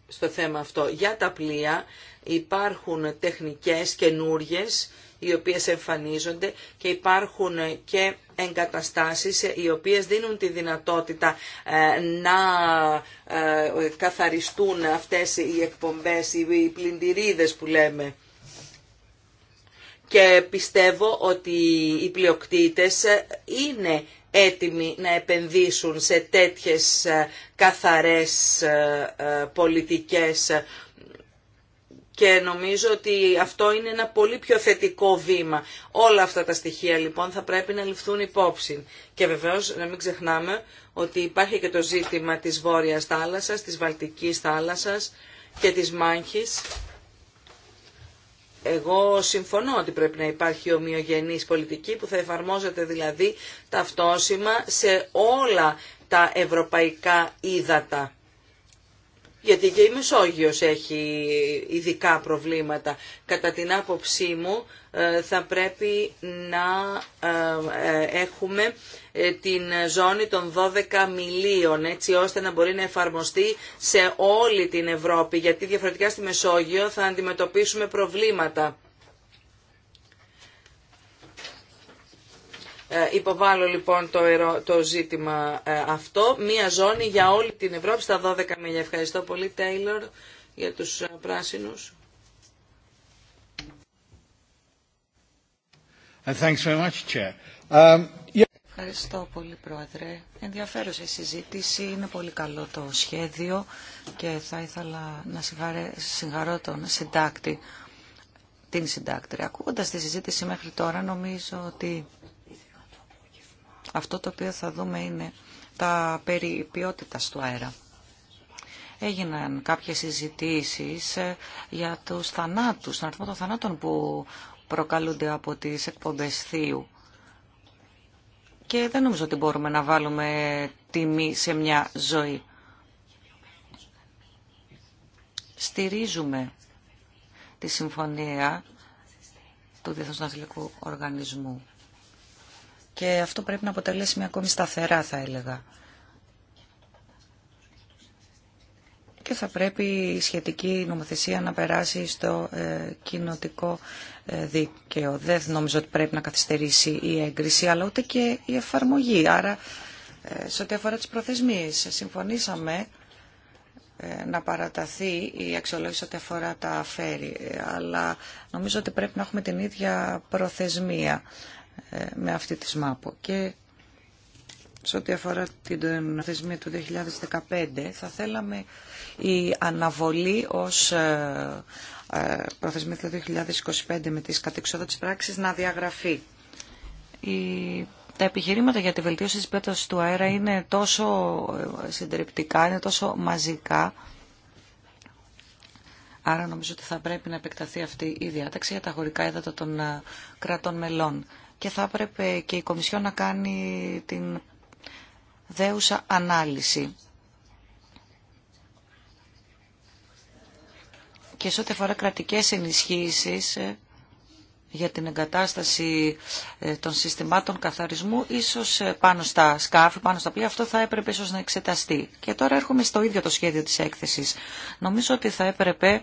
στο θέμα αυτό. Για τα πλοία υπάρχουν τεχνικές καινούριες οι οποίες εμφανίζονται και υπάρχουν και εγκαταστάσεις οι οποίες δίνουν τη δυνατότητα ε, να ε, καθαριστούν αυτές οι εκπομπές, οι πλυντηρίδες που λέμε και πιστεύω ότι οι πλειοκτήτες είναι έτοιμοι να επενδύσουν σε τέτοιες ε, καθαρές πολιτικές και νομίζω ότι αυτό είναι ένα πολύ πιο θετικό βήμα. Όλα αυτά τα στοιχεία λοιπόν θα πρέπει να ληφθούν υπόψη. Και βεβαίως να μην ξεχνάμε ότι υπάρχει και το ζήτημα της Βόρειας θάλασσας, της Βαλτικής θάλασσας και της Μάνχης. Εγώ συμφωνώ ότι πρέπει να υπάρχει ομοιογενής πολιτική που θα εφαρμόζεται δηλαδή ταυτόσημα σε όλα τα ευρωπαϊκά ύδατα γιατί και η Μεσόγειος έχει ειδικά προβλήματα. Κατά την άποψή μου ε, θα πρέπει να ε, ε, έχουμε την ζώνη των 12 μιλίων έτσι ώστε να μπορεί να εφαρμοστεί σε όλη την Ευρώπη γιατί διαφορετικά στη Μεσόγειο θα αντιμετωπίσουμε προβλήματα. Ε, υποβάλλω λοιπόν το, το ζήτημα ε, αυτό. Μία ζώνη για όλη την Ευρώπη στα 12 μίλια. Ευχαριστώ πολύ Τέιλορ για τους ε, πράσινους. Um, Ευχαριστώ πολύ Πρόεδρε. Ενδιαφέρουσα η συζήτηση, είναι πολύ καλό το σχέδιο και θα ήθελα να συγχαρώ τον συντάκτη, την συντάκτρια. Ακούγοντας τη συζήτηση μέχρι τώρα νομίζω ότι αυτό το οποίο θα δούμε είναι τα περί ποιότητας του αέρα. Έγιναν κάποιες συζητήσεις ε, για τους θανάτους, τον αριθμό των θανάτων που προκαλούνται από τις εκπομπές θείου. Και δεν νομίζω ότι μπορούμε να βάλουμε τιμή σε μια ζωή. Στηρίζουμε τη συμφωνία του Διεθνούς Ναυτιλικού Οργανισμού και αυτό πρέπει να αποτελέσει μια ακόμη σταθερά θα έλεγα. και θα πρέπει η σχετική νομοθεσία να περάσει στο ε, κοινοτικό ε, δίκαιο. Δεν νομίζω ότι πρέπει να καθυστερήσει η έγκριση, αλλά ούτε και η εφαρμογή. Άρα, ε, σε ό,τι αφορά τις προθεσμίες, συμφωνήσαμε ε, να παραταθεί η αξιολόγηση ό,τι αφορά τα αφαίρει, αλλά νομίζω ότι πρέπει να έχουμε την ίδια προθεσμία ε, με αυτή τη ΣΜΑΠΟ. Και σε ό,τι αφορά την προθεσμία του 2015 θα θέλαμε η αναβολή ως ε, ε, προθεσμία του 2025 με τις της πράξεις να διαγραφεί. Η... Τα επιχειρήματα για τη βελτίωση της πέτας του αέρα είναι τόσο συντριπτικά, είναι τόσο μαζικά, άρα νομίζω ότι θα πρέπει να επεκταθεί αυτή η διάταξη για τα χωρικά έδατα των κρατών μελών και θα έπρεπε και η Κομισιόν να κάνει την δέουσα ανάλυση. Και σε ό,τι αφορά κρατικές ενισχύσεις ε, για την εγκατάσταση ε, των συστημάτων καθαρισμού, ίσως ε, πάνω στα σκάφη, πάνω στα πλοία, αυτό θα έπρεπε ίσως να εξεταστεί. Και τώρα έρχομαι στο ίδιο το σχέδιο της έκθεσης. Νομίζω ότι θα έπρεπε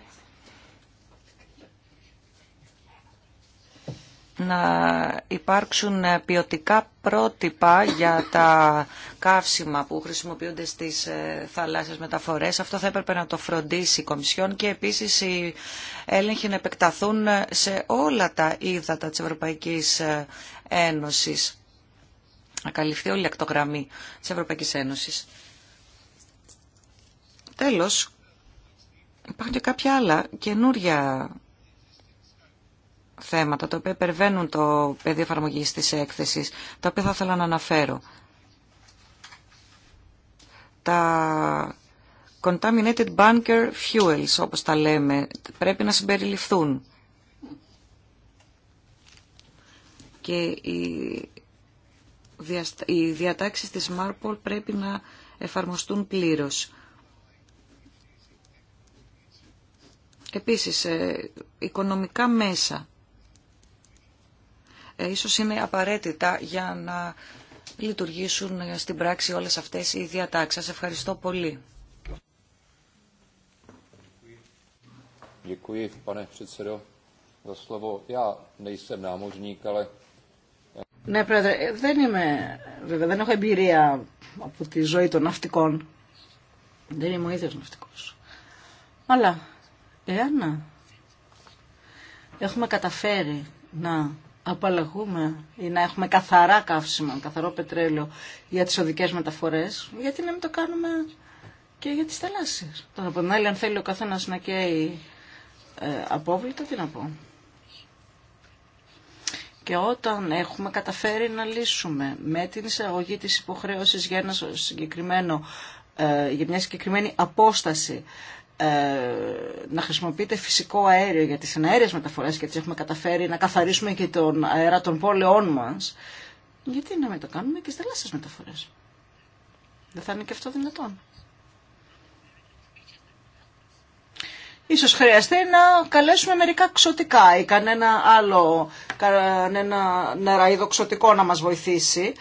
να υπάρξουν ποιοτικά πρότυπα για τα καύσιμα που χρησιμοποιούνται στις ε, θαλάσσιες μεταφορές. Αυτό θα έπρεπε να το φροντίσει η Κομισιόν και επίσης οι έλεγχοι να επεκταθούν σε όλα τα ύδατα της Ευρωπαϊκής ε, Ένωσης. Να καλυφθεί όλη η ακτογραμμή της Ευρωπαϊκής Ένωσης. Τέλος, υπάρχουν και κάποια άλλα καινούρια θέματα τα οποία υπερβαίνουν το πεδίο εφαρμογή τη έκθεσης, τα οποία θα ήθελα να αναφέρω. Τα contaminated bunker fuels, όπως τα λέμε, πρέπει να συμπεριληφθούν. Και οι, οι διατάξεις της Marpol πρέπει να εφαρμοστούν πλήρως. Επίσης, ε, οικονομικά μέσα ε, ίσως είναι απαραίτητα για να λειτουργήσουν στην πράξη όλες αυτές οι διατάξεις. Σας ευχαριστώ πολύ. Ναι, πρόεδρε, δεν είμαι, βέβαια, δεν έχω εμπειρία από τη ζωή των ναυτικών. Δεν είμαι ο ίδιος ναυτικός. Αλλά, εάν έχουμε καταφέρει να απαλλαγούμε ή να έχουμε καθαρά καύσιμα, καθαρό πετρέλαιο για τις οδικές μεταφορές, γιατί να μην το κάνουμε και για τις θαλάσσιες. Τώρα από την άλλη, αν θέλει ο καθένας να καίει ε, απόβλητα, τι να πω. Και όταν έχουμε καταφέρει να λύσουμε με την εισαγωγή της υποχρέωσης για, συγκεκριμένο, ε, για μια συγκεκριμένη απόσταση ε, να χρησιμοποιείται φυσικό αέριο για τις εναέρειες μεταφορές και έτσι έχουμε καταφέρει να καθαρίσουμε και τον αέρα των πόλεών μας γιατί να μην το κάνουμε και στις τελάσσες μεταφορές δεν θα είναι και αυτό δυνατόν Ίσως χρειαστεί να καλέσουμε μερικά ξωτικά ή κανένα άλλο κανένα νεραϊδοξωτικό να μας βοηθήσει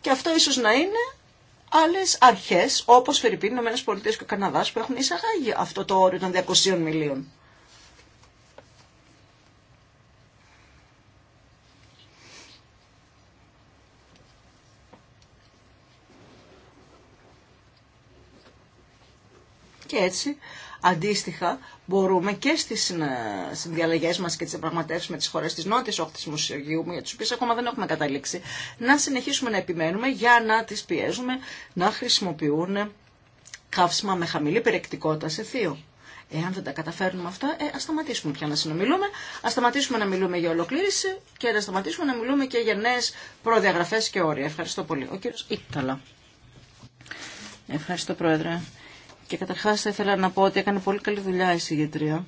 και αυτό ίσως να είναι Άλλε αρχέ, όπως Φιλιππίνοι, Ηνωμένες και ο Καναδάς που έχουν εισαγάγει αυτό το όριο των 200 μιλίων. Και έτσι Αντίστοιχα, μπορούμε και στι ε, συνδιαλλαγέ μα και τι διαπραγματεύσει με τι χώρε τη νότια όχθη Μουσιογείου, για τι οποίε ακόμα δεν έχουμε καταλήξει, να συνεχίσουμε να επιμένουμε για να τι πιέζουμε να χρησιμοποιούν καύσιμα με χαμηλή περιεκτικότητα σε θείο. Εάν δεν τα καταφέρνουμε αυτά, ε, α σταματήσουμε πια να συνομιλούμε, α σταματήσουμε να μιλούμε για ολοκλήρηση και να σταματήσουμε να μιλούμε και για νέε προδιαγραφέ και όρια. Ευχαριστώ πολύ. Ο κύριο Ήκταλα. Ευχαριστώ, Πρόεδρε. Και καταρχάς θα ήθελα να πω ότι έκανε πολύ καλή δουλειά η συγγετρία.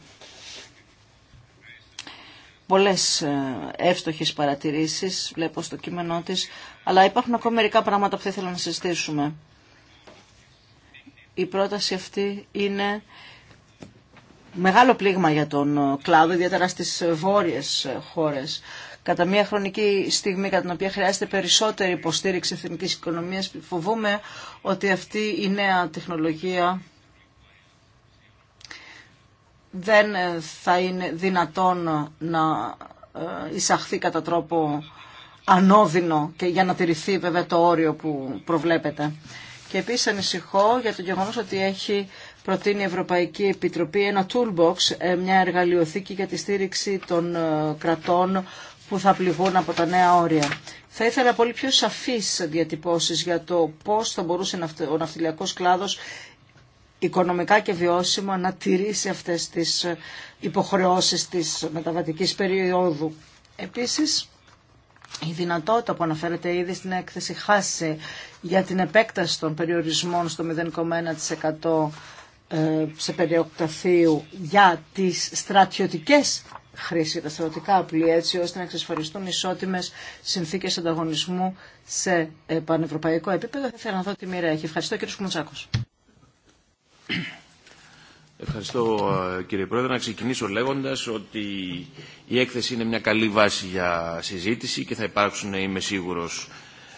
Πολλές ε, εύστοχες παρατηρήσεις βλέπω στο κείμενό της, αλλά υπάρχουν ακόμα μερικά πράγματα που θα ήθελα να συζητήσουμε. Η πρόταση αυτή είναι μεγάλο πλήγμα για τον ε, κλάδο, ιδιαίτερα στις ε, βόρειες χώρες. Κατά μια χρονική στιγμή κατά την οποία χρειάζεται περισσότερη υποστήριξη εθνικής οικονομίας, φοβούμε ότι αυτή η νέα τεχνολογία δεν ε, θα είναι δυνατόν να ε, εισαχθεί κατά τρόπο ανώδυνο και για να τηρηθεί βέβαια το όριο που προβλέπεται. Και επίσης ανησυχώ για το γεγονός ότι έχει προτείνει η Ευρωπαϊκή Επιτροπή ένα toolbox, ε, μια εργαλειοθήκη για τη στήριξη των κρατών που θα πληγούν από τα νέα όρια. Θα ήθελα πολύ πιο σαφείς διατυπώσεις για το πώς θα μπορούσε ο ναυτιλιακός κλάδος οικονομικά και βιώσιμο να τηρήσει αυτές τις ε, υποχρεώσεις της μεταβατικής περίοδου. Επίσης, η δυνατότητα που αναφέρεται ήδη στην έκθεση χάσει για την επέκταση των περιορισμών στο 0,1% ε, σε περιοκταθείου για τις στρατιωτικές χρήσεις, τα στρατιωτικά απλή, έτσι ώστε να εξασφαλιστούν ισότιμες συνθήκες ανταγωνισμού σε πανευρωπαϊκό επίπεδο. Θα ήθελα να δω τι μοίρα έχει. Ευχαριστώ κύριε Σκουμουτσάκος. Ευχαριστώ ε, κύριε Πρόεδρε. Να ξεκινήσω λέγοντας ότι η έκθεση είναι μια καλή βάση για συζήτηση και θα υπάρξουν, ε, είμαι σίγουρος,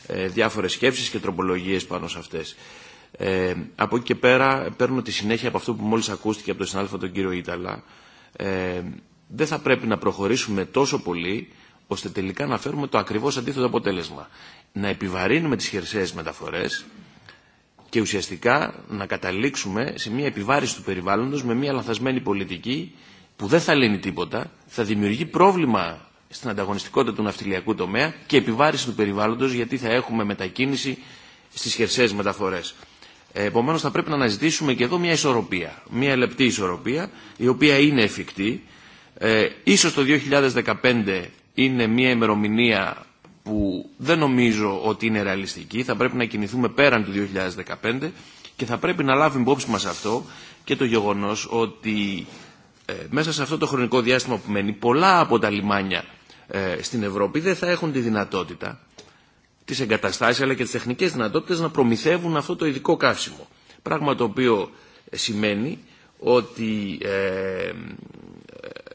ε, διάφορες σκέψεις και τροπολογίες πάνω σε αυτές. από εκεί και πέρα παίρνω τη συνέχεια από αυτό που μόλις ακούστηκε από τον συνάδελφο τον κύριο Ιταλά. δεν θα πρέπει να προχωρήσουμε τόσο πολύ ώστε τελικά να φέρουμε το ακριβώς αντίθετο αποτέλεσμα. Να επιβαρύνουμε τις χερσαίες μεταφορές και ουσιαστικά να καταλήξουμε σε μια επιβάρηση του περιβάλλοντος με μια λαθασμένη πολιτική που δεν θα λύνει τίποτα, θα δημιουργεί πρόβλημα στην ανταγωνιστικότητα του ναυτιλιακού τομέα και επιβάρηση του περιβάλλοντος γιατί θα έχουμε μετακίνηση στις χερσαίες μεταφορές. Ε, επομένως θα πρέπει να αναζητήσουμε και εδώ μια ισορροπία, μια λεπτή ισορροπία η οποία είναι εφικτή. Ε, ίσως το 2015 είναι μια ημερομηνία που δεν νομίζω ότι είναι ρεαλιστική. Θα πρέπει να κινηθούμε πέραν του 2015 και θα πρέπει να λάβουμε υπόψη μας αυτό και το γεγονός ότι ε, μέσα σε αυτό το χρονικό διάστημα που μένει πολλά από τα λιμάνια ε, στην Ευρώπη δεν θα έχουν τη δυνατότητα τις εγκαταστάσεις αλλά και τις τεχνικές δυνατότητες να προμηθεύουν αυτό το ειδικό καύσιμο. Πράγμα το οποίο ε, σημαίνει ότι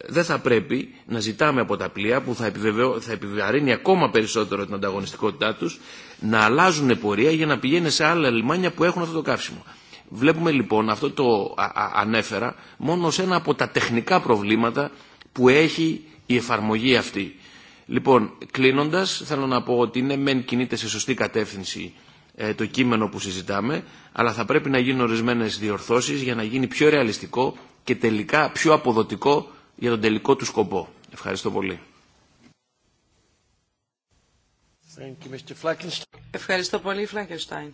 δεν θα πρέπει να ζητάμε από τα πλοία που θα, επιβεβαιώ, θα επιβαρύνει ακόμα περισσότερο την ανταγωνιστικότητά τους να αλλάζουν πορεία για να πηγαίνουν σε άλλα λιμάνια που έχουν αυτό το καύσιμο. Βλέπουμε λοιπόν, αυτό το ανέφερα, μόνο σε ένα από τα τεχνικά προβλήματα που έχει η εφαρμογή αυτή. Λοιπόν, κλείνοντα, θέλω να πω ότι ναι, μεν κινείται σε σωστή κατεύθυνση ε, το κείμενο που συζητάμε, αλλά θα πρέπει να γίνουν ορισμένε διορθώσει για να γίνει πιο ρεαλιστικό και τελικά πιο αποδοτικό για τον τελικό του σκοπό. Ευχαριστώ πολύ. Ευχαριστώ πολύ, Φλάκενστάιν.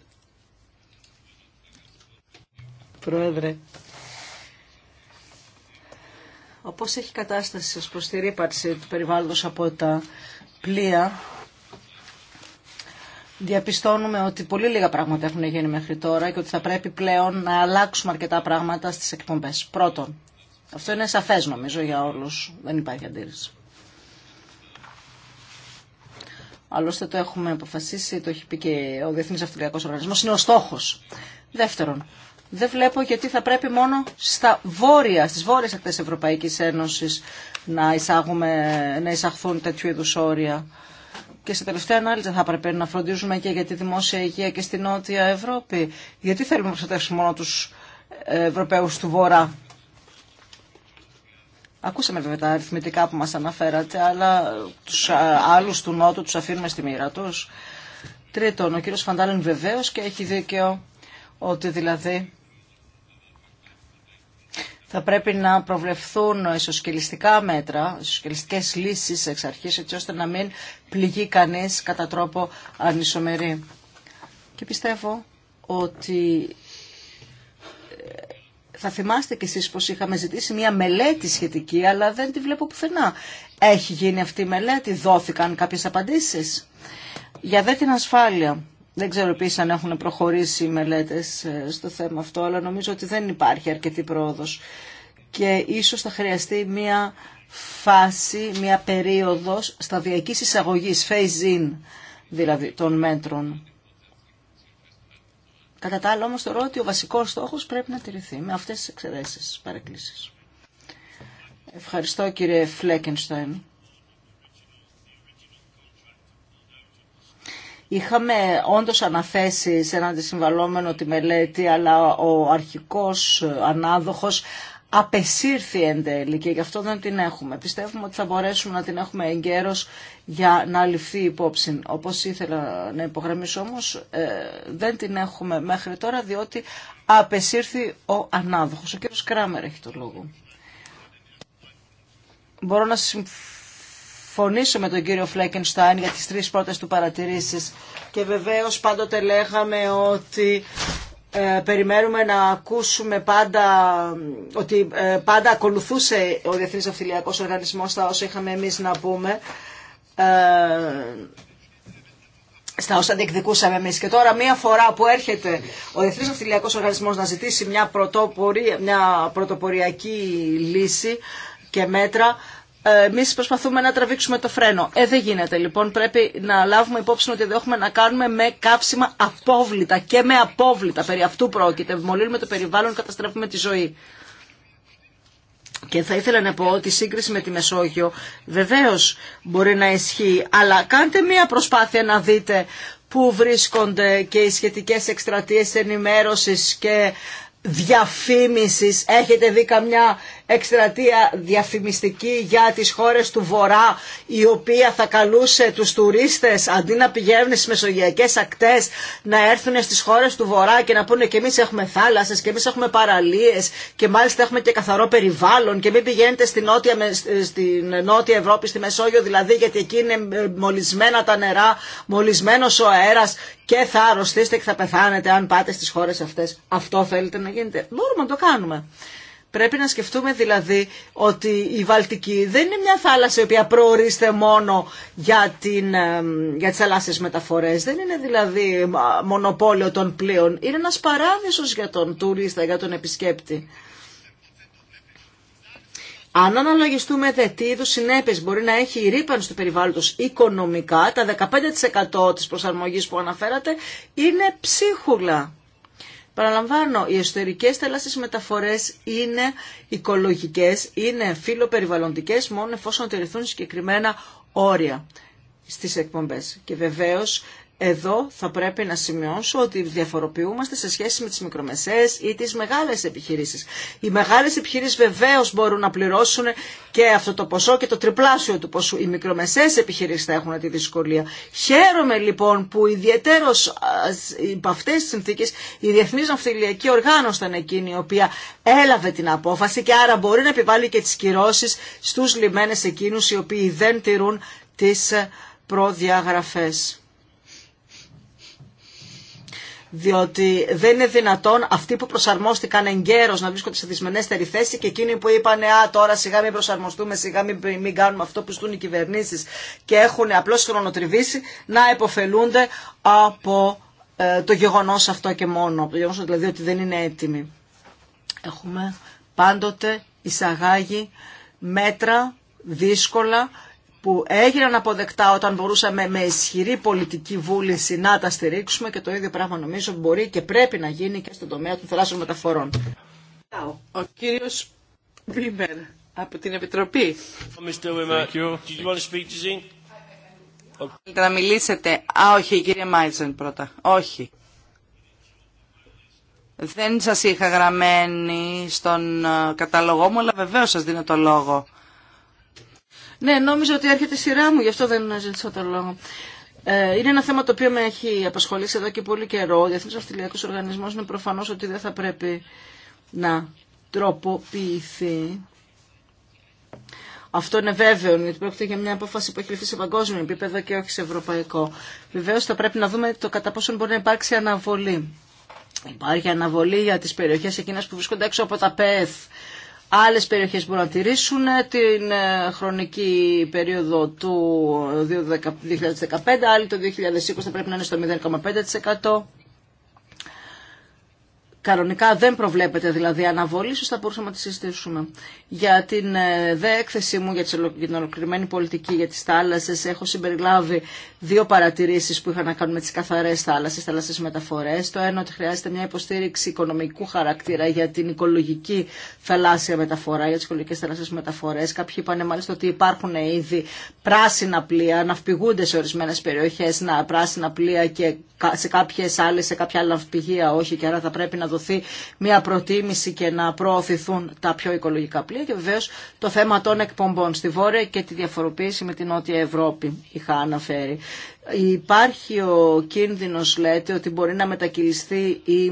Πρόεδρε, όπως έχει κατάσταση σας προς τη ρήπαρση του περιβάλλοντος από τα πλοία, διαπιστώνουμε ότι πολύ λίγα πράγματα έχουν γίνει μέχρι τώρα και ότι θα πρέπει πλέον να αλλάξουμε αρκετά πράγματα στις εκπομπές. Πρώτον, αυτό είναι σαφέ, νομίζω για όλου. Δεν υπάρχει αντίρρηση. Άλλωστε το έχουμε αποφασίσει, το έχει πει και ο διεθνή Αυτοκρατικό οργανισμό. είναι ο Στόχο. Δεύτερον, δεν βλέπω γιατί θα πρέπει μόνο στα βόρεια, στις βόρειες ακτές Ευρωπαϊκής Ένωσης να, εισάγουμε, να εισαχθούν τέτοιου είδους όρια. Και σε τελευταία ανάλυση θα πρέπει να φροντίζουμε και για τη δημόσια υγεία και στη Νότια Ευρώπη. Γιατί θέλουμε να προστατεύσουμε μόνο τους ε, Ευρωπαίους του Βορρά Ακούσαμε βέβαια τα αριθμητικά που μας αναφέρατε, αλλά τους άλλους του Νότου τους αφήνουμε στη μοίρα τους. Τρίτον, ο κύριος Φαντάλεν βεβαίως και έχει δίκαιο ότι δηλαδή θα πρέπει να προβλεφθούν ισοσκελιστικά μέτρα, ισοσκελιστικές λύσεις εξ αρχής, έτσι ώστε να μην πληγεί κανείς κατά τρόπο ανισομερή. Και πιστεύω ότι θα θυμάστε κι εσείς πως είχαμε ζητήσει μια μελέτη σχετική, αλλά δεν τη βλέπω πουθενά. Έχει γίνει αυτή η μελέτη, δόθηκαν κάποιες απαντήσεις. Για δε την ασφάλεια. Δεν ξέρω επίση αν έχουν προχωρήσει οι μελέτες ε, στο θέμα αυτό, αλλά νομίζω ότι δεν υπάρχει αρκετή πρόοδος. Και ίσως θα χρειαστεί μια φάση, μια περίοδος σταδιακής εισαγωγής, phase in δηλαδή των μέτρων Κατά τα άλλα όμως θεωρώ ότι ο βασικός στόχος πρέπει να τηρηθεί με αυτές τις εξαιρέσεις, τις Ευχαριστώ κύριε Φλέκενστάιν. Είχαμε όντως αναθέσει σε έναν αντισυμβαλόμενο τη μελέτη, αλλά ο αρχικός ανάδοχος απεσύρθη εν τέλει και γι' αυτό δεν την έχουμε. Πιστεύουμε ότι θα μπορέσουμε να την έχουμε εγκαίρως για να ληφθεί υπόψη. Όπως ήθελα να υπογραμμίσω όμως, ε, δεν την έχουμε μέχρι τώρα διότι απεσύρθη ο ανάδοχος. Ο κύριος Κράμερ έχει το λόγο. Μπορώ να συμφωνήσω με τον κύριο Φλέκενστάιν για τις τρεις πρώτες του παρατηρήσεις και βεβαίως πάντοτε λέγαμε ότι ε, περιμένουμε να ακούσουμε πάντα ότι ε, πάντα ακολουθούσε ο Διεθνής Αυθυλιακός Οργανισμός τα όσα είχαμε εμείς να πούμε ε, στα όσα διεκδικούσαμε εμεί. Και τώρα, μία φορά που έρχεται ο Διεθνή Αυτιλιακό Οργανισμό να ζητήσει μια, φορα που ερχεται ο Διεθνής Αυθυλιακός Οργανισμός να ζητησει μια μια λύση και μέτρα, εμεί προσπαθούμε να τραβήξουμε το φρένο. Ε, δεν γίνεται λοιπόν. Πρέπει να λάβουμε υπόψη ότι δεν έχουμε να κάνουμε με κάψιμα απόβλητα και με απόβλητα. Περί αυτού πρόκειται. Μολύνουμε το περιβάλλον, καταστρέφουμε τη ζωή. Και θα ήθελα να πω ότι η σύγκριση με τη Μεσόγειο βεβαίω μπορεί να ισχύει, αλλά κάντε μία προσπάθεια να δείτε πού βρίσκονται και οι σχετικές εκστρατείε ενημέρωσης και διαφήμισης. Έχετε δει καμιά εκστρατεία διαφημιστική για τις χώρες του Βορρά η οποία θα καλούσε τους τουρίστες αντί να πηγαίνουν στις μεσογειακές ακτές να έρθουν στις χώρες του Βορρά και να πούνε και εμείς έχουμε θάλασσες και εμείς έχουμε παραλίες και μάλιστα έχουμε και καθαρό περιβάλλον και μην πηγαίνετε στην νότια, στην νότια Ευρώπη, στη Μεσόγειο δηλαδή γιατί εκεί είναι ε, μολυσμένα τα νερά, μολυσμένος ο αέρας και θα αρρωστήσετε και θα πεθάνετε αν πάτε στις χώρες αυτές. Αυτό θέλετε να γίνετε. Μπορούμε να το κάνουμε. Πρέπει να σκεφτούμε δηλαδή ότι η Βαλτική δεν είναι μια θάλασσα η οποία προορίζεται μόνο για, την, για τις θαλάσσιες μεταφορές. Δεν είναι δηλαδή μονοπόλιο των πλοίων. Είναι ένας παράδεισος για τον τουρίστα, για τον επισκέπτη. Αν αναλογιστούμε δε τι είδου συνέπειε μπορεί να έχει η ρήπανση του περιβάλλοντο οικονομικά, τα 15% τη προσαρμογή που αναφέρατε είναι ψίχουλα. Παραλαμβάνω, οι εσωτερικέ θαλάσσιες μεταφορέ είναι οικολογικέ, είναι φιλοπεριβαλλοντικέ, μόνο εφόσον τηρηθούν συγκεκριμένα όρια στι εκπομπέ. Και βεβαίω. Εδώ θα πρέπει να σημειώσω ότι διαφοροποιούμαστε σε σχέση με τις μικρομεσαίες ή τις μεγάλες επιχειρήσεις. Οι μεγάλες επιχειρήσεις βεβαίως μπορούν να πληρώσουν και αυτό το ποσό και το τριπλάσιο του ποσού. Οι μικρομεσαίες επιχειρήσεις θα έχουν τη δυσκολία. Χαίρομαι λοιπόν που ιδιαίτερος υπό αυτές τις συνθήκες η Διεθνής Ναυτιλιακή Οργάνωση ήταν εκείνη η οποία έλαβε την απόφαση και άρα μπορεί να επιβάλλει και τις κυρώσεις στους λιμένες εκείνους οι οποίοι δεν τηρούν τις προδιαγραφές διότι δεν είναι δυνατόν αυτοί που προσαρμόστηκαν εγκαίρως να βρίσκονται σε δυσμενέστερη θέση και εκείνοι που είπαν «Α, τώρα σιγά μην προσαρμοστούμε, σιγά μην, μην κάνουμε αυτό που ζητούν οι κυβερνήσεις» και έχουν απλώς χρονοτριβήσει, να επωφελούνται από ε, το γεγονός αυτό και μόνο, το δηλαδή ότι δεν είναι έτοιμοι. Έχουμε πάντοτε εισαγάγει μέτρα δύσκολα που έγιναν αποδεκτά όταν μπορούσαμε με ισχυρή πολιτική βούληση να τα στηρίξουμε και το ίδιο πράγμα νομίζω μπορεί και πρέπει να γίνει και στον τομέα των θεράσεων μεταφορών. Ο κύριος Βίμπερ από την Επιτροπή. Θέλετε να μιλήσετε. Α, όχι, κύριε Μάιτζεν πρώτα. Όχι. Δεν σας είχα γραμμένη στον ε, καταλογό μου, αλλά βεβαίως σας δίνω το λόγο. Ναι, νόμιζα ότι έρχεται η σειρά μου, γι' αυτό δεν ζήτησα το λόγο. Ε, είναι ένα θέμα το οποίο με έχει απασχολήσει εδώ και πολύ καιρό. Ο Διεθνή Αυτιλιακό Οργανισμό είναι προφανώ ότι δεν θα πρέπει να τροποποιηθεί. Αυτό είναι βέβαιο, γιατί πρόκειται για μια απόφαση που έχει ληφθεί σε παγκόσμιο επίπεδο και όχι σε ευρωπαϊκό. Βεβαίω θα πρέπει να δούμε το κατά πόσο μπορεί να υπάρξει αναβολή. Υπάρχει αναβολή για τι περιοχέ εκείνε που βρίσκονται έξω από τα ΠΕΘ Άλλες περιοχές μπορούν να τηρήσουν ε, την ε, χρονική περίοδο του 2015, άλλοι το 2020 θα πρέπει να είναι στο 0,5%. Κανονικά δεν προβλέπεται δηλαδή αναβολή, ίσως θα μπορούσαμε να τη συζητήσουμε. Για την ε, δε έκθεσή μου για την ολοκληρωμένη πολιτική για τι θάλασσε, έχω συμπεριλάβει δύο παρατηρήσει που είχαν να κάνουν με τις καθαρές θάλασσες, θάλασσε μεταφορέ. Το ένα ότι χρειάζεται μια υποστήριξη οικονομικού χαρακτήρα για την οικολογική θαλάσσια μεταφορά, για τι οικολογικές θαλάσσιες μεταφορέ. Κάποιοι είπαν ε, μάλιστα ότι υπάρχουν ήδη πράσινα πλοία, ναυπηγούνται σε ορισμένες περιοχές, να, πράσινα πλοία και σε κάποιες άλλες, σε κάποια άλλα ναυπηγεία όχι και άρα θα πρέπει να δοθεί μια προτίμηση και να προωθηθούν τα πιο οικολογικά πλοία και βεβαίω το θέμα των εκπομπών στη Βόρεια και τη διαφοροποίηση με την Νότια Ευρώπη είχα αναφέρει. Υπάρχει ο κίνδυνος, λέτε, ότι μπορεί να μετακυλιστεί η,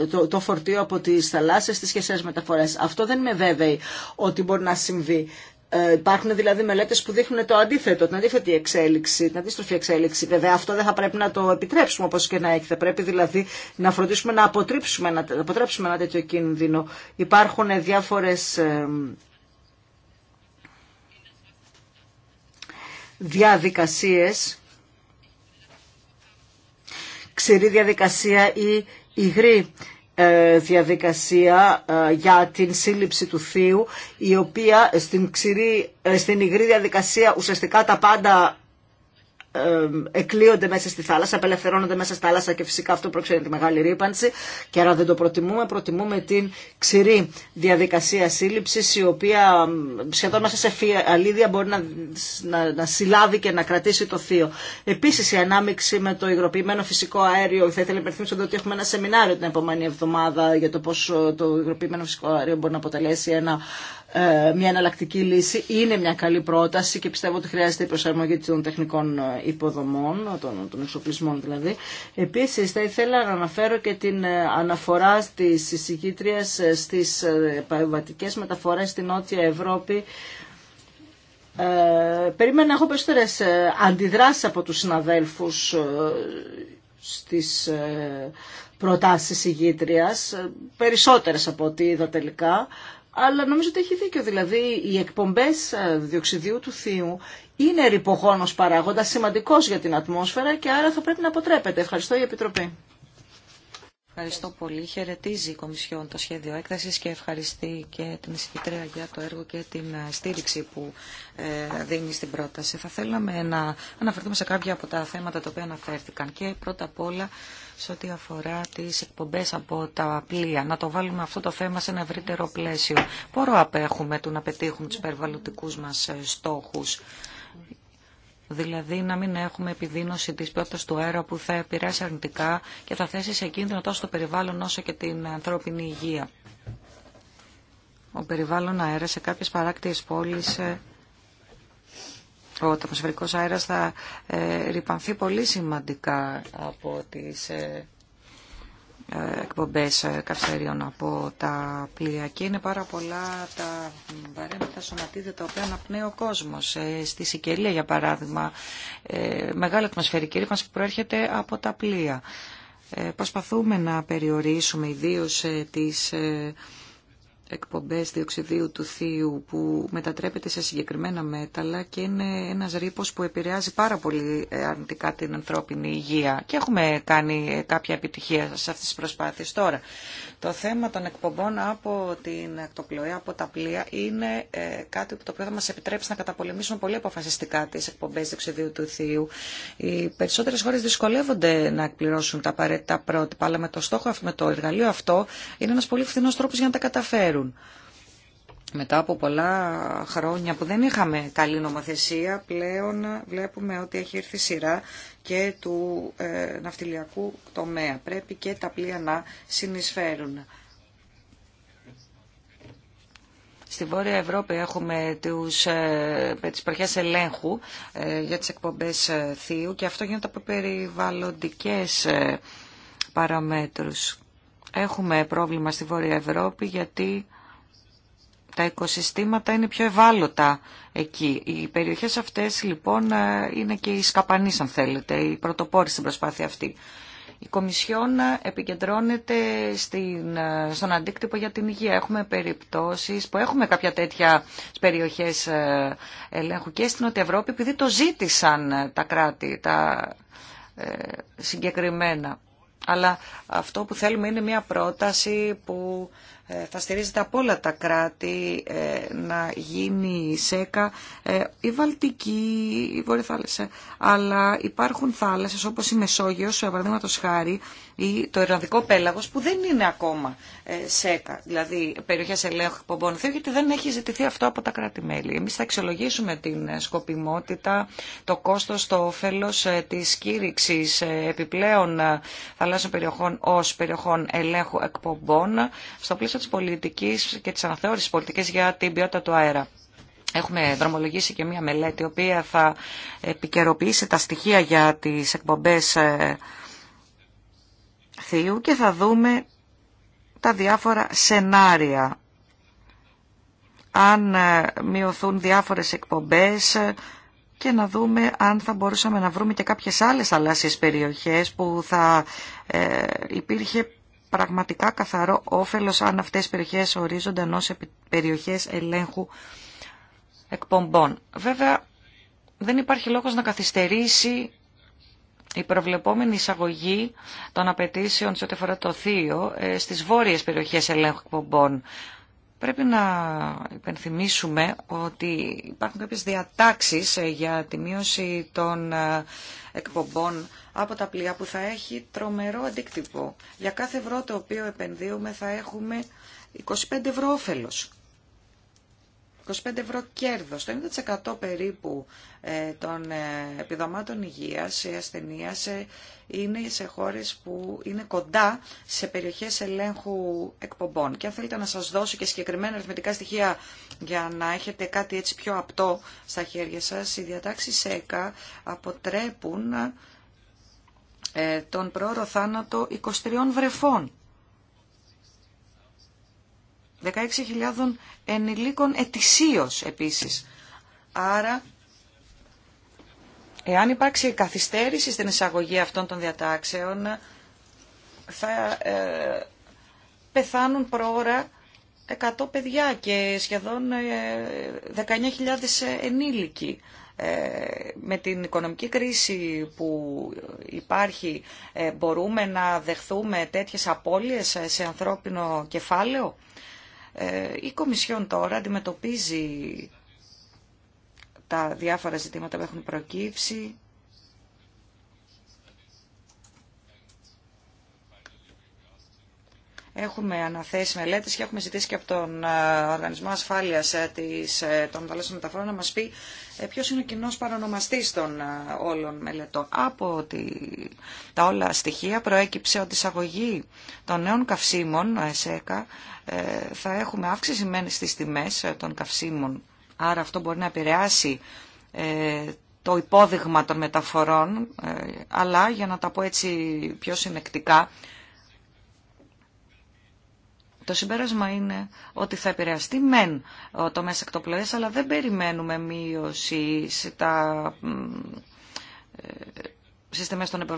ε, το, το φορτίο από τις θαλάσσες στις χεσές μεταφορές. Αυτό δεν είμαι βέβαιη ότι μπορεί να συμβεί. Ε, υπάρχουν δηλαδή μελέτε που δείχνουν το αντίθετο, την αντίθετη εξέλιξη, την αντίστροφη εξέλιξη. Βέβαια, αυτό δεν θα πρέπει να το επιτρέψουμε όπω και να έχει. Θα πρέπει δηλαδή να φροντίσουμε να αποτρέψουμε, να ένα τέτοιο κίνδυνο. Υπάρχουν διάφορε. Ε, διαδικασίες, ξηρή διαδικασία ή υγρή ε, διαδικασία ε, για την σύλληψη του θείου, η οποία στην, ξηρή, ε, στην υγρή διαδικασία ουσιαστικά τα πάντα εκλείονται μέσα στη θάλασσα, απελευθερώνονται μέσα στη θάλασσα και φυσικά αυτό προξένει τη μεγάλη ρήπανση. Και άρα δεν το προτιμούμε, προτιμούμε την ξηρή διαδικασία σύλληψη, η οποία σχεδόν μέσα σε αλίδια μπορεί να, να, να συλλάβει και να κρατήσει το θείο. Επίση η ανάμειξη με το υγροποιημένο φυσικό αέριο, θα ήθελα να υπενθυμίσω ότι έχουμε ένα σεμινάριο την επόμενη εβδομάδα για το πώ το υγροποιημένο φυσικό αέριο μπορεί να αποτελέσει ένα ε, μια εναλλακτική λύση. Είναι μια καλή πρόταση και πιστεύω ότι χρειάζεται η προσαρμογή των τεχνικών ε, υποδομών, των, των εξοπλισμών δηλαδή. Επίσης θα ήθελα να αναφέρω και την ε, αναφορά της εισηγήτριας ε, στις ε, παρεμβατικέ μεταφορές στην Νότια Ευρώπη ε, περίμενα να έχω περισσότερε αντιδράσεις από τους συναδέλφους στις προτάσεις συγκήτρια, περισσότερες από ό,τι είδα τελικά, αλλά νομίζω ότι έχει δίκιο. Δηλαδή, οι εκπομπές διοξιδίου του θείου είναι ρηπογόνος παράγοντας, σημαντικός για την ατμόσφαιρα και άρα θα πρέπει να αποτρέπεται. Ευχαριστώ η Επιτροπή. Ευχαριστώ πολύ. Χαιρετίζει η Κομισιόν το σχέδιο έκτασης και ευχαριστεί και την εισηγητρία για το έργο και την ε, στήριξη που ε, δίνει στην πρόταση. Θα θέλαμε να αναφερθούμε σε κάποια από τα θέματα τα οποία αναφέρθηκαν και πρώτα απ' όλα σε ό,τι αφορά τις εκπομπές από τα πλοία. Να το βάλουμε αυτό το θέμα σε ένα ευρύτερο πλαίσιο. Πόρο απέχουμε του να πετύχουμε τους περιβαλλοντικούς μας ε, στόχους δηλαδή να μην έχουμε επιδείνωση της ποιότητας του αέρα που θα επηρεάσει αρνητικά και θα θέσει σε κίνδυνο τόσο το περιβάλλον όσο και την ανθρώπινη υγεία. Ο περιβάλλον αέρα σε κάποιες παράκτιες πόλεις ε, ο ατμοσφαιρικός αέρας θα ε, ρηπανθεί πολύ σημαντικά από τις ε, ε, εκπομπές ε, καυσαριών από τα πλοία και είναι πάρα πολλά τα βαρέμετα σωματίδια τα οποία αναπνέει ο κόσμος. Ε, στη Σικελία για παράδειγμα μεγάλη ατμοσφαιρική ρήπανση που προέρχεται από τα πλοία. Προσπαθούμε να περιορίσουμε ιδίως τις εκπομπές διοξιδίου του θείου που μετατρέπεται σε συγκεκριμένα μέταλλα και είναι ένας ρήπος που επηρεάζει πάρα πολύ ε, αρνητικά την ανθρώπινη υγεία και έχουμε κάνει ε, κάποια επιτυχία σε αυτές τις προσπάθειες. Τώρα, το θέμα των εκπομπών από την ακτοπλοεία, από τα πλοία είναι ε, κάτι που το οποίο θα μας επιτρέψει να καταπολεμήσουμε πολύ αποφασιστικά τις εκπομπές διοξιδίου του θείου. Οι περισσότερες χώρες δυσκολεύονται να εκπληρώσουν τα απαραίτητα πρότυπα, αλλά με το στόχο, με το εργαλείο αυτό είναι ένας πολύ φθηνός τρόπος για να τα καταφέρουν. Μετά από πολλά χρόνια που δεν είχαμε καλή νομοθεσία, πλέον βλέπουμε ότι έχει έρθει σειρά και του ε, ναυτιλιακού τομέα. Πρέπει και τα πλοία να συνεισφέρουν. Στη Βόρεια Ευρώπη έχουμε τους, ε, τις προχές ελέγχου ε, για τις εκπομπές ε, θείου και αυτό γίνεται από περιβαλλοντικές παραμέτρους. Έχουμε πρόβλημα στη Βόρεια Ευρώπη γιατί τα οικοσυστήματα είναι πιο ευάλωτα εκεί. Οι περιοχές αυτές λοιπόν ε, είναι και οι σκαπανείς αν θέλετε, οι πρωτοπόροι στην προσπάθεια αυτή. Η Κομισιόν ε, επικεντρώνεται στην, ε, στον αντίκτυπο για την υγεία. Έχουμε περιπτώσεις που έχουμε κάποια τέτοια περιοχές ελέγχου και στην Νότια Ευρώπη επειδή το ζήτησαν τα κράτη, τα συγκεκριμένα. Αλλά αυτό που θέλουμε είναι μια πρόταση που ε, θα στηρίζεται από όλα τα κράτη ε, να γίνει η ΣΕΚΑ, ε, η Βαλτική, η Βόρεια Θάλασσα. Αλλά υπάρχουν θάλασσες όπως η Μεσόγειος, παραδείγματο χάρη, ή το Ιρλανδικό Πέλαγος που δεν είναι ακόμα ΣΕΚΑ, δηλαδή περιοχές ελέγχου εκπομπών θεού γιατί δεν έχει ζητηθεί αυτό από τα κράτη-μέλη. Εμείς θα αξιολογήσουμε την σκοπιμότητα, το κόστος, το όφελος της κήρυξης επιπλέον θαλάσσιων περιοχών ως περιοχών ελέγχου εκπομπών στο πλαίσιο της πολιτικής και της αναθεώρησης πολιτικής για την ποιότητα του αέρα. Έχουμε δρομολογήσει και μία μελέτη, η οποία θα επικαιροποιήσει τα στοιχεία για τις εκπομπές ε, θείου και θα δούμε τα διάφορα σενάρια. Αν ε, μειωθούν διάφορες εκπομπές ε, και να δούμε αν θα μπορούσαμε να βρούμε και κάποιες άλλες θαλάσσιες περιοχές που θα υπήρχε πραγματικά καθαρό όφελος αν αυτές οι περιοχές ορίζονταν ως περιοχές ελέγχου εκπομπών. Βέβαια, δεν υπάρχει λόγος να καθυστερήσει η προβλεπόμενη εισαγωγή των απαιτήσεων σε ό,τι αφορά το θείο ε, στις βόρειες περιοχές ελέγχου εκπομπών. Πρέπει να υπενθυμίσουμε ότι υπάρχουν κάποιες διατάξεις ε, για τη μείωση των ε, εκπομπών από τα πλοία που θα έχει τρομερό αντίκτυπο. Για κάθε ευρώ το οποίο επενδύουμε θα έχουμε 25 ευρώ όφελος. 25 ευρώ κέρδος. Το 90% περίπου ε, των ε, επιδομάτων υγείας, ε, ασθενείας, είναι σε χώρες που είναι κοντά σε περιοχές ελέγχου εκπομπών. Και αν θέλετε να σας δώσω και συγκεκριμένα αριθμητικά στοιχεία για να έχετε κάτι έτσι πιο απτό στα χέρια σας, οι διατάξεις ΕΚΑ αποτρέπουν τον πρόωρο θάνατο 23 βρεφών. 16.000 ενηλίκων ετησίως επίσης. Άρα, εάν υπάρξει καθυστέρηση στην εισαγωγή αυτών των διατάξεων, θα ε, πεθάνουν προώρα 100 παιδιά και σχεδόν 19.000 ε, ενήλικοι. Ε, με την οικονομική κρίση που υπάρχει μπορούμε να δεχθούμε τέτοιες απώλειες σε ανθρώπινο κεφάλαιο. Ε, η Κομισιόν τώρα αντιμετωπίζει τα διάφορα ζητήματα που έχουν προκύψει. Έχουμε αναθέσει μελέτες και έχουμε ζητήσει και από τον ε, Οργανισμό Ασφάλειας ε, των Θαλάσσιων Μεταφορών να μας πει ε, ποιος είναι ο κοινό παρονομαστής των όλων μελετών. Από τα όλα στοιχεία προέκυψε ότι η εισαγωγή των νέων καυσίμων, ο ε, θα έχουμε αύξηση μένει στις τιμές ε, των καυσίμων. Άρα αυτό μπορεί να επηρεάσει το υπόδειγμα των μεταφορών, αλλά για να τα πω έτσι πιο συνεκτικά, το συμπέρασμα είναι ότι θα επηρεαστεί μεν το μέσα εκτοπλές, αλλά δεν περιμένουμε μείωση στα ε, σύστημα των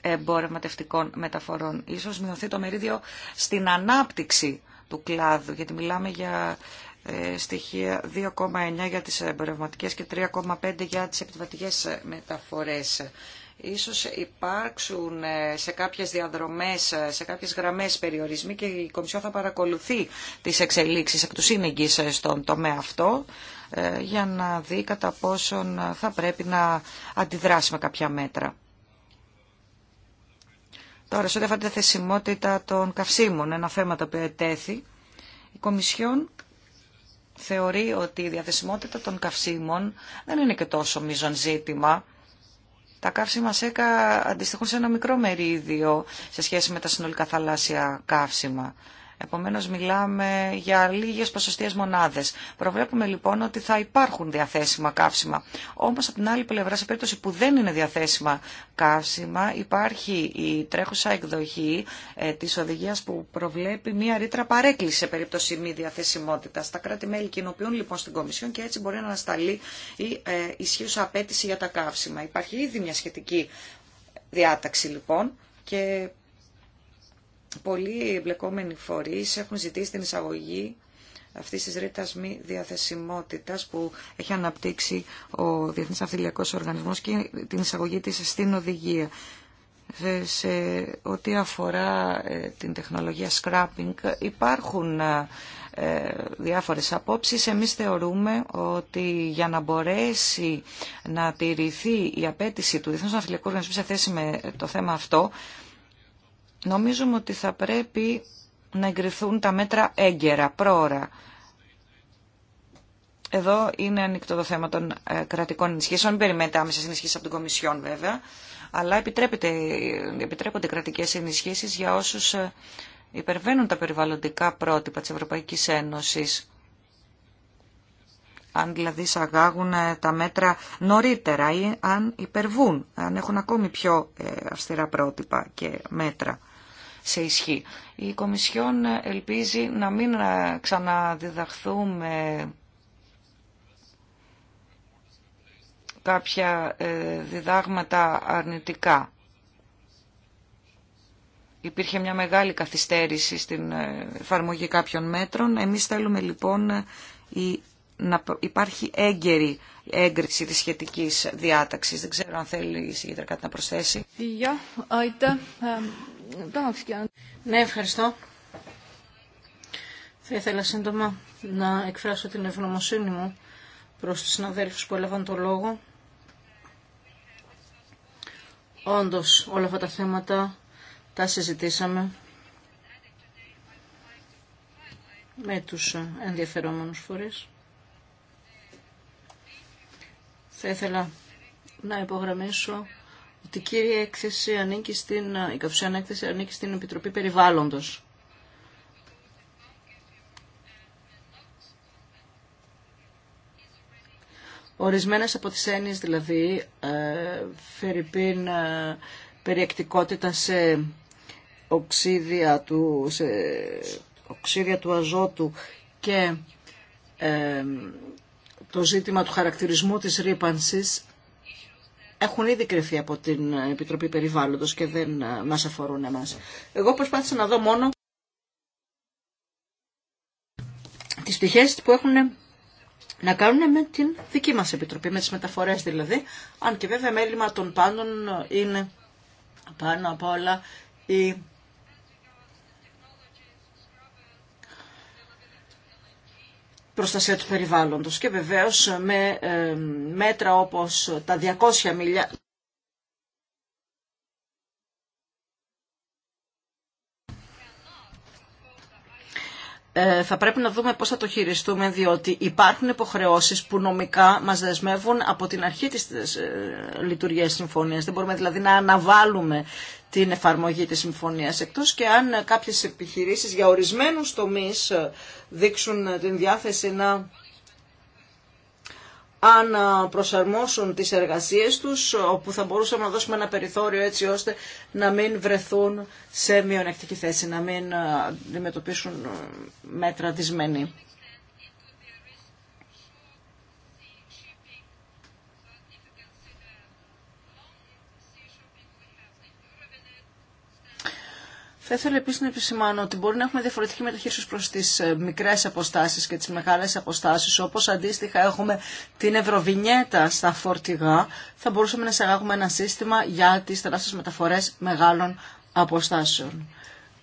εμπορευματευτικών μεταφορών. Ίσως μειωθεί το μερίδιο στην ανάπτυξη του κλάδου, γιατί μιλάμε για ε, στοιχεία 2,9 για τις εμπορευματικές και 3,5 για τις επιβατικές μεταφορές. Ίσως υπάρξουν ε, σε κάποιες διαδρομές, ε, σε κάποιες γραμμές περιορισμοί και η Κομισιό θα παρακολουθεί τις εξελίξεις εκ του ε, στον τομέα αυτό για να δει κατά πόσον θα πρέπει να αντιδράσει με κάποια μέτρα. Τώρα, σε ό,τι αφορά τη θεσιμότητα των καυσίμων, ένα θέμα το οποίο ετέθη, η Κομισιόν θεωρεί ότι η διαθεσιμότητα των καυσίμων δεν είναι και τόσο μείζον ζήτημα τα καύσιμα ΣΕΚΑ αντιστοιχούν σε ένα μικρό μερίδιο σε σχέση με τα συνολικά θαλάσσια καύσιμα. Επομένω, μιλάμε για λίγε ποσοστίε μονάδε. Προβλέπουμε λοιπόν ότι θα υπάρχουν διαθέσιμα καύσιμα. Όμω από την άλλη πλευρά, σε περίπτωση που δεν είναι διαθέσιμα καύσιμα, υπάρχει η τρέχουσα εκδοχή ε, της οδηγίας που προβλέπει μία ρήτρα παρέκκληση σε περίπτωση μη διαθεσιμότητα. Τα κράτη-μέλη κοινοποιούν λοιπόν στην Κομισιόν και έτσι μπορεί να ανασταλεί η ε, ισχύουσα απέτηση για τα καύσιμα. Υπάρχει ήδη μια σχετική διάταξη λοιπόν και πολλοί εμπλεκόμενοι φορείς έχουν ζητήσει την εισαγωγή αυτής της ρήτας μη διαθεσιμότητας που έχει αναπτύξει ο Διεθνής Αυθυλιακός Οργανισμός και την εισαγωγή της στην οδηγία. Σε ό,τι αφορά ε, την τεχνολογία scrapping υπάρχουν ε, ε, διάφορες απόψεις. Εμείς θεωρούμε ότι για να μπορέσει να τηρηθεί η απέτηση του Διεθνούς Αυθυλιακού Οργανισμού σε θέση με το θέμα αυτό, Νομίζουμε ότι θα πρέπει να εγκριθούν τα μέτρα έγκαιρα, πρόωρα. Εδώ είναι ανοιχτό το θέμα των ε, κρατικών ενισχύσεων. Μην περιμένετε άμεσε ενισχύσει από την Κομισιόν βέβαια. Αλλά επιτρέπονται κρατικέ ενισχύσει για όσου ε, υπερβαίνουν τα περιβαλλοντικά πρότυπα τη Ευρωπαϊκή Ένωση. Αν δηλαδή εισαγάγουν ε, τα μέτρα νωρίτερα ή αν υπερβούν, αν έχουν ακόμη πιο αυστηρά πρότυπα και μέτρα σε ισχύ. Η Κομισιόν ελπίζει να μην ξαναδιδαχθούμε κάποια ε, διδάγματα αρνητικά. Υπήρχε μια μεγάλη καθυστέρηση στην ε, εφαρμογή κάποιων μέτρων. Εμείς θέλουμε λοιπόν η να υπάρχει έγκαιρη έγκριση της σχετικής διάταξης. Δεν ξέρω αν θέλει η κάτι να προσθέσει. Ε, ναι, ευχαριστώ. Θα ήθελα σύντομα να εκφράσω την ευγνωμοσύνη μου προς τους συναδέλφους που έλαβαν το λόγο. Όντως, όλα αυτά τα θέματα τα συζητήσαμε με τους ενδιαφερόμενους φορείς. Θα ήθελα να υπογραμμίσω η κύρια έκθεση ανήκει στην, ε, η έκθεση ανήκει στην Επιτροπή Περιβάλλοντος. Ορισμένες από τις έννοιες δηλαδή ε, φερειπίν ε, περιεκτικότητα σε οξύδια του, σε του αζότου και ε, το ζήτημα του χαρακτηρισμού της ρήπανσης έχουν ήδη κρυφθεί από την Επιτροπή Περιβάλλοντος και δεν ε, μας αφορούν εμάς. Εγώ προσπάθησα να δω μόνο τις πτυχές που έχουν να κάνουν με την δική μας Επιτροπή, με τις μεταφορές δηλαδή, αν και βέβαια μέλημα των πάντων είναι πάνω απ' όλα η προστασία του περιβάλλοντος και βεβαίως με ε, μέτρα όπως τα 200 μιλιά Ε, θα πρέπει να δούμε πώς θα το χειριστούμε, διότι υπάρχουν υποχρεώσεις που νομικά μας δεσμεύουν από την αρχή της ε, λειτουργίας συμφωνίας. Δεν μπορούμε δηλαδή να αναβάλουμε την εφαρμογή της συμφωνίας, εκτός και αν κάποιες επιχειρήσεις για ορισμένους τομείς ε, δείξουν την διάθεση να αν ε, προσαρμόσουν τις εργασίες τους, όπου θα μπορούσαμε να δώσουμε ένα περιθώριο έτσι ώστε να μην βρεθούν σε μειονεκτική θέση, να μην ε, αντιμετωπίσουν ε, μέτρα δυσμένη. Θα ήθελα επίση να επισημάνω ότι μπορεί να έχουμε διαφορετική μεταχείριση προ τι ε, μικρέ αποστάσει και τι μεγάλε αποστάσει, όπω αντίστοιχα έχουμε την Ευρωβινιέτα στα φορτηγά. Θα μπορούσαμε να εισαγάγουμε ένα σύστημα για τι τεράστιε μεταφορέ μεγάλων αποστάσεων.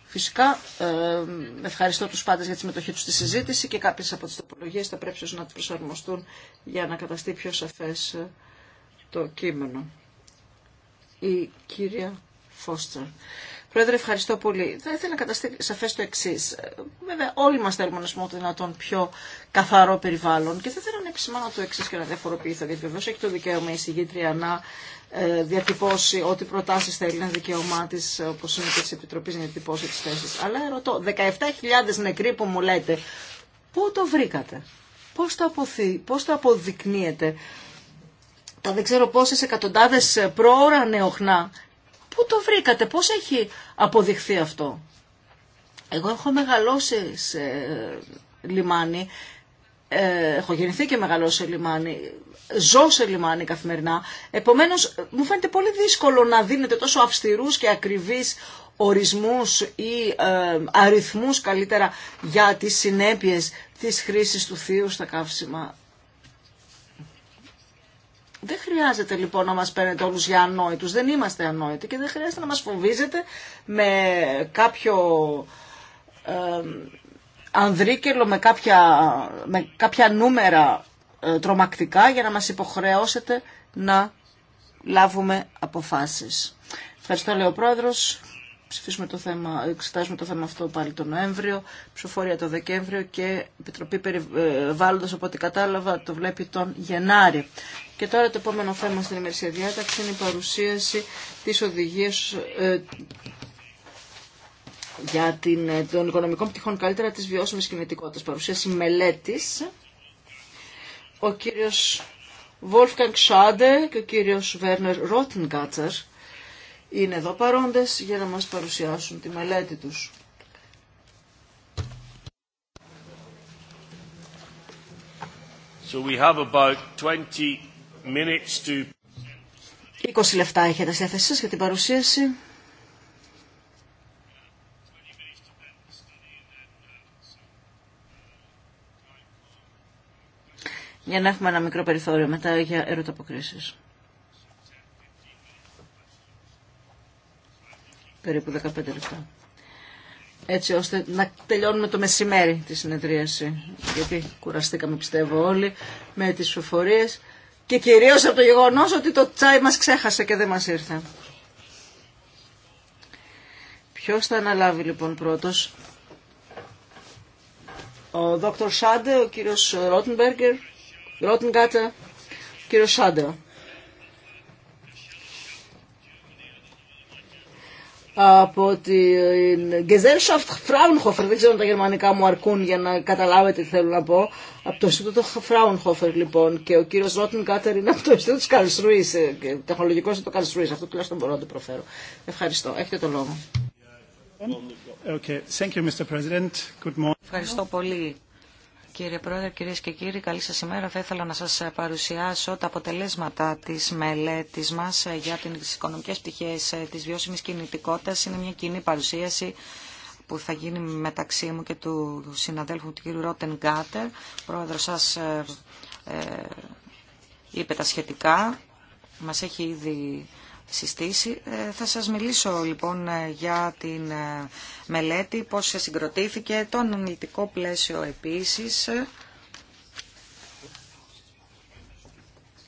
Φυσικά, ε, ευχαριστώ τους πάντες για τη συμμετοχή τους στη συζήτηση και κάποιες από τις τοπολογίες θα πρέπει να τις προσαρμοστούν για να καταστεί πιο σαφές ε, το κείμενο. Η κυρία Φώστερ. Πρόεδρε, ευχαριστώ πολύ. Θα ήθελα να καταστεί σαφέ το εξή. Βέβαια, όλοι μα θέλουμε να σημαίνουμε το δυνατόν πιο καθαρό περιβάλλον και θα ήθελα να επισημάνω το εξή και να διαφοροποιηθώ, γιατί βεβαίω έχει το δικαίωμα η συγγήτρια να ε, διατυπώσει ό,τι προτάσει θέλει, ένα δικαίωμά τη, όπω είναι και τη Επιτροπή, να διατυπώσει τι θέσει. Αλλά ρωτώ, 17.000 νεκροί που μου λέτε, πού το βρήκατε, πώ το, αποθεί, πώς το αποδεικνύεται, τα δεν ξέρω πόσε εκατοντάδες πρόωρα νεοχνά Πού το βρήκατε, πώς έχει αποδειχθεί αυτό. Εγώ έχω μεγαλώσει σε λιμάνι, ε, έχω γεννηθεί και μεγαλώσει σε λιμάνι, ζω σε λιμάνι καθημερινά, επομένως μου φαίνεται πολύ δύσκολο να δίνετε τόσο αυστηρούς και ακριβείς ορισμούς ή ε, αριθμούς καλύτερα για τις συνέπειες της χρήσης του θείου στα καύσιμα δεν χρειάζεται λοιπόν να μας παίρνετε όλους για ανόητους, δεν είμαστε ανόητοι και δεν χρειάζεται να μας φοβίζετε με κάποιο ε, ανδρίκελο, με κάποια, με κάποια νούμερα ε, τρομακτικά για να μας υποχρεώσετε να λάβουμε αποφάσεις. Ευχαριστώ λέει ο ψηφίσουμε το θέμα, εξετάζουμε το θέμα αυτό πάλι τον Νοέμβριο, ψηφοφορία το Δεκέμβριο και Επιτροπή Περιβάλλοντος, ε, από ό,τι κατάλαβα, το βλέπει τον Γενάρη. Και τώρα το επόμενο θέμα στην ημερησία διάταξη είναι η παρουσίαση της οδηγίας ε, για την, ε, των οικονομικών πτυχών καλύτερα της βιώσιμης κινητικότητας. Παρουσίαση μελέτης. Ο κύριος Wolfgang Schade και ο κύριος Werner Rottengatter είναι εδώ παρόντες για να μας παρουσιάσουν τη μελέτη τους. So we have about 20 minutes to... 20 λεπτά έχετε στη θέση σας για την παρουσίαση. Για να έχουμε ένα μικρό περιθώριο μετά για ερωταποκρίσεις. περίπου 15 λεπτά. Έτσι ώστε να τελειώνουμε το μεσημέρι τη συνεδρίαση. Γιατί κουραστήκαμε πιστεύω όλοι με τις ψηφοφορίες και κυρίως από το γεγονός ότι το τσάι μας ξέχασε και δεν μας ήρθε. Ποιος θα αναλάβει λοιπόν πρώτος. Ο Δόκτωρ Σάντε, ο κύριος Ρότενμπεργκερ, ο κύριος Σάντε. από την Gesellschaft Fraunhofer, δεν ξέρω αν τα γερμανικά μου αρκούν για να καταλάβετε τι θέλω να πω, από το Ινστιτούτο Fraunhofer λοιπόν και ο κύριος Ρότιν Κάτερ είναι από το Ινστιτούτο της Καλσρουής, ε, τεχνολογικό το Καλσρουής, αυτό τουλάχιστον μπορώ να το προφέρω. Ευχαριστώ, έχετε το λόγο. Okay. Thank Ευχαριστώ πολύ Κύριε Πρόεδρε, κυρίες και κύριοι, καλή σας ημέρα. Θα ήθελα να σας παρουσιάσω τα αποτελέσματα της μελέτης μας για τις οικονομικές πτυχές της βιώσιμης κινητικότητας. Είναι μια κοινή παρουσίαση που θα γίνει μεταξύ μου και του συναδέλφου του κύριου Ρότεν Γκάτερ. Ο σας ε, ε, είπε τα σχετικά. Μας έχει ήδη συστήσει. Ε, θα σας μιλήσω λοιπόν ε, για την ε, μελέτη, πώς συγκροτήθηκε, το αναλυτικό πλαίσιο επίσης.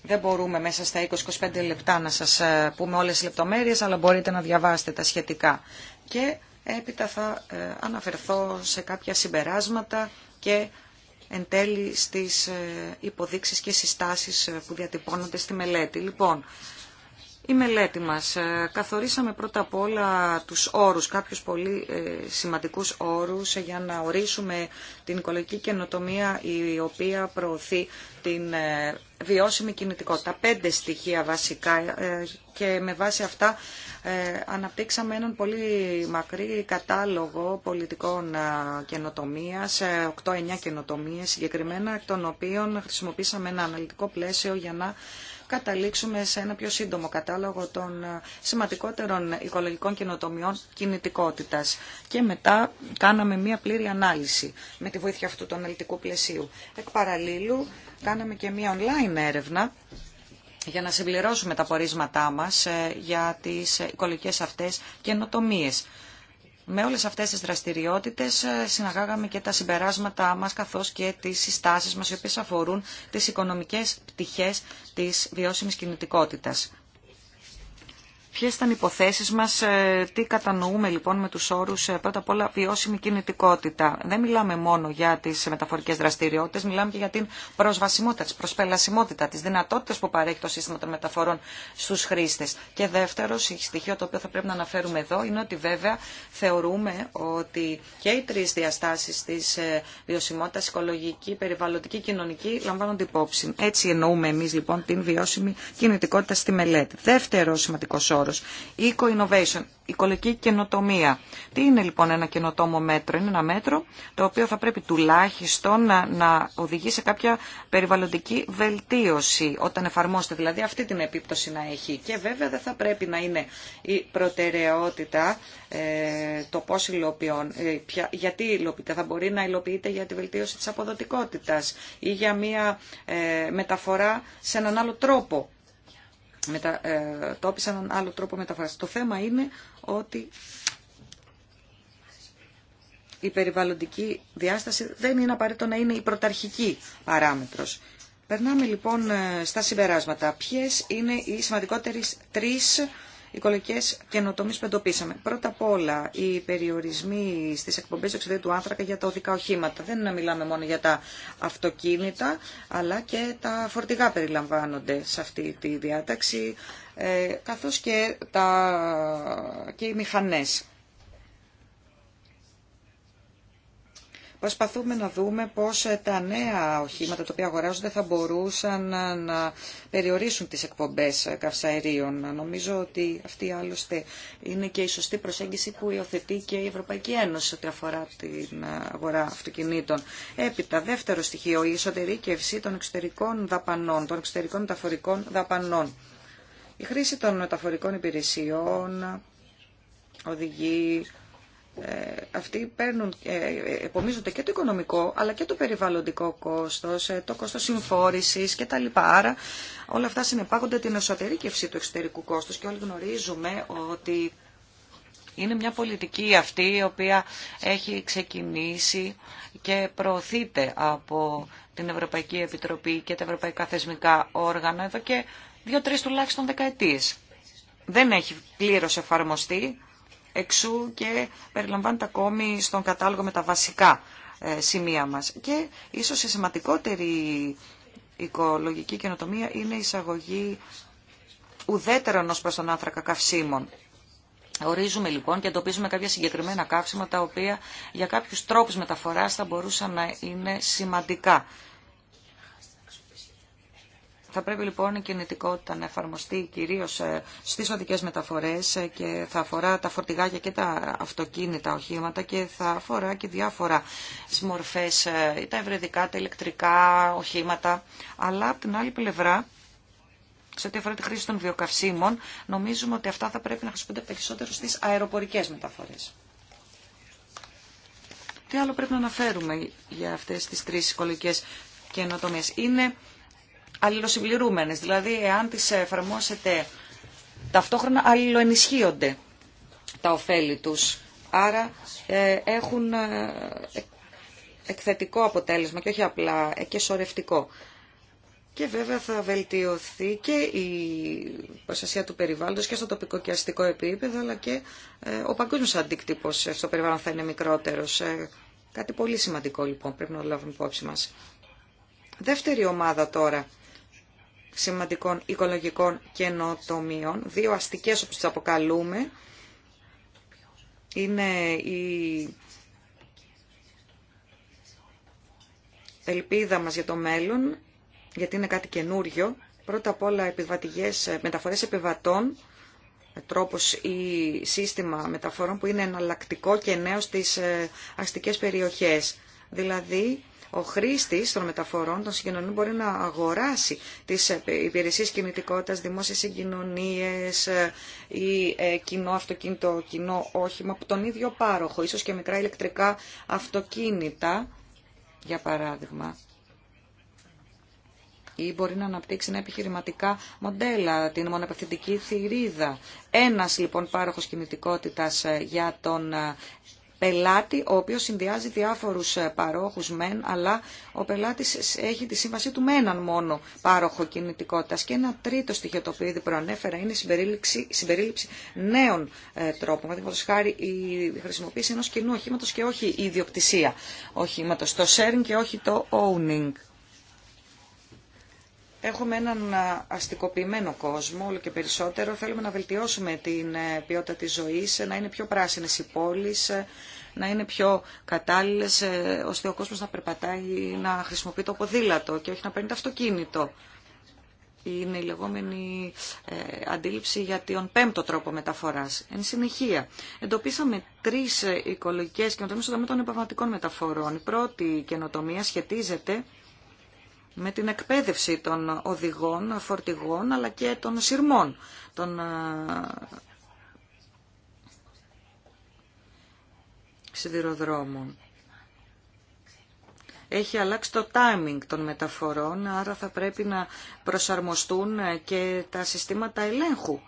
Δεν μπορούμε μέσα στα 20-25 λεπτά να σας πούμε όλες τις λεπτομέρειες, αλλά μπορείτε να διαβάσετε τα σχετικά. Και έπειτα θα αναφερθώ σε κάποια συμπεράσματα και εν τέλει στις υποδείξεις και συστάσεις που διατυπώνονται στη μελέτη. Λοιπόν, η μελέτη μας. Ε, καθορίσαμε πρώτα απ' όλα τους όρους, κάποιους πολύ ε, σημαντικούς όρους για να ορίσουμε την οικολογική καινοτομία η οποία προωθεί την ε, βιώσιμη κινητικότητα. Πέντε στοιχεία βασικά και με βάση αυτά αναπτύξαμε έναν πολύ μακρύ κατάλογο πολιτικών καινοτομίας, 8-9 καινοτομίες συγκεκριμένα, των οποίων χρησιμοποίησαμε ένα αναλυτικό πλαίσιο για να καταλήξουμε σε ένα πιο σύντομο κατάλογο των ε, σημαντικότερων οικολογικών καινοτομιών κινητικότητας. Και μετά κάναμε μία πλήρη ανάλυση με τη βοήθεια αυτού του αναλυτικού πλαισίου. Εκ παραλλήλου κάναμε και μία online έρευνα για να συμπληρώσουμε τα πορίσματά μας ε, για τις ε, οικολογικές αυτές καινοτομίες. Με όλες αυτές τις δραστηριότητες ε, συναγάγαμε και τα συμπεράσματα μας καθώς και τις συστάσεις μας οι οποίες αφορούν τις οικονομικές πτυχές της βιώσιμης κινητικότητας. Ποιε ήταν οι υποθέσει μα, ε, τι κατανοούμε λοιπόν με του όρου ε, πρώτα απ' όλα βιώσιμη κινητικότητα. Δεν μιλάμε μόνο για τι μεταφορικέ δραστηριότητε, μιλάμε και για την προσβασιμότητα, τη προσπελασιμότητα, τι δυνατότητε που παρέχει το σύστημα των μεταφορών στου χρήστε. Και δεύτερο, στοιχείο το οποίο θα πρέπει να αναφέρουμε εδώ είναι ότι βέβαια θεωρούμε ότι και οι τρει διαστάσει τη ε, βιωσιμότητα, οικολογική, περιβαλλοντική, κοινωνική, λαμβάνονται υπόψη. Έτσι εννοούμε εμεί λοιπόν την βιώσιμη κινητικότητα στη μελέτη. Δεύτερο σημαντικό όρο όρος. Eco-innovation, οικολογική καινοτομία. Τι είναι λοιπόν ένα καινοτόμο μέτρο. Είναι ένα μέτρο το οποίο θα πρέπει τουλάχιστον να, οδηγεί σε κάποια περιβαλλοντική βελτίωση όταν εφαρμόστε δηλαδή αυτή την επίπτωση να έχει. Και βέβαια δεν θα πρέπει να είναι η προτεραιότητα ε, το πώς υλοποιών, ε, γιατί υλοποιείται. Θα μπορεί να υλοποιείται για τη βελτίωση της αποδοτικότητας ή για μια ε, μεταφορά σε έναν άλλο τρόπο μετατόπισαν ε, έναν άλλο τρόπο μεταφράσης. Το θέμα είναι ότι η περιβαλλοντική διάσταση δεν είναι απαραίτητο να είναι η πρωταρχική παράμετρος. Περνάμε λοιπόν ε, στα συμπεράσματα. Ποιες είναι οι σημαντικότερες τρεις οικολογικές καινοτομίες που εντοπίσαμε. Πρώτα απ' όλα, οι περιορισμοί στις εκπομπές του του άνθρακα για τα οδικά οχήματα. Δεν είναι να μιλάμε μόνο για τα αυτοκίνητα, αλλά και τα φορτηγά περιλαμβάνονται σε αυτή τη διάταξη, ε, καθώς και, τα... και οι μηχανές. Προσπαθούμε να δούμε πώς ε, τα νέα οχήματα τα οποία αγοράζονται θα μπορούσαν ε, να περιορίσουν τις εκπομπές ε, καυσαερίων. Νομίζω ότι αυτή άλλωστε είναι και η σωστή προσέγγιση που υιοθετεί και η Ευρωπαϊκή Ένωση ό,τι αφορά την αγορά αυτοκινήτων. Έπειτα, δεύτερο στοιχείο, η εσωτερήκευση των εξωτερικών δαπανών, των εξωτερικών μεταφορικών δαπανών. Η χρήση των μεταφορικών υπηρεσιών οδηγεί ε, αυτοί παίρνουν, ε, επομίζονται και το οικονομικό αλλά και το περιβαλλοντικό κόστος, ε, το κόστος συμφόρησης και τα λοιπά. Άρα όλα αυτά συνεπάγονται την εσωτερήκευση του εξωτερικού κόστους και όλοι γνωρίζουμε ότι είναι μια πολιτική αυτή η οποία έχει ξεκινήσει και προωθείται από την Ευρωπαϊκή Επιτροπή και τα ευρωπαϊκά θεσμικά όργανα εδώ και δύο-τρεις τουλάχιστον δεκαετίες. Δεν έχει πλήρως εφαρμοστεί εξού και περιλαμβάνεται ακόμη στον κατάλογο με τα βασικά ε, σημεία μας. Και ίσως η σημαντικότερη οικολογική καινοτομία είναι η εισαγωγή ουδέτερων ως προς τον άνθρακα καυσίμων. Ορίζουμε λοιπόν και εντοπίζουμε κάποια συγκεκριμένα καύσιμα τα οποία για κάποιους τρόπους μεταφοράς θα μπορούσαν να είναι σημαντικά θα πρέπει λοιπόν η κινητικότητα να εφαρμοστεί κυρίως ε, στις οδικές μεταφορές ε, και θα αφορά τα φορτηγάκια και τα αυτοκίνητα οχήματα και θα αφορά και διάφορα μορφές, ε, τα ευρεδικά, τα ηλεκτρικά οχήματα. Αλλά από την άλλη πλευρά σε ό,τι αφορά τη χρήση των βιοκαυσίμων, νομίζουμε ότι αυτά θα πρέπει να χρησιμοποιούνται περισσότερο στις αεροπορικές μεταφορές. Τι άλλο πρέπει να αναφέρουμε για αυτές τις τρεις οικολογικέ καινοτομίες. Είναι αλληλοσυμπληρούμενες. Δηλαδή, εάν τις εφαρμόσετε ταυτόχρονα, αλληλοενισχύονται τα ωφέλη τους. Άρα, ε, έχουν ε, εκθετικό αποτέλεσμα και όχι απλά ε, και σωρευτικό. Και βέβαια θα βελτιωθεί και η προστασία του περιβάλλοντος και στο τοπικό και αστικό επίπεδο, αλλά και ο παγκόσμιος αντίκτυπος στο περιβάλλον θα είναι μικρότερος. Κάτι πολύ σημαντικό λοιπόν πρέπει να λάβουμε υπόψη μας. Δεύτερη ομάδα τώρα σημαντικών οικολογικών καινοτομίων. Δύο αστικές όπως τις αποκαλούμε είναι η ελπίδα μας για το μέλλον, γιατί είναι κάτι καινούριο. Πρώτα απ' όλα επιβατηγές, ε, μεταφορές επιβατών, τρόπος ή σύστημα μεταφορών που είναι εναλλακτικό και νέο στις ε, αστικές περιοχές. Δηλαδή, ο χρήστη των μεταφορών, των συγκοινωνιών μπορεί να αγοράσει τι ε, υπηρεσίε κινητικότητα, δημόσιε συγκοινωνίε ε, ή ε, κοινό αυτοκίνητο, κοινό όχημα από τον ίδιο πάροχο, ίσω και μικρά ηλεκτρικά αυτοκίνητα, για παράδειγμα. Ή μπορεί να αναπτύξει ένα επιχειρηματικά μοντέλα, την μοναπευθυντική θηρίδα. Ένας λοιπόν πάροχος κινητικότητας για τον πελάτη ο οποίος συνδυάζει διάφορους ε, παρόχους μεν, αλλά ο πελάτης έχει τη σύμβασή του με έναν μόνο πάροχο κινητικότητας. Και ένα τρίτο στοιχείο το οποίο ήδη προανέφερα είναι η συμπερίληψη, συμπερίληψη νέων ε, τρόπων. Παραδείγματο χάρη η χρησιμοποίηση ενός κοινού οχήματος και όχι η ιδιοκτησία οχήματος, το sharing και όχι το owning. Έχουμε έναν αστικοποιημένο κόσμο, όλο και περισσότερο. Θέλουμε να βελτιώσουμε την ε, ποιότητα της ζωής, ε, να είναι πιο πράσινες οι πόλεις, ε, να είναι πιο κατάλληλες, ώστε ο κόσμος να περπατάει, να χρησιμοποιεί το ποδήλατο και όχι να παίρνει το αυτοκίνητο. Είναι η λεγόμενη αντίληψη για τον πέμπτο τρόπο μεταφοράς. Εν συνεχεία, εντοπίσαμε τρεις οικολογικές καινοτομίες στον τομέα των επαγματικών μεταφορών. Η πρώτη καινοτομία σχετίζεται με την εκπαίδευση των οδηγών, φορτηγών, αλλά και των σειρμών, των ε, σιδηροδρόμων. Έχει αλλάξει το timing των μεταφορών, άρα θα πρέπει να προσαρμοστούν ε, και τα συστήματα ελέγχου.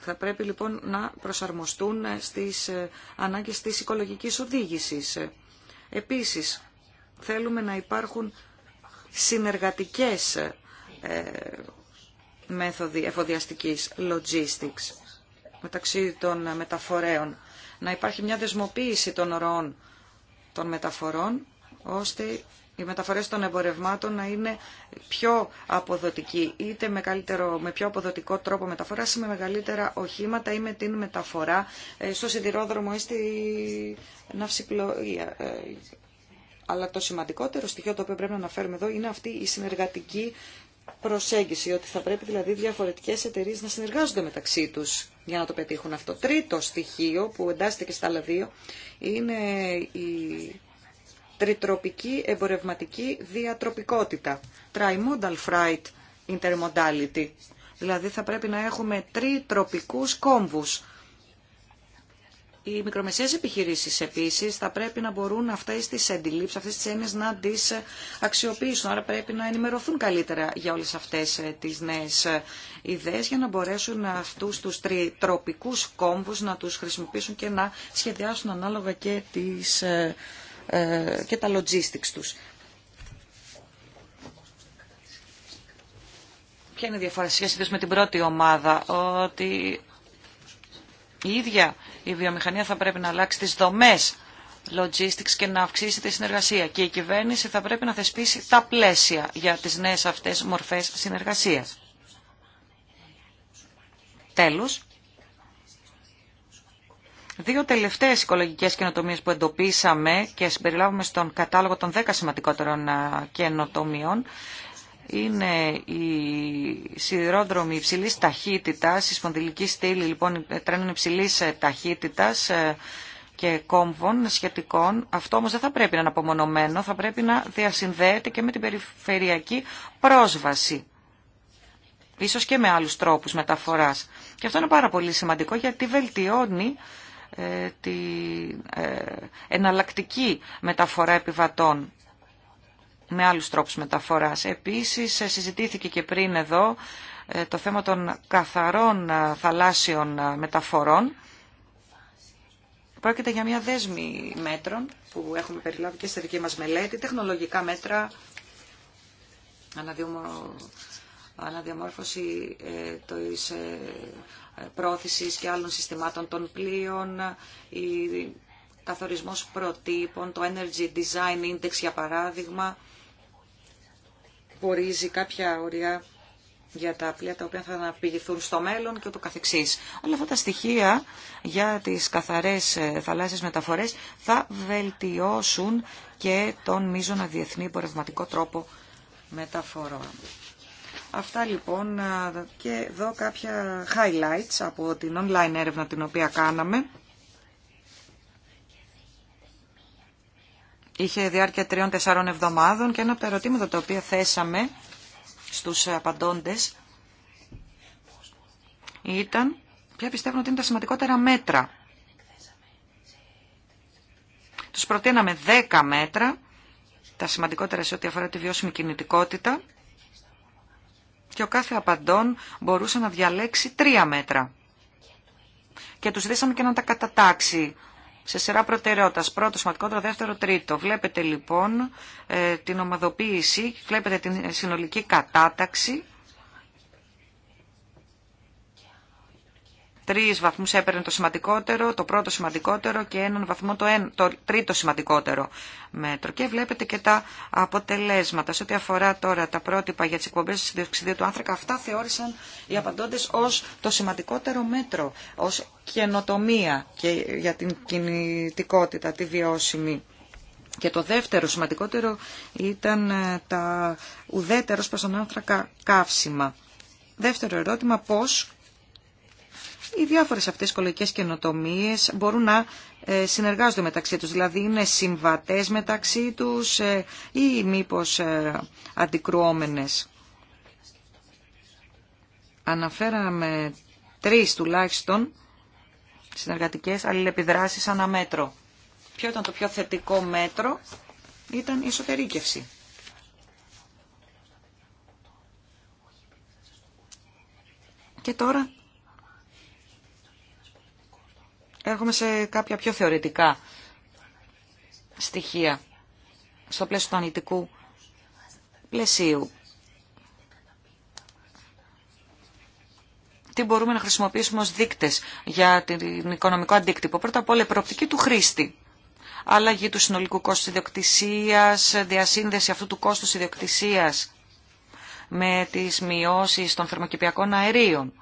Θα πρέπει λοιπόν να προσαρμοστούν ε, στις ανάγκες της οικολογικής οδήγησης. Επίσης, θέλουμε να υπάρχουν συνεργατικές ε, μέθοδοι εφοδιαστικής logistics μεταξύ των μεταφορέων. Να υπάρχει μια δεσμοποίηση των ροών των μεταφορών, ώστε οι μεταφορές των εμπορευμάτων να είναι πιο αποδοτικοί, είτε με, καλύτερο, με πιο αποδοτικό τρόπο μεταφοράς ή με μεγαλύτερα οχήματα ή με την μεταφορά ε, στο σιδηρόδρομο ή στη ναυσιπλοεία ε, αλλά το σημαντικότερο στοιχείο το οποίο πρέπει να αναφέρουμε εδώ είναι αυτή η συνεργατική προσέγγιση, ότι θα πρέπει δηλαδή διαφορετικές εταιρείε να συνεργάζονται μεταξύ τους για να το πετύχουν αυτό. Τρίτο στοιχείο που εντάσσεται και στα άλλα δύο είναι η τριτροπική εμπορευματική διατροπικότητα. Trimodal freight intermodality. Δηλαδή θα πρέπει να έχουμε τριτροπικούς κόμβους οι μικρομεσαίες επιχειρήσεις επίσης θα πρέπει να μπορούν αυτές τις αντιλήψεις, αυτές τις έννοιες να τις αξιοποιήσουν. Άρα πρέπει να ενημερωθούν καλύτερα για όλες αυτές ε, τις νέες ε, ιδέες για να μπορέσουν αυτούς τους τροπικούς κόμβους να τους χρησιμοποιήσουν και να σχεδιάσουν ανάλογα και, τις, ε, και τα logistics τους. Ποια είναι η διαφορά σχέση με την πρώτη ομάδα, ότι η ίδια η βιομηχανία θα πρέπει να αλλάξει τις δομές logistics και να αυξήσει τη συνεργασία. Και η κυβέρνηση θα πρέπει να θεσπίσει τα πλαίσια για τις νέες αυτές μορφές συνεργασίας. Τέλος, δύο τελευταίες οικολογικές καινοτομίες που εντοπίσαμε και συμπεριλάβουμε στον κατάλογο των δέκα σημαντικότερων καινοτομιών είναι η σιδηρόδρομοι υψηλής ταχύτητας, η σπονδυλική στήλη λοιπόν τρένων υψηλής ε, ταχύτητας ε, και κόμβων σχετικών. Αυτό όμως δεν θα πρέπει να είναι απομονωμένο, θα πρέπει να διασυνδέεται και με την περιφερειακή πρόσβαση. Ίσως και με άλλους τρόπους μεταφοράς. Και αυτό είναι πάρα πολύ σημαντικό γιατί βελτιώνει ε, την εναλλακτική μεταφορά επιβατών με άλλους τρόπους μεταφοράς. Επίσης, ε, συζητήθηκε και πριν εδώ ε, το θέμα των καθαρών ε, θαλάσσιων μεταφορών. Πρόκειται για μια δέσμη μέτρων που έχουμε περιλάβει και στη δική μας μελέτη, τεχνολογικά μέτρα, αναδιαμόρφωση τη πρόθεσης και άλλων συστημάτων των πλοίων, καθορισμός προτύπων, το Energy Design Index για παράδειγμα, που ορίζει κάποια όρια για τα πλοία τα οποία θα αναπηγηθούν στο μέλλον και ούτω καθεξής. Όλα αυτά τα στοιχεία για τις καθαρές ε, θαλάσσιες μεταφορές θα βελτιώσουν και τον μείζωνα διεθνή πορευματικό τρόπο μεταφορών. Αυτά λοιπόν ε, και εδώ κάποια highlights από την online έρευνα την οποία κάναμε. είχε διάρκεια τριών-τεσσάρων εβδομάδων και ένα από τα ερωτήματα τα οποία θέσαμε στους απαντώντες ήταν ποια πιστεύουν ότι είναι τα σημαντικότερα μέτρα. Τους προτείναμε 10 μέτρα, τα σημαντικότερα σε ό,τι αφορά τη βιώσιμη κινητικότητα και ο κάθε απαντών μπορούσε να διαλέξει τρία μέτρα. Και τους δίσαμε και να τα κατατάξει σε σειρά προτεραιότητα. Πρώτο, σημαντικότερο, δεύτερο, τρίτο. Βλέπετε λοιπόν ε, την ομαδοποίηση, βλέπετε την συνολική κατάταξη τρεις βαθμούς έπαιρνε το σημαντικότερο, το πρώτο σημαντικότερο και έναν βαθμό το, εν, το τρίτο σημαντικότερο μέτρο. Και βλέπετε και τα αποτελέσματα. Σε ό,τι αφορά τώρα τα πρότυπα για τις εκπομπές της διοξιδίου του άνθρακα, αυτά θεώρησαν οι απαντώντες ως το σημαντικότερο μέτρο, ως καινοτομία και για την κινητικότητα, τη βιώσιμη. Και το δεύτερο σημαντικότερο ήταν ε, τα ουδέτερος προς τον άνθρακα καύσιμα. Δεύτερο ερώτημα, πώς οι διάφορες αυτές οικολογικές καινοτομίες μπορούν να ε, συνεργάζονται μεταξύ τους, δηλαδή είναι συμβατές μεταξύ τους ε, ή μήπως ε, αντικρουόμενες. Αναφέραμε τρεις τουλάχιστον συνεργατικές αλληλεπιδράσεις ανά μέτρο. Ποιο ήταν το πιο θετικό μέτρο ήταν η εσωτερήκευση. Και τώρα Έρχομαι σε κάποια πιο θεωρητικά στοιχεία στο πλαίσιο του αναλυτικού πλαισίου. Τι μπορούμε να χρησιμοποιήσουμε ως δείκτες για την οικονομικό αντίκτυπο. Πρώτα απ' όλα η προοπτική του χρήστη. Αλλαγή του συνολικού κόστους ιδιοκτησίας, διασύνδεση αυτού του κόστους ιδιοκτησίας με τις μειώσεις των θερμοκηπιακών αερίων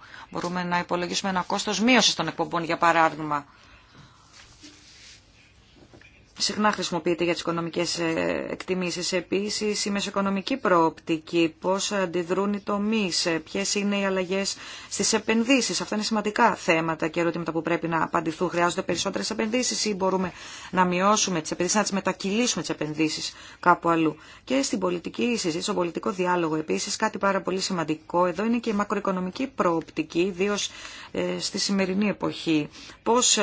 Μπορούμε να υπολογίσουμε ένα κόστος μείωσης των εκπομπών, για παράδειγμα συχνά χρησιμοποιείται για τις οικονομικές ε, εκτιμήσεις. Επίσης, η μεσοοικονομική προοπτική, πώς αντιδρούν οι τομείς, ε, ποιες είναι οι αλλαγές στις επενδύσεις. Αυτά είναι σημαντικά θέματα και ερωτήματα που πρέπει να απαντηθούν. Χρειάζονται περισσότερες επενδύσεις ή μπορούμε να μειώσουμε τις επενδύσεις, να τις μετακυλήσουμε τις επενδύσεις κάπου αλλού. Και στην πολιτική συζήτηση, στον πολιτικό διάλογο επίσης, κάτι πάρα πολύ σημαντικό εδώ είναι και η μακροοικονομική προοπτική, ιδίω ε, στη σημερινή εποχή. Πώς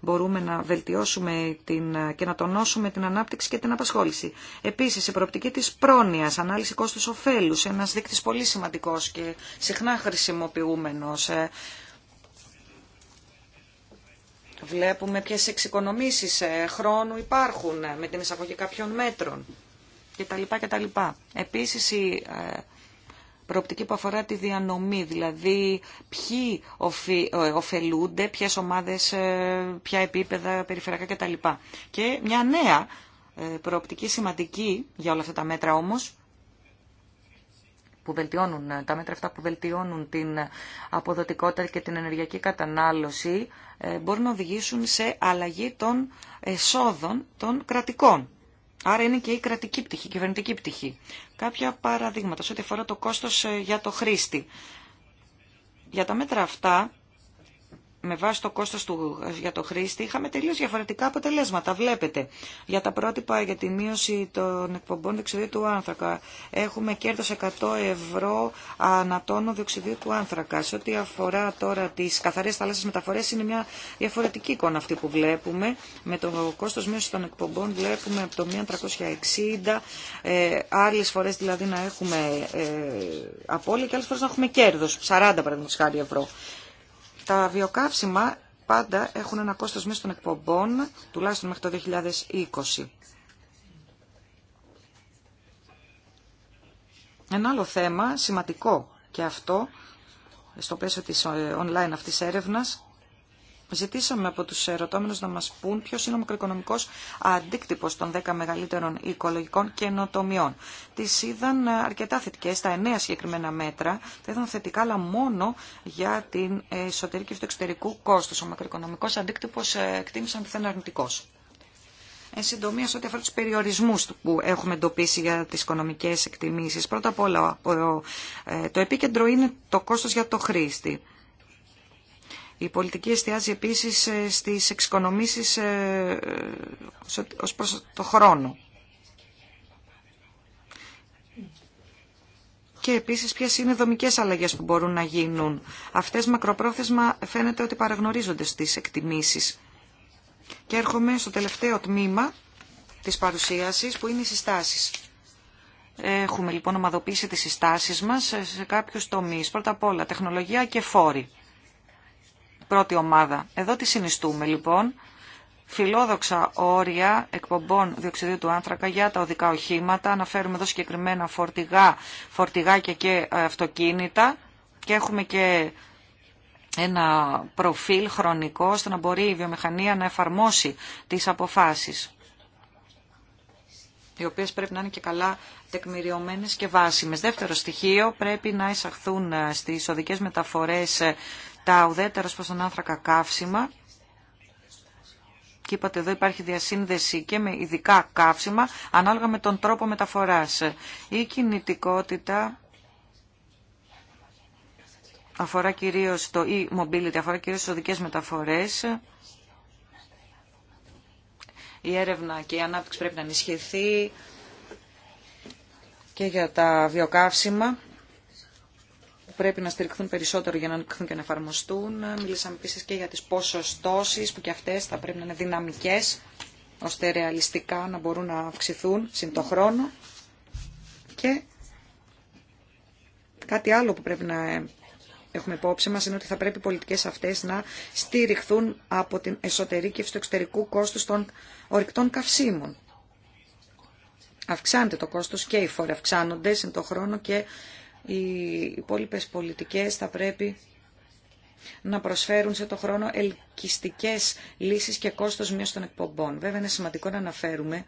μπορούμε να βελτιώσουμε την και να τονώσουμε την ανάπτυξη και την απασχόληση. Επίση, η προοπτική τη πρόνοια, ανάλυση κόστου ωφέλου, ένα δείκτη πολύ σημαντικό και συχνά χρησιμοποιούμενο. Ε, βλέπουμε ποιε εξοικονομήσει ε, χρόνου υπάρχουν ε, με την εισαγωγή κάποιων μέτρων κτλ. Επίση, η προοπτική που αφορά τη διανομή, δηλαδή ποιοι ε, ωφελούνται, ποιες ομάδες, ε, ποια επίπεδα, περιφερειακά κτλ. Και μια νέα ε, προοπτική σημαντική για όλα αυτά τα μέτρα όμως, που βελτιώνουν, τα μέτρα αυτά που βελτιώνουν την αποδοτικότητα και την ενεργειακή κατανάλωση μπορούν να οδηγήσουν σε αλλαγή των εσόδων των κρατικών Άρα είναι και η κρατική πτυχή, η κυβερνητική πτυχή. Κάποια παραδείγματα σε ό,τι αφορά το κόστος ε, για το χρήστη. Για τα μέτρα αυτά με βάση το κόστος του, για το χρήστη είχαμε τελείως διαφορετικά αποτελέσματα. Βλέπετε, για τα πρότυπα για τη μείωση των εκπομπών διοξιδίου του άνθρακα έχουμε κέρδος 100 ευρώ ανατόνο διοξιδίου του άνθρακα. Σε ό,τι αφορά τώρα τις καθαρές θαλάσσιες μεταφορές είναι μια διαφορετική εικόνα αυτή που βλέπουμε. Με το κόστος μείωση των εκπομπών βλέπουμε από το 1.360 ε, άλλες φορές δηλαδή να έχουμε ε, απώλεια και άλλες φορές να έχουμε κέρδος, 40 παραδείγματος χάρη ευρώ. Τα βιοκαύσιμα πάντα έχουν ένα κόστος μέσα των εκπομπών, τουλάχιστον μέχρι το 2020. Ένα άλλο θέμα, σημαντικό και αυτό, στο πλαίσιο της ε, online αυτής έρευνας, Ζητήσαμε από τους ερωτώμενους να μας πούν ποιος είναι ο μακροοικονομικός αντίκτυπος των 10 μεγαλύτερων οικολογικών καινοτομιών. Τις είδαν αρκετά θετικές, τα 9 συγκεκριμένα μέτρα, τα είδαν θετικά, αλλά μόνο για την εσωτερική και του εξωτερικού κόστος. Ο μακροοικονομικός αντίκτυπος ε, εκτίμησαν ότι θα είναι αρνητικός. Εν συντομία, σε ό,τι αφορά του περιορισμού που έχουμε εντοπίσει για τι οικονομικέ εκτιμήσει, πρώτα απ' όλα ε, το επίκεντρο είναι το κόστο για το χρήστη. Η πολιτική εστιάζει επίσης ε, στις εξοικονομήσεις ε, ε, ως προς το χρόνο. Και επίσης ποιες είναι οι δομικές αλλαγές που μπορούν να γίνουν. Αυτές μακροπρόθεσμα φαίνεται ότι παραγνωρίζονται στις εκτιμήσεις. Και έρχομαι στο τελευταίο τμήμα της παρουσίασης που είναι οι συστάσεις. Έχουμε λοιπόν ομαδοποιήσει τις συστάσεις μας σε κάποιους τομείς. Πρώτα απ' όλα τεχνολογία και φόροι πρώτη ομάδα. Εδώ τι συνιστούμε λοιπόν. Φιλόδοξα όρια εκπομπών διοξιδίου του άνθρακα για τα οδικά οχήματα. Αναφέρουμε εδώ συγκεκριμένα φορτηγά, και ε, αυτοκίνητα. Και έχουμε και ένα προφίλ χρονικό ώστε να μπορεί η βιομηχανία να εφαρμόσει τις αποφάσεις οι οποίες πρέπει να είναι και καλά τεκμηριωμένες και βάσιμες. Δεύτερο στοιχείο, πρέπει να εισαχθούν ε, στις οδικές μεταφορές ε, τα ουδέτερα προς τον άνθρακα καύσιμα και είπατε εδώ υπάρχει διασύνδεση και με ειδικά καύσιμα ανάλογα με τον τρόπο μεταφοράς. Η κινητικότητα αφορά κυρίως το e-mobility, αφορά κυρίως τις οδικές μεταφορές. Η έρευνα και η ανάπτυξη πρέπει να ενισχυθεί και για τα βιοκαύσιμα πρέπει να στηριχθούν περισσότερο για να ανοιχθούν και να εφαρμοστούν. Μιλήσαμε επίση και για τι ποσοστώσει που και αυτέ θα πρέπει να είναι δυναμικέ ώστε ρεαλιστικά να μπορούν να αυξηθούν συν το χρόνο. Και κάτι άλλο που πρέπει να έχουμε υπόψη μα είναι ότι θα πρέπει οι πολιτικές αυτές να στηριχθούν από την εσωτερική και του εξωτερικού κόστου των ορυκτών καυσίμων. Αυξάνεται το κόστος και οι φόροι αυξάνονται συν το χρόνο και οι υπόλοιπε πολιτικές θα πρέπει να προσφέρουν σε το χρόνο ελκυστικές λύσεις και κόστος μείωση των εκπομπών. Βέβαια είναι σημαντικό να αναφέρουμε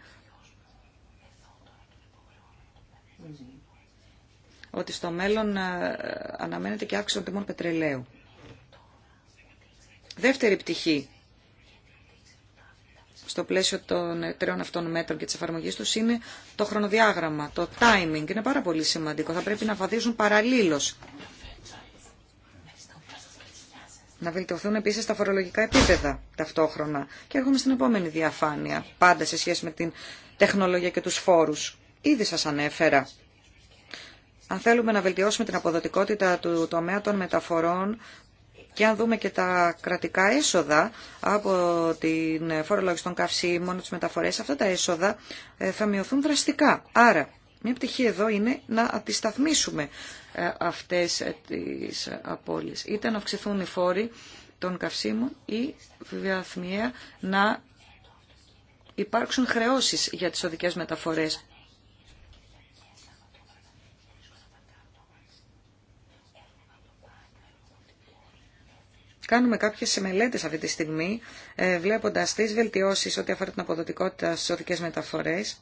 ότι στο μέλλον ε, αναμένεται και αύξηση των τιμών πετρελαίου. Δεύτερη πτυχή στο πλαίσιο των τριών αυτών μέτρων και τη εφαρμογή του είναι το χρονοδιάγραμμα, το timing. Είναι πάρα πολύ σημαντικό. Θα πρέπει να βαδίζουν παραλίλω. Να βελτιωθούν επίσης τα φορολογικά επίπεδα ταυτόχρονα. Και έρχομαι στην επόμενη διαφάνεια, πάντα σε σχέση με την τεχνολογία και τους φόρους. Ήδη σα ανέφερα. Αν θέλουμε να βελτιώσουμε την αποδοτικότητα του τομέα των μεταφορών, και αν δούμε και τα κρατικά έσοδα από την φορολόγηση των καυσίμων, τις μεταφορές, αυτά τα έσοδα ε, θα μειωθούν δραστικά. Άρα, μια πτυχή εδώ είναι να αντισταθμίσουμε ε, αυτές ε, τις απώλειες. Είτε να αυξηθούν οι φόροι των καυσίμων ή βαθμιαία να υπάρξουν χρεώσεις για τις οδικές μεταφορές Κάνουμε κάποιες μελέτες αυτή τη στιγμή, ε, βλέποντας τις βελτιώσεις ό,τι αφορά την αποδοτικότητα στις οδικές μεταφορές.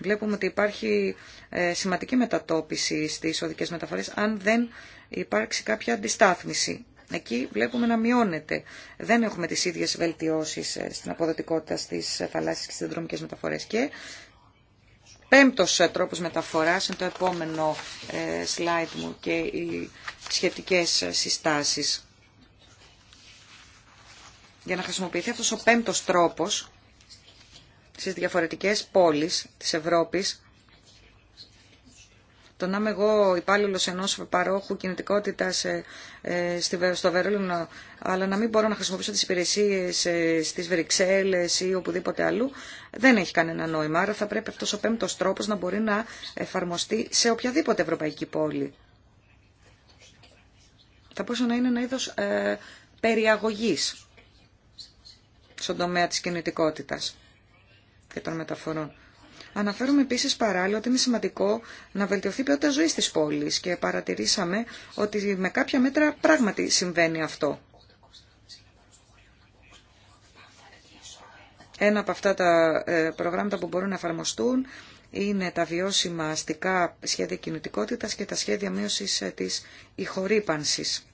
Βλέπουμε ότι υπάρχει ε, σημαντική μετατόπιση στις οδικές μεταφορές, αν δεν υπάρξει κάποια αντιστάθμιση. Εκεί βλέπουμε να μειώνεται. Δεν έχουμε τις ίδιες βελτιώσεις ε, στην αποδοτικότητα στις θαλάσσιες και στις μεταφορές. Και πέμπτος ε, τρόπος μεταφοράς είναι το επόμενο ε, slide μου και οι σχετικές ε, συστάσεις. Για να χρησιμοποιηθεί αυτός ο πέμπτος τρόπος στις διαφορετικές πόλεις της Ευρώπης το να είμαι εγώ υπάλληλο ενό παρόχου κινητικότητα ε, ε, στο Βερολίνο, αλλά να μην μπορώ να χρησιμοποιήσω τι υπηρεσίε ε, στι Βρυξέλλε ή οπουδήποτε αλλού, δεν έχει κανένα νόημα. Άρα θα πρέπει αυτό ο πέμπτο τρόπο να μπορεί να εφαρμοστεί σε οποιαδήποτε ευρωπαϊκή πόλη. Θα μπορούσε να είναι ένα είδο ε, περιαγωγή στον τομέα τη κινητικότητα και των μεταφορών. Αναφέρουμε επίσης παράλληλα ότι είναι σημαντικό να βελτιωθεί η ποιότητα ζωής της πόλης και παρατηρήσαμε ότι με κάποια μέτρα πράγματι συμβαίνει αυτό. Ένα από αυτά τα ε, προγράμματα που μπορούν να εφαρμοστούν είναι τα βιώσιμα αστικά σχέδια κινητικότητας και τα σχέδια μείωσης ε, της ηχορύπανσης.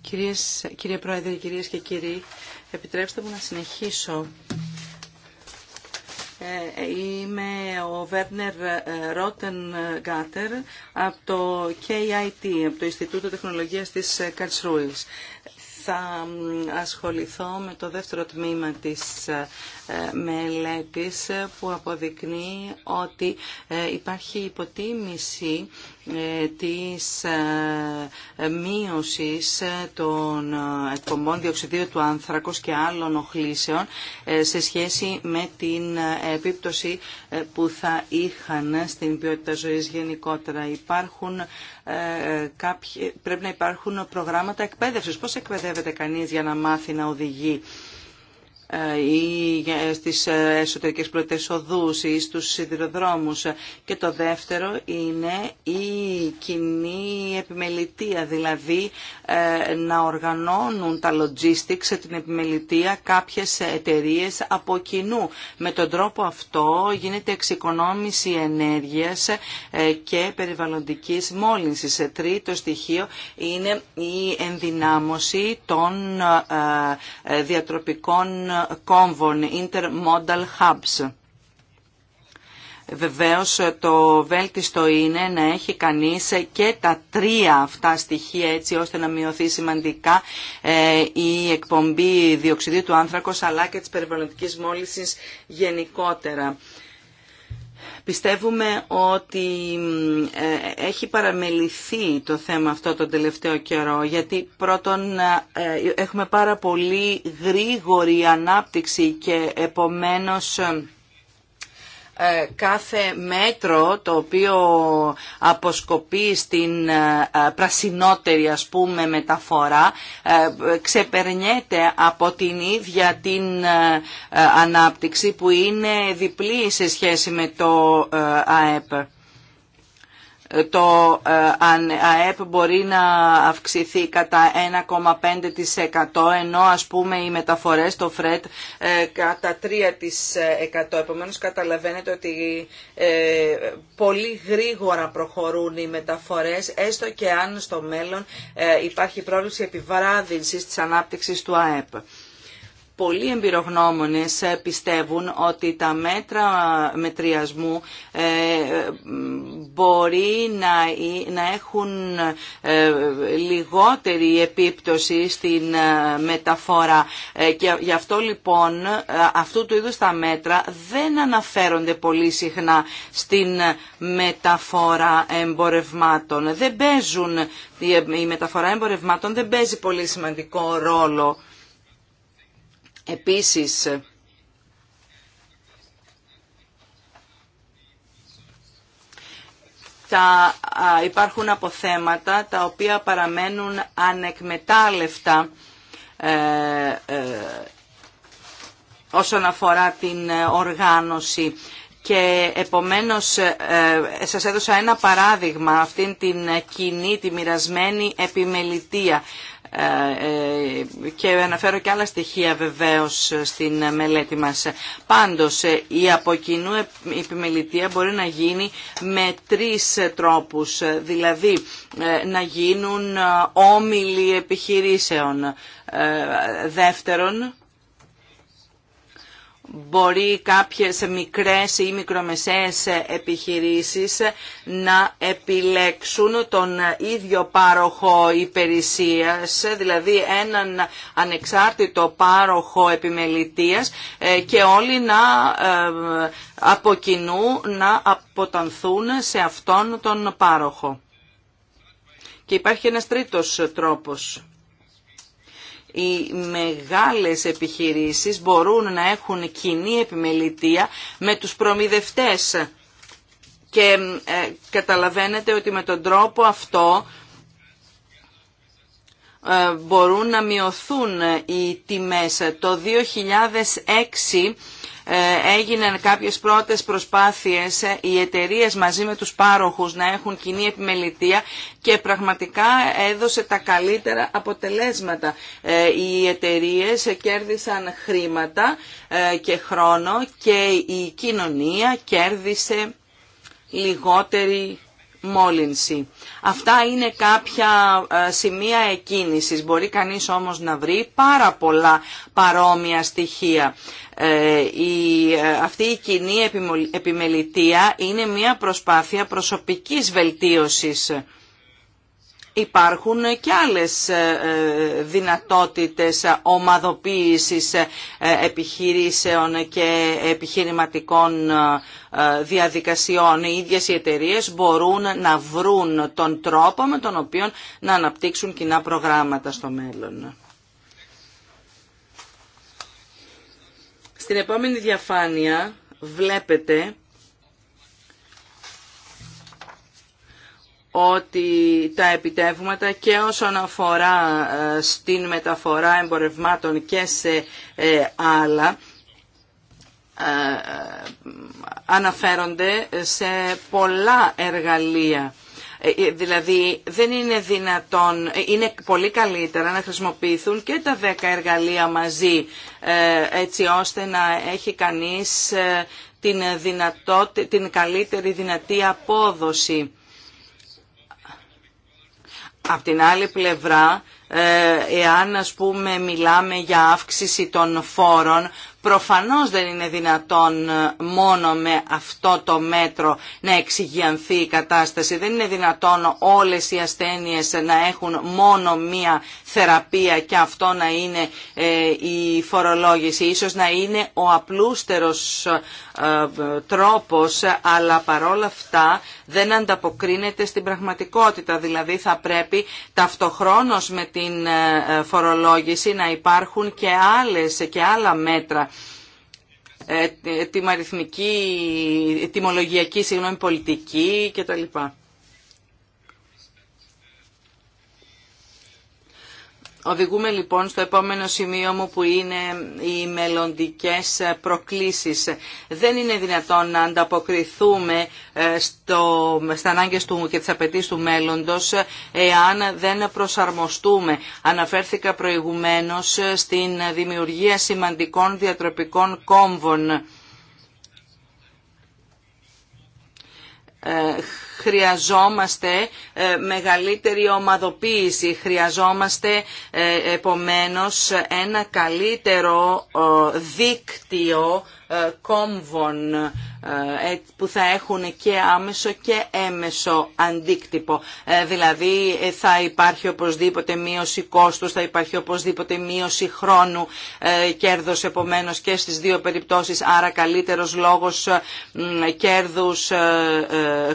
Κυρίες, κύριε Πρόεδρε, κυρίες και κύριοι, επιτρέψτε μου να συνεχίσω ε, είμαι ο Βέρνερ ε, Ρότεν Γκάτερ από το KIT, από το Ινστιτούτο Τεχνολογίας της Καρτσρούης. Ε, Θα ασχοληθώ με το δεύτερο τμήμα της ε, μελέτης που αποδεικνύει ότι ε, υπάρχει υποτίμηση ε, της μείωσης των εκπομπών διοξιδίου του άνθρακος και άλλων οχλήσεων σε σχέση με την επίπτωση που θα είχαν στην ποιότητα ζωής γενικότερα. Υπάρχουν, πρέπει να υπάρχουν προγράμματα εκπαίδευσης. Πώς εκπαιδεύεται κανείς για να μάθει να οδηγεί ή στις ε, εσωτερικές πλωτές οδούς ή στους σιδηροδρόμους. Και το δεύτερο είναι η κοινή επιμελητία, δηλαδή ε, να οργανώνουν τα logistics την επιμελητία κάποιες εταιρείε από κοινού. Με τον τρόπο αυτό γίνεται εξοικονόμηση ενέργειας ε, και περιβαλλοντικής μόλυνσης. Τρίτο στοιχείο είναι η ενδυνάμωση των διατροπικών κόμβων, intermodal hubs. Βεβαίως το βέλτιστο είναι να έχει κανείς και τα τρία αυτά στοιχεία έτσι ώστε να μειωθεί σημαντικά ε, η εκπομπή διοξιδίου του άνθρακος αλλά και της περιβαλλοντικής μόλυσης γενικότερα. Πιστεύουμε ότι ε, έχει παραμεληθεί το θέμα αυτό τον τελευταίο καιρό, γιατί πρώτον ε, έχουμε πάρα πολύ γρήγορη ανάπτυξη και επομένως ε, ε, κάθε μέτρο το οποίο αποσκοπεί στην ε, πρασινότερη ας πούμε μεταφορά ε, ξεπερνιέται από την ίδια την ανάπτυξη που είναι διπλή σε σχέση με το ΑΕΠ το ε, ΑΕΠ μπορεί να αυξηθεί κατά 1,5% ενώ ας πούμε οι μεταφορές το ΦΡΕΤ ε, κατά 3%. Επομένως καταλαβαίνετε ότι ε, πολύ γρήγορα προχωρούν οι μεταφορές έστω και αν στο μέλλον υπάρχει πρόβληση επιβράδυνσης της ανάπτυξης του ΑΕΠ πολλοί εμπειρογνώμονες ε, πιστεύουν ότι τα μέτρα μετριασμού ε, μπορεί να έχουν ε, λιγότερη επίπτωση στην μεταφορά και γι' αυτό λοιπόν αυτού του είδους τα μέτρα δεν αναφέρονται πολύ συχνά στην μεταφορά εμπορευμάτων. Δεν παίζουν, η μεταφορά εμπορευμάτων δεν παίζει πολύ σημαντικό ρόλο Επίσης, τα, υπάρχουν αποθέματα τα οποία παραμένουν ανεκμετάλλευτα ε, ε, όσον αφορά την οργάνωση. Και επομένως ε, σας έδωσα ένα παράδειγμα αυτήν την κοινή, τη μοιρασμένη επιμελητία και αναφέρω και άλλα στοιχεία βεβαίως στην μελέτη μας. Πάντως η από κοινού επιμελητία μπορεί να γίνει με τρεις τρόπους, δηλαδή ε, να γίνουν ε, όμιλοι επιχειρήσεων. Ε, δεύτερον, μπορεί κάποιες μικρές ή μικρομεσαίες επιχειρήσεις να επιλέξουν τον ίδιο πάροχο υπηρεσίας, δηλαδή έναν ανεξάρτητο πάροχο επιμελητίας ε, και όλοι να ε, από να αποτανθούν σε αυτόν τον πάροχο. Και υπάρχει ένας τρίτος τρόπος οι μεγάλες επιχειρήσεις μπορούν να έχουν κοινή επιμελητία με τους προμηδευτές. Και ε, καταλαβαίνετε ότι με τον τρόπο αυτό ε, μπορούν να μειωθούν ε, οι τιμές. Το 2006 ε, έγιναν κάποιες πρώτες προσπάθειες ε, οι εταιρείε μαζί με τους πάροχους να έχουν κοινή επιμελητία και πραγματικά έδωσε τα καλύτερα αποτελέσματα. Ε, οι εταιρείε κέρδισαν χρήματα και χρόνο και η κοινωνία κέρδισε λιγότερη μόλυνση. Αυτά είναι κάποια ε, σημεία εκκίνησης. Μπορεί κανείς όμως να βρει πάρα πολλά παρόμοια στοιχεία. Ε, η, ε, αυτή η κοινή επιμελητία είναι μια προσπάθεια προσωπικής βελτίωσης υπάρχουν και άλλες ε, ε, δυνατότητες ομαδοποίησης ε, επιχειρήσεων και επιχειρηματικών διαδικασιών. Οι ίδιες οι εταιρείες μπορούν να βρουν τον τρόπο με τον οποίο να αναπτύξουν κοινά προγράμματα στο μέλλον. Στην επόμενη διαφάνεια βλέπετε ότι τα επιτεύγματα και όσον αφορά ε, στην μεταφορά εμπορευμάτων και σε ε, άλλα ε, αναφέρονται σε πολλά εργαλεία. Δηλαδή δεν είναι δυνατόν, είναι πολύ καλύτερα να χρησιμοποιηθούν και τα δέκα εργαλεία μαζί έτσι ώστε να έχει κανείς την, δυνατότη, την καλύτερη δυνατή απόδοση. Απ' την άλλη πλευρά, ε, εάν ας πούμε μιλάμε για αύξηση των φόρων Προφανώς δεν είναι δυνατόν ε, μόνο με αυτό το μέτρο να εξηγιανθεί η κατάσταση. Δεν είναι δυνατόν όλες οι ασθένειες να έχουν μόνο μία θεραπεία και αυτό να είναι ε, η φορολόγηση. Ίσως να είναι ο απλούστερος ε, τρόπος, αλλά παρόλα αυτά δεν ανταποκρίνεται στην πραγματικότητα. Δηλαδή θα πρέπει ταυτοχρόνως με την φορολόγηση να υπάρχουν και, άλλες, και άλλα μέτρα η τι σημαίνει πολιτική και τα Οδηγούμε λοιπόν στο επόμενο σημείο μου που είναι οι μελλοντικέ προκλήσεις. Δεν είναι δυνατόν να ανταποκριθούμε ε, στο, στα ανάγκες του και τις απαιτήσει του μέλλοντος ε, εάν δεν προσαρμοστούμε. Αναφέρθηκα προηγουμένως ε, στην δημιουργία σημαντικών διατροπικών κόμβων χρειαζόμαστε ε, μεγαλύτερη ομαδοποίηση, χρειαζόμαστε ε, επομένως ένα καλύτερο ε, δίκτυο κόμβων που θα έχουν και άμεσο και έμεσο αντίκτυπο. Δηλαδή θα υπάρχει οπωσδήποτε μείωση κόστους, θα υπάρχει οπωσδήποτε μείωση χρόνου κέρδος επομένως και στις δύο περιπτώσεις, άρα καλύτερος λόγος κέρδους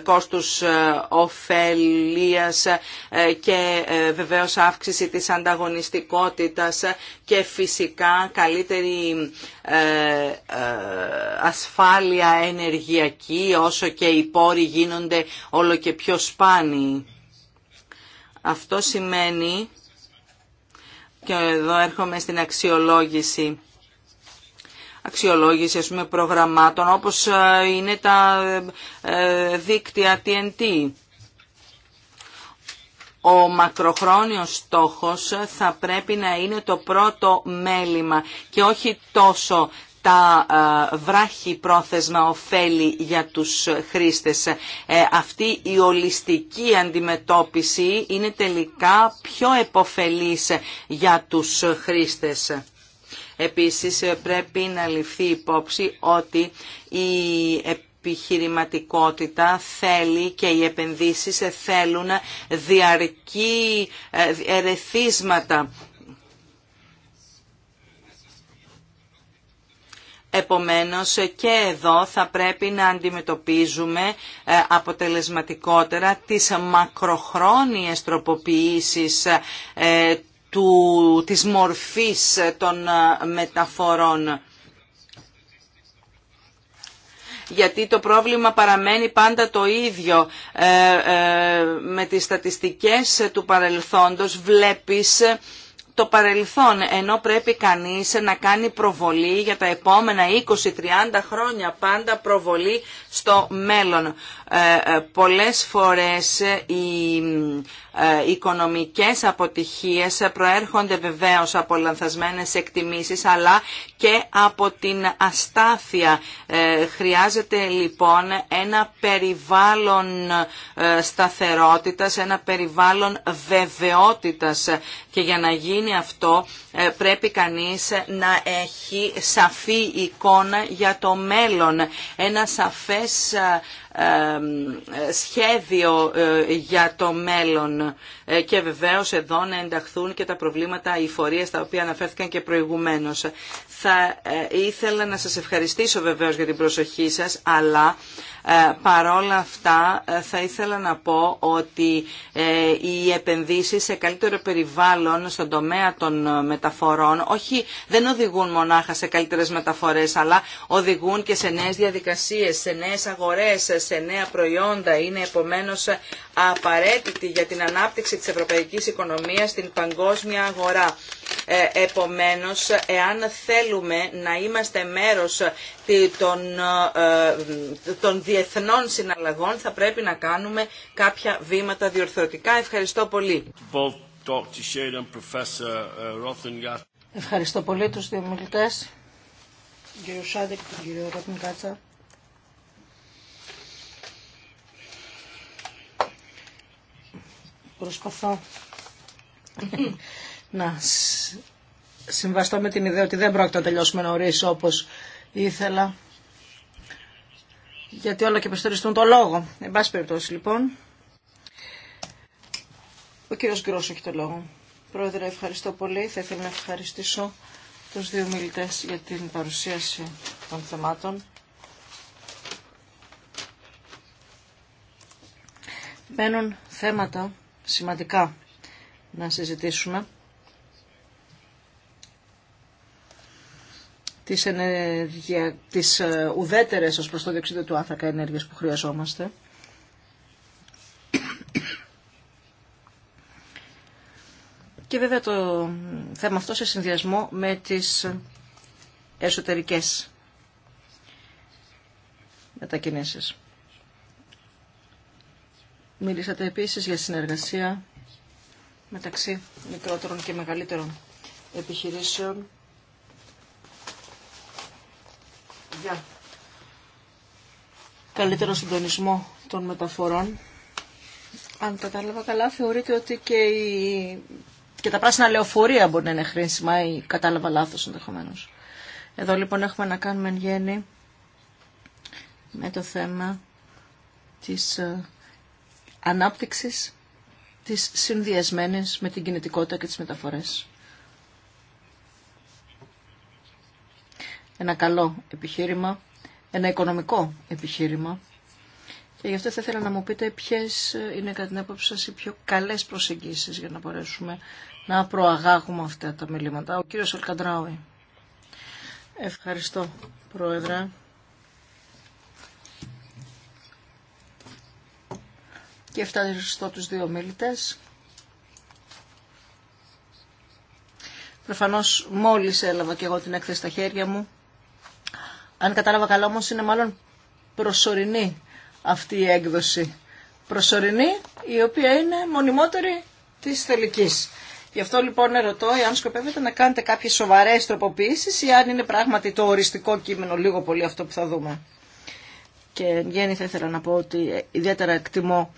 κόστους ε, ωφελίας ε, και ε, βεβαίως αύξηση της ανταγωνιστικότητας και φυσικά καλύτερη ασφάλεια ενεργειακή όσο και οι πόροι γίνονται όλο και πιο σπάνιοι. Αυτό σημαίνει, και εδώ έρχομαι στην αξιολόγηση, αξιολόγηση με προγραμμάτων όπως ε, είναι τα ε, δίκτυα TNT. Ο μακροχρόνιος στόχος θα πρέπει να είναι το πρώτο μέλημα και όχι τόσο τα ε, βράχη πρόθεσμα ωφέλη για τους χρήστες. Αυτή η ολιστική αντιμετώπιση είναι τελικά πιο επωφελής για τους χρήστες. Επίσης πρέπει να ληφθεί υπόψη ότι η επιχειρηματικότητα θέλει και οι επενδύσεις θέλουν διαρκή ε, ερεθίσματα. Επομένως και εδώ θα πρέπει να αντιμετωπίζουμε ε, αποτελεσματικότερα τις μακροχρόνιες τροποποιήσεις ε, του, της μορφής ε, των ε, μεταφορών. Γιατί το πρόβλημα παραμένει πάντα το ίδιο. ε, ε με τις στατιστικές του παρελθόντος βλέπεις το παρελθόν, ενώ πρέπει κανείς να κάνει προβολή για τα επόμενα 20-30 χρόνια, πάντα προβολή στο μέλλον. Ε, ε, πολλές φορές ε, οι οικονομικές αποτυχίες προέρχονται βεβαίως από λανθασμένες εκτιμήσεις αλλά και από την αστάθεια. Χρειάζεται λοιπόν ένα περιβάλλον σταθερότητας, ένα περιβάλλον βεβαιότητας και για να γίνει αυτό πρέπει κανείς να έχει σαφή εικόνα για το μέλλον, ένα σαφές ε, ε, σχέδιο ε, για το μέλλον και βεβαίως εδώ να ενταχθούν και τα προβλήματα, οι φορείες τα οποία αναφέρθηκαν και προηγουμένως. Θα ήθελα να σας ευχαριστήσω βεβαίως για την προσοχή σας, αλλά ε, παρόλα αυτά ε, θα ήθελα να πω ότι ε, οι επενδύσεις σε καλύτερο περιβάλλον στον τομέα των μεταφορών όχι δεν οδηγούν μονάχα σε καλύτερες μεταφορές αλλά οδηγούν και σε νέες διαδικασίες, σε νέες αγορές, σε νέα προϊόντα. Είναι επομένως απαραίτητη για την ανάπτυξη της ευρωπαϊκής οικονομίας στην παγκόσμια αγορά. Επομένως, εάν θέλουμε να είμαστε μέρος των, ε, ε, των διεθνών συναλλαγών θα πρέπει να κάνουμε κάποια βήματα διορθωτικά. Ευχαριστώ πολύ. Uh, Ευχαριστώ πολύ τους δύο μιλητές, τον κύριο και τον κύριο Ρόπιν Κάτσα. Προσπαθώ να συμβαστώ με την ιδέα ότι δεν πρόκειται να τελειώσουμε νωρίς όπως ήθελα. Γιατί όλα και περισσότερο το λόγο. Εν πάση περιπτώσει λοιπόν. Ο κύριος Γκρός έχει το λόγο. Πρόεδρε, ευχαριστώ πολύ. Θα ήθελα να ευχαριστήσω τους δύο μιλητές για την παρουσίαση των θεμάτων. Μένουν θέματα σημαντικά να συζητήσουμε τις, ενέργεια, τις ε, ουδέτερες ως προς το διοξείδιο του άνθρακα ενέργειες που χρειαζόμαστε. Και βέβαια το θέμα αυτό σε συνδυασμό με τις εσωτερικές μετακινήσεις. Μίλησατε επίσης για συνεργασία μεταξύ μικρότερων και μεγαλύτερων επιχειρήσεων καλύτερο συντονισμό των μεταφορών. Αν κατάλαβα καλά, θεωρείτε ότι και, και τα πράσινα λεωφορεία μπορεί να είναι χρήσιμα ή κατάλαβα λάθος ενδεχομένω. Εδώ λοιπόν έχουμε να κάνουμε εν γέννη με το θέμα της ε, ανάπτυξης της συνδυασμένης με την κινητικότητα και τις μεταφορές. ένα καλό επιχείρημα, ένα οικονομικό επιχείρημα. Και γι' αυτό θα ήθελα να μου πείτε ποιες είναι κατά την άποψη σας οι πιο καλές προσεγγίσεις για να μπορέσουμε να προαγάγουμε αυτά τα μιλήματα. Ο κύριος Ολκαντράουι. Ευχαριστώ, Πρόεδρε. Και ευχαριστώ τους δύο μίλητες. Προφανώς μόλις έλαβα και εγώ την έκθεση στα χέρια μου αν κατάλαβα καλά όμως είναι μάλλον προσωρινή αυτή η έκδοση. Προσωρινή η οποία είναι μονιμότερη της θελικής. Γι' αυτό λοιπόν ερωτώ εάν σκοπεύετε να κάνετε κάποιες σοβαρές τροποποιήσεις ή αν είναι πράγματι το οριστικό κείμενο λίγο πολύ αυτό που θα δούμε. Και γέννη θα ήθελα να πω ότι ε, ιδιαίτερα εκτιμώ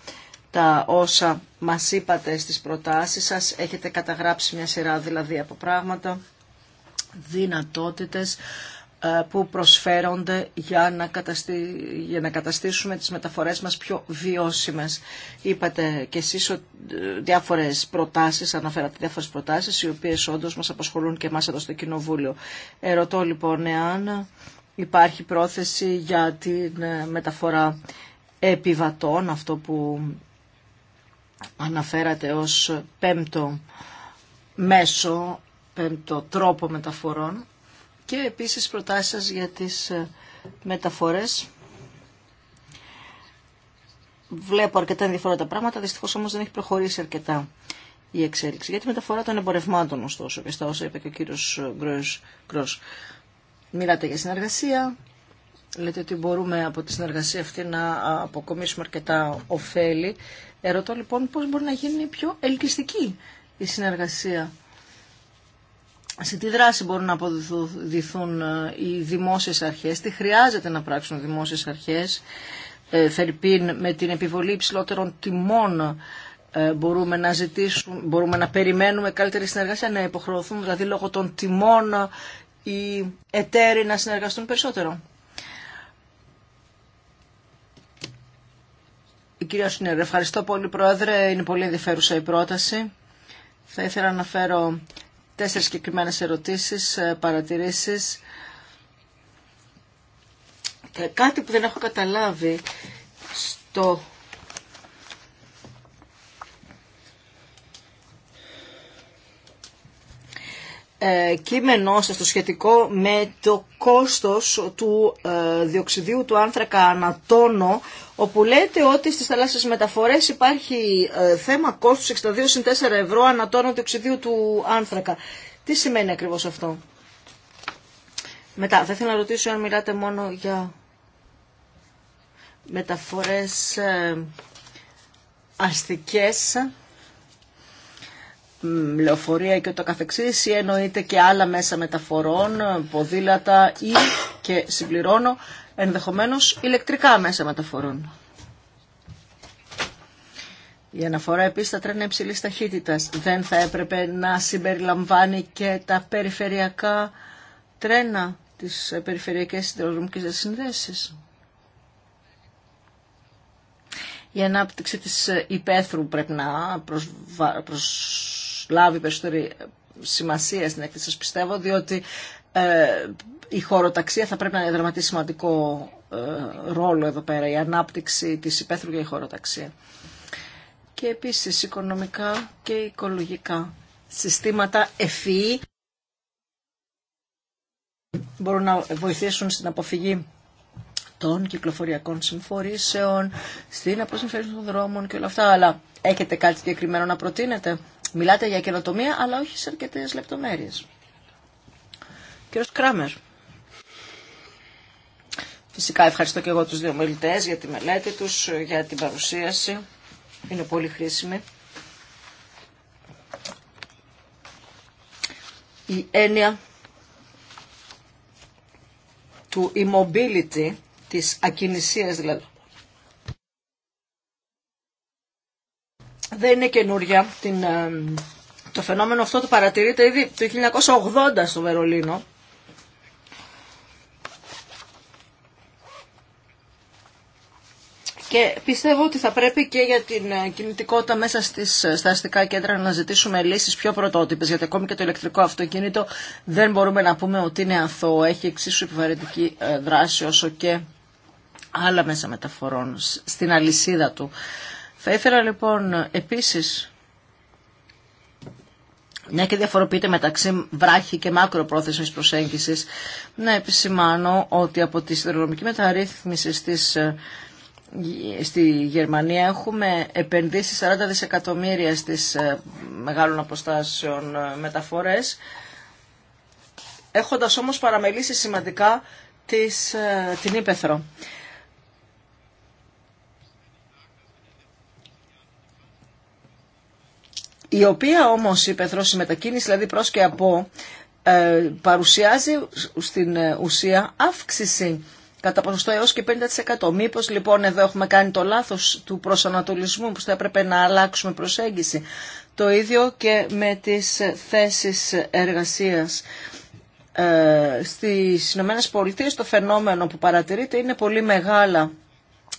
τα όσα μας είπατε στις προτάσεις σας. Έχετε καταγράψει μια σειρά δηλαδή από πράγματα, δυνατότητες ε, που προσφέρονται για να, για να καταστήσουμε τις μεταφορές μας πιο βιώσιμες. Είπατε και εσείς ε, διάφορες προτάσεις, αναφέρατε διάφορες προτάσεις, οι οποίες όντως μας απασχολούν και εμάς εδώ στο Κοινοβούλιο. Ερωτώ λοιπόν εάν υπάρχει πρόθεση για την ε, μεταφορά επιβατών, αυτό που αναφέρατε ως πέμπτο μέσο, πέμπτο τρόπο μεταφορών, και επίσης προτάσεις σας για τις ε, μεταφορές. Βλέπω αρκετά ενδιαφέροντα πράγματα, δυστυχώς όμως δεν έχει προχωρήσει αρκετά η εξέλιξη. Για τη μεταφορά των εμπορευμάτων ωστόσο και στα όσα είπε και ο κύριος ε, Γκρός. Μιλάτε για συνεργασία, λέτε ότι μπορούμε από τη συνεργασία αυτή να αποκομίσουμε αρκετά ωφέλη. Ερωτώ λοιπόν πώς μπορεί να γίνει πιο ελκυστική η συνεργασία σε τι δράση μπορούν να αποδυθούν ε, οι δημόσιες αρχές, τι χρειάζεται να πράξουν οι δημόσιες αρχές, ε, Φερπίν με την επιβολή υψηλότερων τιμών ε, μπορούμε να ζητήσουμε, μπορούμε να περιμένουμε καλύτερη συνεργασία, να υποχρεωθούν δηλαδή λόγω των τιμών οι εταίροι να συνεργαστούν περισσότερο. Η κυρία Σουνέρ, ευχαριστώ πολύ Πρόεδρε, είναι πολύ ενδιαφέρουσα η πρόταση. Θα ήθελα να φέρω τέσσερις συγκεκριμένε ερωτήσεις, ε, παρατηρήσεις. κάτι που δεν έχω καταλάβει στο Ε, κείμενό σας το σχετικό με το κόστος του ε, διοξιδίου του άνθρακα ανατόνο όπου λέτε ότι στις θαλάσσιες μεταφορές υπάρχει ε, θέμα κόστους 62-4 ευρώ ανατόνο διοξιδίου του άνθρακα. Τι σημαίνει ακριβώς αυτό. Μετά, θα ήθελα να ρωτήσω αν μιλάτε μόνο για μεταφορές αστικές λεωφορεία και το καθεξής ή εννοείται και άλλα μέσα μεταφορών, ποδήλατα ή και συμπληρώνω ενδεχομένως ηλεκτρικά μέσα μεταφορών. Η αναφορά επίσης στα τρένα υψηλής ταχύτητας δεν θα έπρεπε να συμπεριλαμβάνει και τα περιφερειακά τρένα της περιφερειακής συνδρομικές συνδέσεις. Η ανάπτυξη της υπαίθρου πρέπει να προσβα λάβει περισσότερη σημασία στην έκθεση σας πιστεύω, διότι ε, η χωροταξία θα πρέπει να διαδραματίσει σημαντικό ε, ρόλο εδώ πέρα, η ανάπτυξη της υπαίθρου για η χωροταξία. Και επίσης οικονομικά και οικολογικά συστήματα ευφυή μπορούν να βοηθήσουν στην αποφυγή των κυκλοφοριακών συμφορήσεων, στην αποσυμφέρηση των δρόμων και όλα αυτά. Αλλά έχετε κάτι συγκεκριμένο να προτείνετε. Μιλάτε για καινοτομία, αλλά όχι σε αρκετέ λεπτομέρειε. Κύριο Κράμερ. Φυσικά ευχαριστώ και εγώ τους δύο μελητές για τη μελέτη τους, για την παρουσίαση. Είναι πολύ χρήσιμη. Η έννοια του immobility, της ακινησίας δηλαδή, δεν είναι καινούρια. Την, ε, το φαινόμενο αυτό το παρατηρείται ήδη το 1980 στο Βερολίνο. Και πιστεύω ότι θα πρέπει και για την ε, κινητικότητα μέσα στις, ε, στα αστικά κέντρα να ζητήσουμε λύσεις πιο πρωτότυπες, γιατί ακόμη και το ηλεκτρικό αυτοκίνητο δεν μπορούμε να πούμε ότι είναι αθώο, έχει εξίσου επιβαρυντική δράση όσο και άλλα μέσα μεταφορών στην αλυσίδα του. Θα ήθελα λοιπόν επίσης μια και διαφοροποιείται μεταξύ βράχη και πρόθεσης προσέγγισης, να επισημάνω ότι από τη συνδρομική μεταρρύθμιση στις, στη Γερμανία έχουμε επενδύσει 40 δισεκατομμύρια στις ε, μεγάλων αποστάσεων ε, μεταφορές, έχοντας όμως παραμελήσει σημαντικά της, ε, την Ήπεθρο. η οποία όμως η πεθρώση μετακίνηση, δηλαδή προς και από, ε, παρουσιάζει στην ε, ουσία αύξηση κατά ποσοστό έως και 50%. Μήπως λοιπόν εδώ έχουμε κάνει το λάθος του προσανατολισμού που θα έπρεπε να αλλάξουμε προσέγγιση. Το ίδιο και με τις θέσεις εργασίας. Ε, στις Ηνωμένες Πολιτείες το φαινόμενο που παρατηρείται είναι πολύ μεγάλα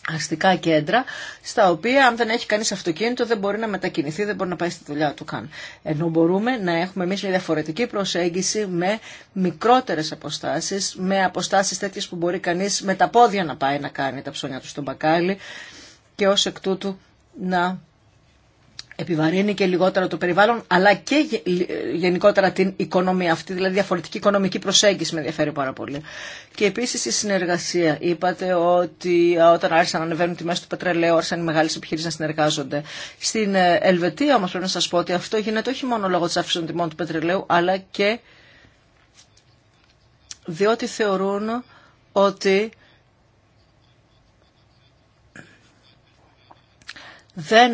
αστικά κέντρα, στα οποία αν δεν έχει κανείς αυτοκίνητο δεν μπορεί να μετακινηθεί, δεν μπορεί να πάει στη δουλειά του καν. Ενώ μπορούμε να έχουμε εμείς μια διαφορετική προσέγγιση με μικρότερες αποστάσεις, με αποστάσεις τέτοιες που μπορεί κανείς με τα πόδια να πάει να κάνει τα ψώνια του στον μπακάλι και ως εκ τούτου να επιβαρύνει και λιγότερο το περιβάλλον, αλλά και γενικότερα την οικονομία αυτή, δηλαδή διαφορετική οικονομική προσέγγιση με ενδιαφέρει πάρα πολύ. Και επίση η συνεργασία. Είπατε ότι όταν άρχισαν να ανεβαίνουν τιμέ του πετρελαίου, άρχισαν οι μεγάλε επιχειρήσει να συνεργάζονται. Στην ε, Ελβετία όμω πρέπει να σα πω ότι αυτό γίνεται όχι μόνο λόγω τη αύξηση των τιμών του πετρελαίου, αλλά και διότι θεωρούν ότι δεν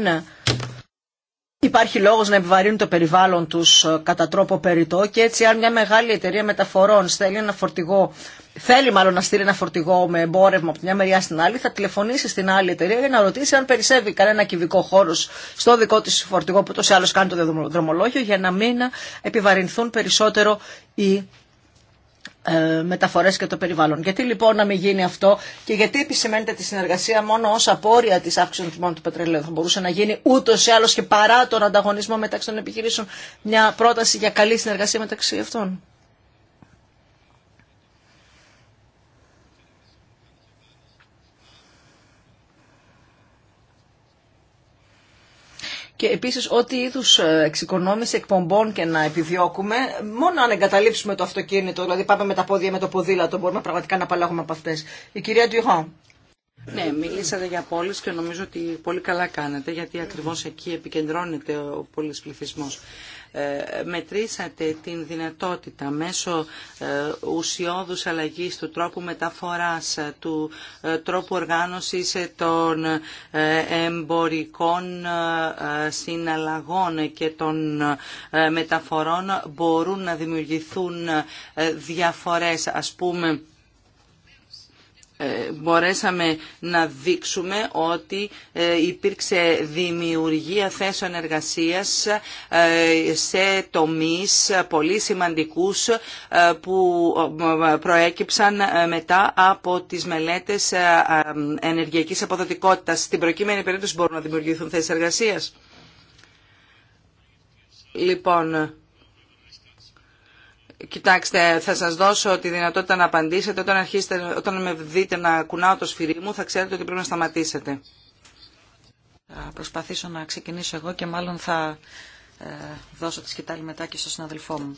Υπάρχει λόγος να επιβαρύνουν το περιβάλλον τους ε, κατά τρόπο περιττό και έτσι αν μια μεγάλη εταιρεία μεταφορών θέλει ένα φορτηγό, θέλει μάλλον να στείλει ένα φορτηγό με εμπόρευμα από τη μια μεριά στην άλλη, θα τηλεφωνήσει στην άλλη εταιρεία για να ρωτήσει αν περισσεύει κανένα κυβικό χώρο στο δικό τη φορτηγό που τόσο άλλω κάνει το δρομολόγιο για να μην επιβαρυνθούν περισσότερο οι ε, μεταφορές και το περιβάλλον. Γιατί λοιπόν να μην γίνει αυτό και γιατί επισημαίνεται τη συνεργασία μόνο ως απόρρια της αύξησης των τιμών του πετρελαίου. Θα μπορούσε να γίνει ούτως ή άλλως και παρά τον ανταγωνισμό μεταξύ των επιχειρήσεων μια πρόταση για καλή συνεργασία μεταξύ αυτών. και επίσης ό,τι είδου ε, εξοικονόμηση εκπομπών και να επιδιώκουμε, μόνο αν εγκαταλείψουμε το αυτοκίνητο, δηλαδή πάμε με τα πόδια με το ποδήλατο, μπορούμε πραγματικά να απαλλάγουμε από αυτέ. Η κυρία Ντουιχόν. Ναι, μιλήσατε για πόλεις και νομίζω ότι πολύ καλά κάνετε, γιατί ακριβώς εκεί επικεντρώνεται ο πολύς ε, μετρήσατε την δυνατότητα μέσω ε, ουσιώδους αλλαγής του τρόπου μεταφοράς, ε, του τρόπου οργάνωσης των εμπορικών συναλλαγών και των μεταφορών μπορούν να δημιουργηθούν διαφορές, ας πούμε, ε, μπορέσαμε να δείξουμε ότι ε, υπήρξε δημιουργία θέσεων εργασίας ε, σε τομείς πολύ σημαντικούς που προέκυψαν μετά από τις μελέτες ενεργειακής αποδοτικότητας. Στην προκείμενη περίπτωση μπορούν να δημιουργηθούν θέσεις εργασίας. Λοιπόν, Κοιτάξτε, θα σας δώσω τη δυνατότητα να απαντήσετε. Όταν, αρχίσετε, όταν με δείτε να κουνάω το σφυρί μου, θα ξέρετε ότι πρέπει να σταματήσετε. Θα προσπαθήσω να ξεκινήσω εγώ και μάλλον θα ε, δώσω τη σκητάλη μετά και στον συναδελφό μου.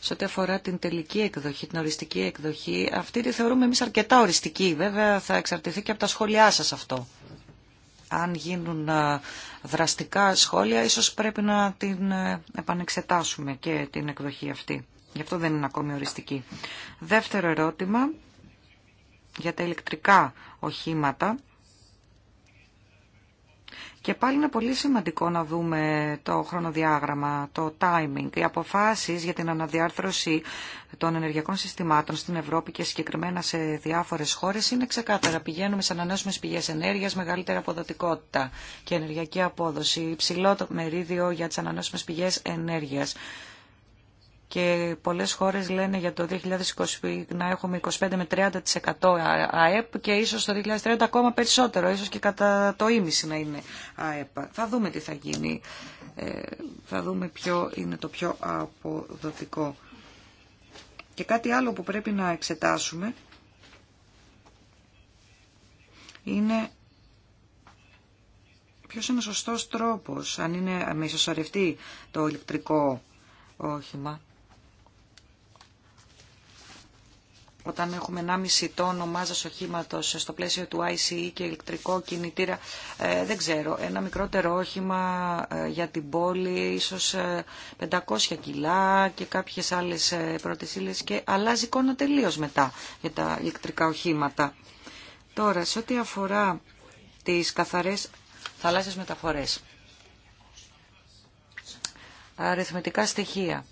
Σε ό,τι αφορά την τελική εκδοχή, την οριστική εκδοχή, αυτή τη θεωρούμε εμείς αρκετά οριστική. Βέβαια θα εξαρτηθεί και από τα σχόλιά σας αυτό. Αν γίνουν ε, δραστικά σχόλια, ίσως πρέπει να την ε, επανεξετάσουμε και την εκδοχή αυτή. Γι' αυτό δεν είναι ακόμη οριστική. Δεύτερο ερώτημα για τα ηλεκτρικά οχήματα. Και πάλι είναι πολύ σημαντικό να δούμε το χρονοδιάγραμμα, το timing, οι αποφάσεις για την αναδιάρθρωση των ενεργειακών συστημάτων στην Ευρώπη και συγκεκριμένα σε διάφορες χώρες είναι ξεκάθαρα. Πηγαίνουμε σε ανανεώσιμες πηγές ενέργειας, μεγαλύτερη αποδοτικότητα και ενεργειακή απόδοση, υψηλό μερίδιο για τις ανανεώσιμες πηγές ενέργειας και πολλές χώρες λένε για το 2020 να έχουμε 25 με 30% ΑΕΠ και ίσως το 2030 ακόμα περισσότερο, ίσως και κατά το ίμιση να είναι ΑΕΠ. Θα δούμε τι θα γίνει, ε, θα δούμε ποιο είναι το πιο αποδοτικό. Και κάτι άλλο που πρέπει να εξετάσουμε είναι ποιος είναι ο σωστός τρόπος, αν είναι με ισοσορευτεί το ηλεκτρικό όχημα όταν έχουμε 1,5 τόνο μάζα οχήματο στο πλαίσιο του ICE και ηλεκτρικό κινητήρα, ε, δεν ξέρω, ένα μικρότερο όχημα ε, για την πόλη, ίσως 500 ε, κιλά και κάποιες άλλες πρώτες ύλες και αλλάζει εικόνα τελείως μετά για τα ηλεκτρικά οχήματα. Τώρα, σε ό,τι αφορά τις καθαρές θαλάσσιες μεταφορές, αριθμητικά στοιχεία.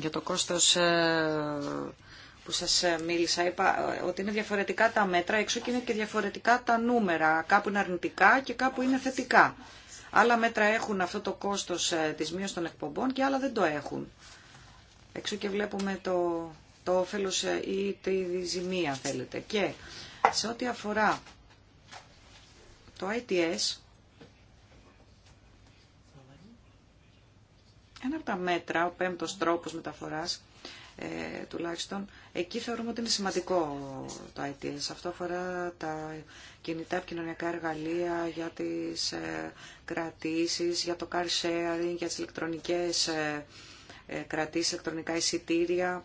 Για το κόστος ε, που σας ε, μίλησα, είπα ε, ότι είναι διαφορετικά τα μέτρα έξω και είναι και διαφορετικά τα νούμερα. Κάπου είναι αρνητικά και κάπου είναι θετικά. Άλλα μέτρα έχουν αυτό το κόστος της μείωσης των εκπομπών και άλλα δεν το έχουν. Έξω και βλέπουμε το, το όφελος ή τη ζημία, θέλετε. Και σε ό,τι αφορά το ITS, Ένα από τα μέτρα, ο πέμπτος τρόπος μεταφοράς, ε, τουλάχιστον, εκεί θεωρούμε ότι είναι σημαντικό το ITS. Αυτό αφορά τα κινητά επικοινωνιακά εργαλεία για τις ε, κρατήσεις, για το car sharing, για τις ηλεκτρονικές ε, ε κρατήσεις, ηλεκτρονικά εισιτήρια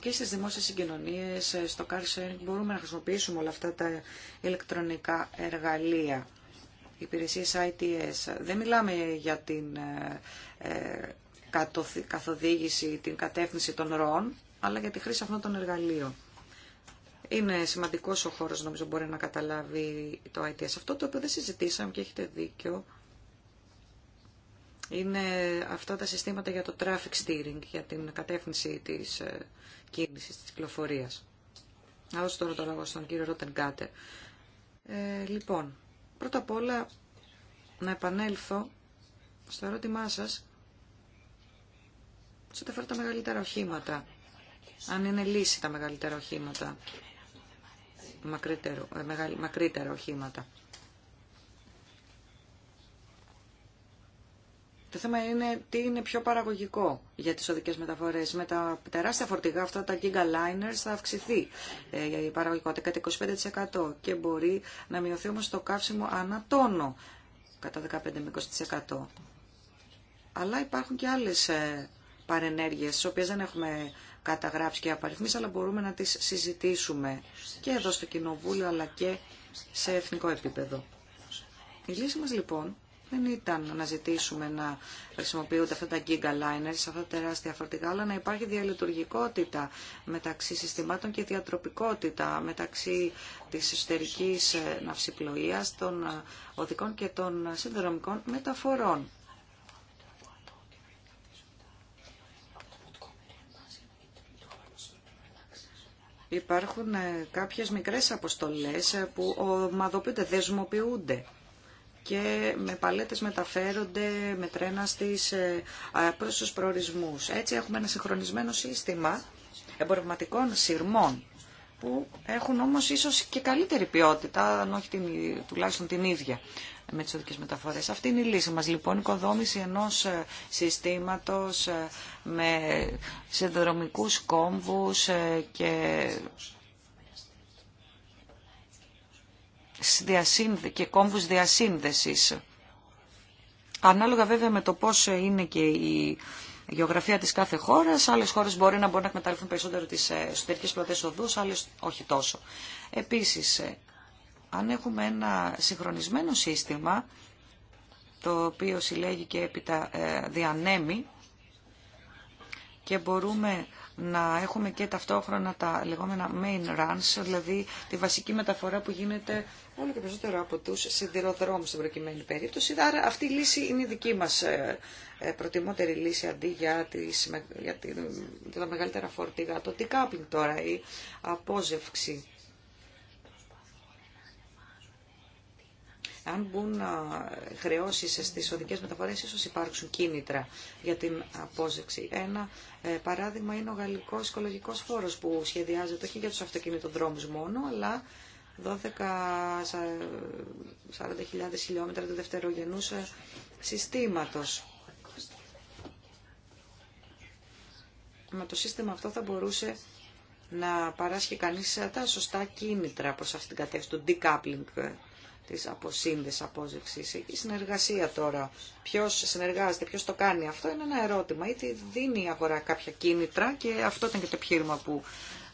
και στις δημόσιες συγκοινωνίες, ε, στο car sharing μπορούμε να χρησιμοποιήσουμε όλα αυτά τα ηλεκτρονικά εργαλεία υπηρεσίες ITS. Δεν μιλάμε για την ε, ε, καθοδήγηση, την κατεύθυνση των ροών, αλλά για τη χρήση αυτών των εργαλείων. Είναι σημαντικός ο χώρος, νομίζω, μπορεί να καταλάβει το ITS. Αυτό το οποίο δεν συζητήσαμε και έχετε δίκιο, είναι αυτά τα συστήματα για το traffic steering, για την κατεύθυνση της ε, κίνησης, της κυκλοφορίας. Να δώσω τώρα το λόγο στον κύριο Ρότεν Ε, λοιπόν, Πρώτα απ' όλα να επανέλθω στο ερώτημά σας σε ό,τι αφορά τα μεγαλύτερα οχήματα. Αν είναι λύση τα μεγαλύτερα οχήματα. Μακρύτερο, ε, μακρύτερα οχήματα. Το θέμα είναι τι είναι πιο παραγωγικό για τις οδικές μεταφορές. Με τα τεράστια φορτηγά αυτά, τα giga liners, θα αυξηθεί ε, η παραγωγικότητα κατά 25% και μπορεί να μειωθεί όμως το καύσιμο ανά τόνο κατά 15 20%. Αλλά υπάρχουν και άλλες ε, παρενέργειες, τις οποίες δεν έχουμε καταγράψει και απαριθμίσει, αλλά μπορούμε να τις συζητήσουμε και εδώ στο Κοινοβούλιο, αλλά και σε εθνικό επίπεδο. Η λύση μας λοιπόν δεν ήταν να ζητήσουμε να χρησιμοποιούνται αυτά τα giga liners, αυτά τα τεράστια φορτηγά, αλλά να υπάρχει διαλειτουργικότητα μεταξύ συστημάτων και διατροπικότητα μεταξύ της εσωτερικής ε, ναυσιπλοείας, των ε, οδικών και των συνδρομικών μεταφορών. Υπάρχουν ε, κάποιες μικρές αποστολές που ομαδοποιούνται, δεσμοποιούνται και με παλέτες μεταφέρονται με τρένα στις, ε, προς προορισμούς. Έτσι έχουμε ένα συγχρονισμένο σύστημα εμπορευματικών σειρμών που έχουν όμως ίσως και καλύτερη ποιότητα, αν όχι την, τουλάχιστον την ίδια με τις οδικές μεταφορές. Αυτή είναι η λύση μας λοιπόν, η οικοδόμηση ενός ε, συστήματος ε, με συνδρομικούς κόμβους και κόμβους διασύνδεσης. Ανάλογα βέβαια με το πώς είναι και η γεωγραφία της κάθε χώρας, άλλες χώρες μπορεί να μπορούν να εκμεταλλευτούν περισσότερο τις ε, εσωτερικές πλατές οδούς, άλλες όχι τόσο. Επίσης, ε, αν έχουμε ένα συγχρονισμένο σύστημα, το οποίο συλλέγει και έπειτα ε, διανέμει και μπορούμε να έχουμε και ταυτόχρονα τα λεγόμενα main runs, δηλαδή τη βασική μεταφορά που γίνεται όλο και περισσότερο από τους σιδηροδρόμους στην προκειμένη περίπτωση. Άρα αυτή η λύση είναι η δική μας ε, ε, προτιμότερη λύση αντί για, τις, για, τη, τα μεγαλύτερα φορτηγά. Το decoupling τώρα, η απόζευξη Αν μπουν χρεώσει στι οδικέ μεταφορέ, ίσω υπάρξουν κίνητρα για την απόζεξη. Ένα ε, παράδειγμα είναι ο γαλλικό οικολογικό φόρο που σχεδιάζεται όχι για του αυτοκινητοδρόμου μόνο, αλλά 12-40.000 χιλιόμετρα του δευτερογενού ε, συστήματο. Με το σύστημα αυτό θα μπορούσε να παράσχει κανείς τα σωστά κίνητρα προς αυτήν την κατεύθυνση του decoupling ε, της αποσύνδεσης, απόζευσης. Η συνεργασία τώρα, ποιος συνεργάζεται, ποιος το κάνει, αυτό είναι ένα ερώτημα. Είτε δίνει η αγορά κάποια κίνητρα και αυτό ήταν και το επιχείρημα που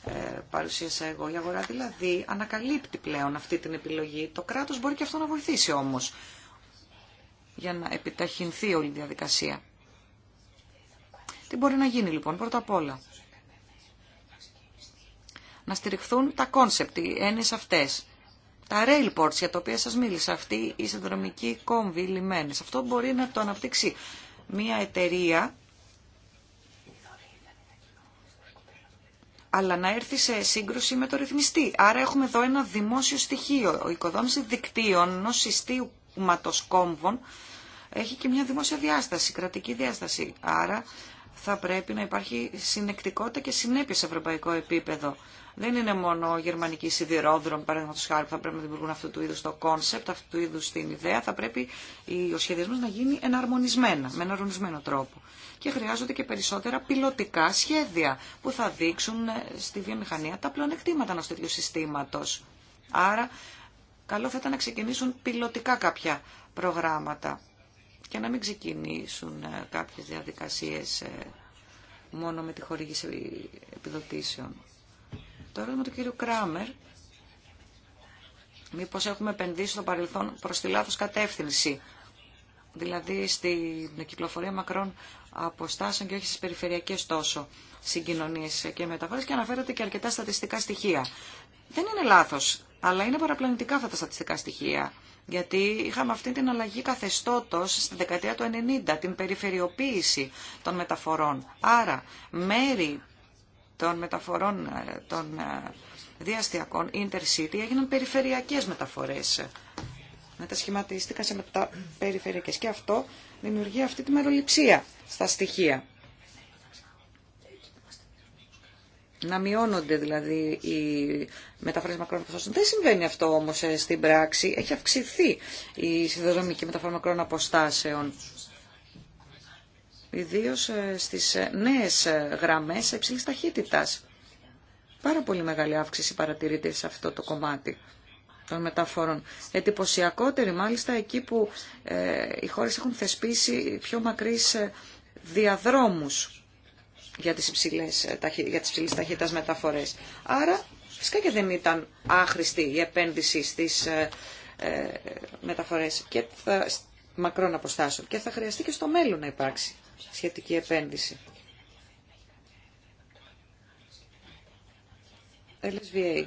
ε, παρουσίασα εγώ. Η αγορά δηλαδή ανακαλύπτει πλέον αυτή την επιλογή. Το κράτος μπορεί και αυτό να βοηθήσει όμως για να επιταχυνθεί όλη η διαδικασία. Τι μπορεί να γίνει λοιπόν πρώτα απ' όλα. Να στηριχθούν τα κόνσεπτ, οι έννοιες αυτές τα rail για τα οποία σας μίλησα, αυτή η συνδρομική κόμβη, Αυτό μπορεί να το αναπτύξει μια εταιρεία, αλλά να έρθει σε σύγκρουση με το ρυθμιστή. Άρα έχουμε εδώ ένα δημόσιο στοιχείο. Ο οικοδόμηση δικτύων ενό συστήματος κόμβων έχει και μια δημόσια διάσταση, κρατική διάσταση. Άρα θα πρέπει να υπάρχει συνεκτικότητα και συνέπεια σε ευρωπαϊκό επίπεδο δεν είναι μόνο γερμανικοί σιδηρόδρομοι, παραδείγματο χάρη, που θα πρέπει να δημιουργούν αυτού του είδου το κόνσεπτ, αυτού του είδου την ιδέα. Θα πρέπει ο σχεδιασμό να γίνει εναρμονισμένα, με εναρμονισμένο τρόπο. Και χρειάζονται και περισσότερα πιλωτικά σχέδια που θα δείξουν ε, στη βιομηχανία τα πλεονεκτήματα ενό τέτοιου συστήματο. Άρα, καλό θα ήταν να ξεκινήσουν πιλωτικά κάποια προγράμματα και να μην ξεκινήσουν ε, κάποιες διαδικασίες ε, μόνο με τη χορήγηση επιδοτήσεων. Το ερώτημα του κύριου Κράμερ, μήπως έχουμε επενδύσει στο παρελθόν προς τη λάθος κατεύθυνση, δηλαδή στην κυκλοφορία μακρών αποστάσεων και όχι στις περιφερειακές τόσο συγκοινωνίες και μεταφορές και αναφέρατε και αρκετά στατιστικά στοιχεία. Δεν είναι λάθος, αλλά είναι παραπλανητικά αυτά τα στατιστικά στοιχεία. Γιατί είχαμε αυτή την αλλαγή καθεστώτος στη δεκαετία του 90, την περιφερειοποίηση των μεταφορών. Άρα μέρη των μεταφορών ε, των ε, διαστιακών Intercity έγιναν περιφερειακές μεταφορές. Μετασχηματίστηκαν σε μετα... περιφερειακές και αυτό δημιουργεί αυτή τη μεροληψία στα στοιχεία. Να μειώνονται δηλαδή οι μεταφορές μακρών αποστάσεων. Δεν συμβαίνει αυτό όμως ε, στην πράξη. Έχει αυξηθεί η συνδρομική μεταφορά μακρών αποστάσεων ιδίως ε, στις ε, νέες ε, γραμμές υψηλής ταχύτητας. Πάρα πολύ μεγάλη αύξηση παρατηρείται σε αυτό το κομμάτι των μεταφορών. Εντυπωσιακότερη μάλιστα εκεί που οι χώρες έχουν θεσπίσει πιο μακρύς διαδρόμους για τις υψηλές, για τις υψηλές μεταφορές. Άρα φυσικά και δεν ήταν άχρηστη η επένδυση στις μεταφορές και μακρών αποστάσεων και θα χρειαστεί και στο μέλλον να υπάρξει σχετική επένδυση. LSVA.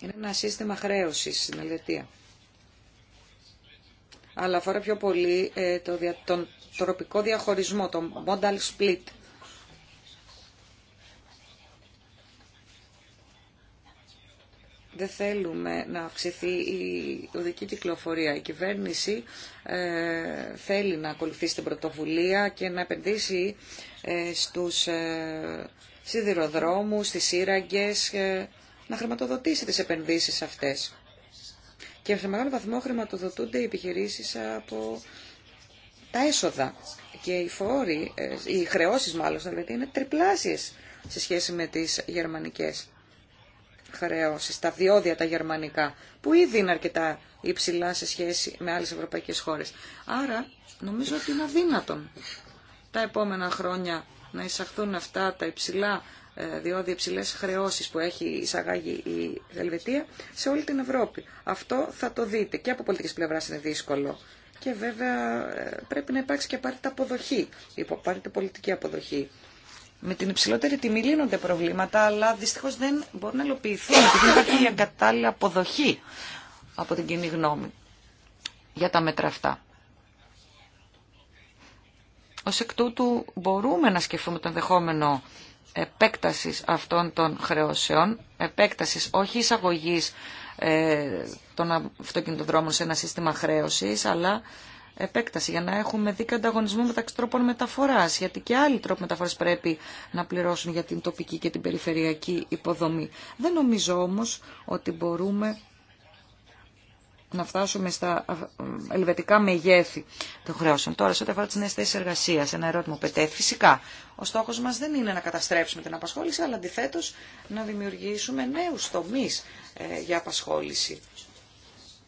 Είναι ένα σύστημα χρέωσης στην Ελβετία. Αλλά αφορά πιο πολύ ε, τον τροπικό διαχωρισμό, το modal split. δεν θέλουμε να αυξηθεί η οδική κυκλοφορία. Η κυβέρνηση ε, θέλει να ακολουθήσει την πρωτοβουλία και να επενδύσει ε, στους ε, σιδηροδρόμους, στις σύραγγες, να χρηματοδοτήσει τις επενδύσεις αυτές. Και σε μεγάλο βαθμό χρηματοδοτούνται οι επιχειρήσεις από τα έσοδα. Και οι φόροι, οι χρεώσεις μάλλον, δηλαδή είναι τριπλάσιες σε σχέση με τις γερμανικές τα διόδια τα γερμανικά, που ήδη είναι αρκετά υψηλά σε σχέση με άλλες ευρωπαϊκές χώρες. Άρα νομίζω ότι είναι αδύνατον τα επόμενα χρόνια να εισαχθούν αυτά τα υψηλά ε, διόδια, υψηλέ χρεώσει που έχει εισαγάγει η Ελβετία σε όλη την Ευρώπη. Αυτό θα το δείτε και από πολιτική πλευρά είναι δύσκολο. Και βέβαια ε, πρέπει να υπάρξει και απαραίτητα αποδοχή, πάρετε πολιτική αποδοχή με την υψηλότερη τιμή λύνονται προβλήματα, αλλά δυστυχώς δεν μπορούν να υλοποιηθούν, Γιατί δεν υπάρχει μια κατάλληλη αποδοχή από την κοινή γνώμη για τα μέτρα αυτά. Ω εκ τούτου μπορούμε να σκεφτούμε το ενδεχόμενο επέκτασης αυτών των χρεώσεων, επέκτασης όχι εισαγωγής ε, των αυτοκινητοδρόμων σε ένα σύστημα χρέωσης, αλλά επέκταση, για να έχουμε δίκαιο ανταγωνισμό μεταξύ τρόπων μεταφορά. Γιατί και άλλοι τρόποι μεταφορά πρέπει να πληρώσουν για την τοπική και την περιφερειακή υποδομή. Δεν νομίζω όμω ότι μπορούμε να φτάσουμε στα ελβετικά μεγέθη των χρεώσεων. Τώρα, σε ό,τι αφορά τι νέε θέσει εργασία, ένα ερώτημα που Φυσικά, ο στόχο μα δεν είναι να καταστρέψουμε την απασχόληση, αλλά αντιθέτω να δημιουργήσουμε νέου τομεί ε, για απασχόληση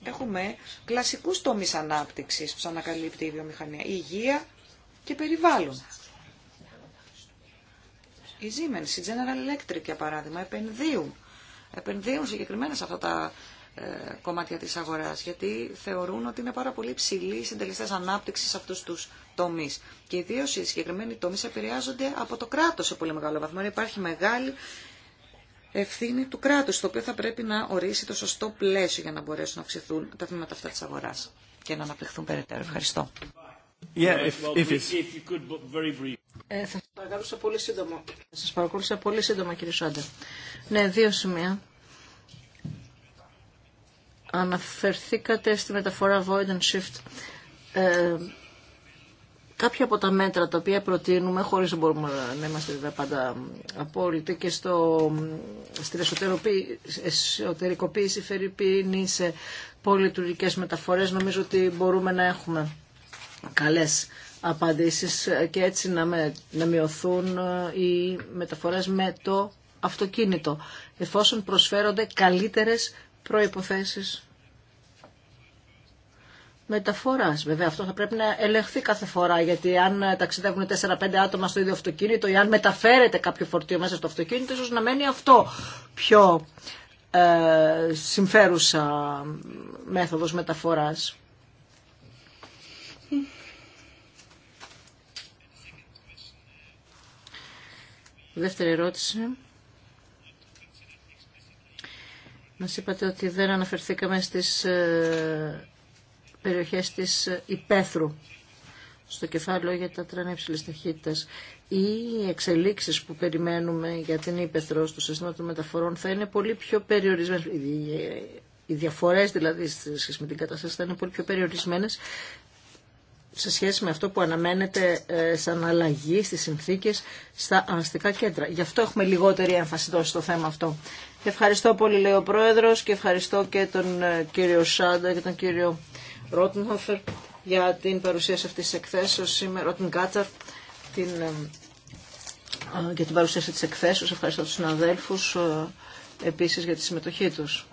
έχουμε κλασικούς τομείς ανάπτυξης που ανακαλύπτει η βιομηχανία. Υγεία και περιβάλλον. Η Siemens, η General Electric για παράδειγμα, επενδύουν. Επενδύουν συγκεκριμένα σε αυτά τα ε, κομμάτια της αγοράς, γιατί θεωρούν ότι είναι πάρα πολύ ψηλοί οι συντελεστές ανάπτυξης σε αυτούς τους τομείς. Και ιδίω οι συγκεκριμένοι τομείς επηρεάζονται από το κράτος σε πολύ μεγάλο βαθμό. Υπάρχει μεγάλη ευθύνη του κράτους, το οποίο θα πρέπει να ορίσει το σωστό πλαίσιο για να μπορέσουν να αυξηθούν τα θέματα αυτά της αγοράς και να αναπτυχθούν περαιτέρω. Ευχαριστώ. Ε, θα σας παρακαλούσα πολύ σύντομα. παρακολούσα πολύ σύντομα, κύριε Σόντερ. Ναι, δύο σημεία. Αναφερθήκατε στη μεταφορά void and shift. Ε, κάποια από τα μέτρα τα οποία προτείνουμε, χωρίς να μπορούμε να είμαστε βέβαια πάντα απόλυτοι και στο, στην εσωτερικοποίηση φερειπίνη σε πολυτουργικέ μεταφορέ, νομίζω ότι μπορούμε να έχουμε καλές απαντήσεις και έτσι να, με, να μειωθούν ε, οι μεταφορές με το αυτοκίνητο, εφόσον προσφέρονται καλύτερες προϋποθέσεις μεταφοράς. Βέβαια αυτό θα πρέπει να ελεγχθεί κάθε φορά γιατί αν ταξιδεύουν 4-5 άτομα στο ίδιο αυτοκίνητο ή αν μεταφέρεται κάποιο φορτίο μέσα στο αυτοκίνητο ίσω να μένει αυτό πιο ε, συμφέρουσα μέθοδος μεταφοράς. Δεύτερη ερώτηση. Μας είπατε ότι δεν αναφερθήκαμε στις ε, περιοχές της Υπέθρου στο κεφάλαιο για τα τρένα υψηλής ταχύτητας. Οι εξελίξεις που περιμένουμε για την ύπεθρο στο σύστημα των μεταφορών θα είναι πολύ πιο περιορισμένες. Οι διαφορές δηλαδή σχέση με την κατάσταση θα είναι πολύ πιο περιορισμένες σε σχέση με αυτό που αναμένεται ε, σαν αλλαγή στις συνθήκες στα αναστικά κέντρα. Γι' αυτό έχουμε λιγότερη έμφαση δώσει στο θέμα αυτό. Ευχαριστώ πολύ λέει ο Πρόεδρος και ευχαριστώ και τον ε, κύριο Σάντα και τον κύριο Ρότενχοφερ για την παρουσίαση αυτής της εκθέσεως σήμερα, Ρότεν Κάτσαρ, την, ε, ε, για την παρουσίαση της εκθέσεως. Ευχαριστώ τους συναδέλφους ε, επίσης για τη συμμετοχή τους.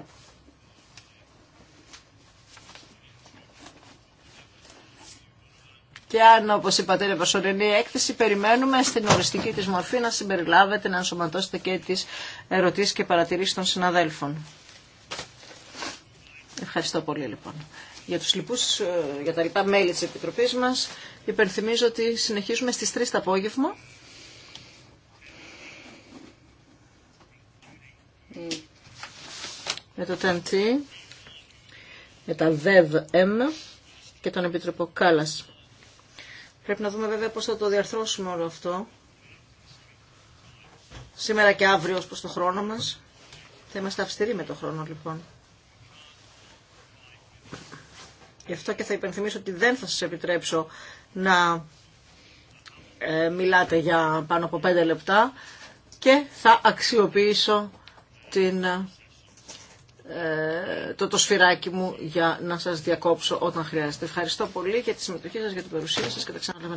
Και αν, όπως είπατε, είναι προσωρινή έκθεση, περιμένουμε στην οριστική της μορφή να συμπεριλάβετε, να ενσωματώσετε και τις ερωτήσεις και παρατηρήσεις των συναδέλφων. Ευχαριστώ πολύ, λοιπόν για, τους λοιπούς, ε, για τα λοιπά μέλη της Επιτροπής μας. Υπενθυμίζω ότι συνεχίζουμε στις 3 το απόγευμα. Με το TNT, με τα M και τον Επιτροπο Κάλλας. Πρέπει να δούμε βέβαια πώς θα το διαρθρώσουμε όλο αυτό. Σήμερα και αύριο ως προς το χρόνο μας. Θα είμαστε αυστηροί με το χρόνο λοιπόν. Γι' αυτό και θα υπενθυμίσω ότι δεν θα σας επιτρέψω να ε, μιλάτε για πάνω από πέντε λεπτά και θα αξιοποιήσω την, ε, το, το σφυράκι μου για να σας διακόψω όταν χρειάζεται. Ευχαριστώ πολύ για τη συμμετοχή σας, για την παρουσία σας και τα ξαναλέμε.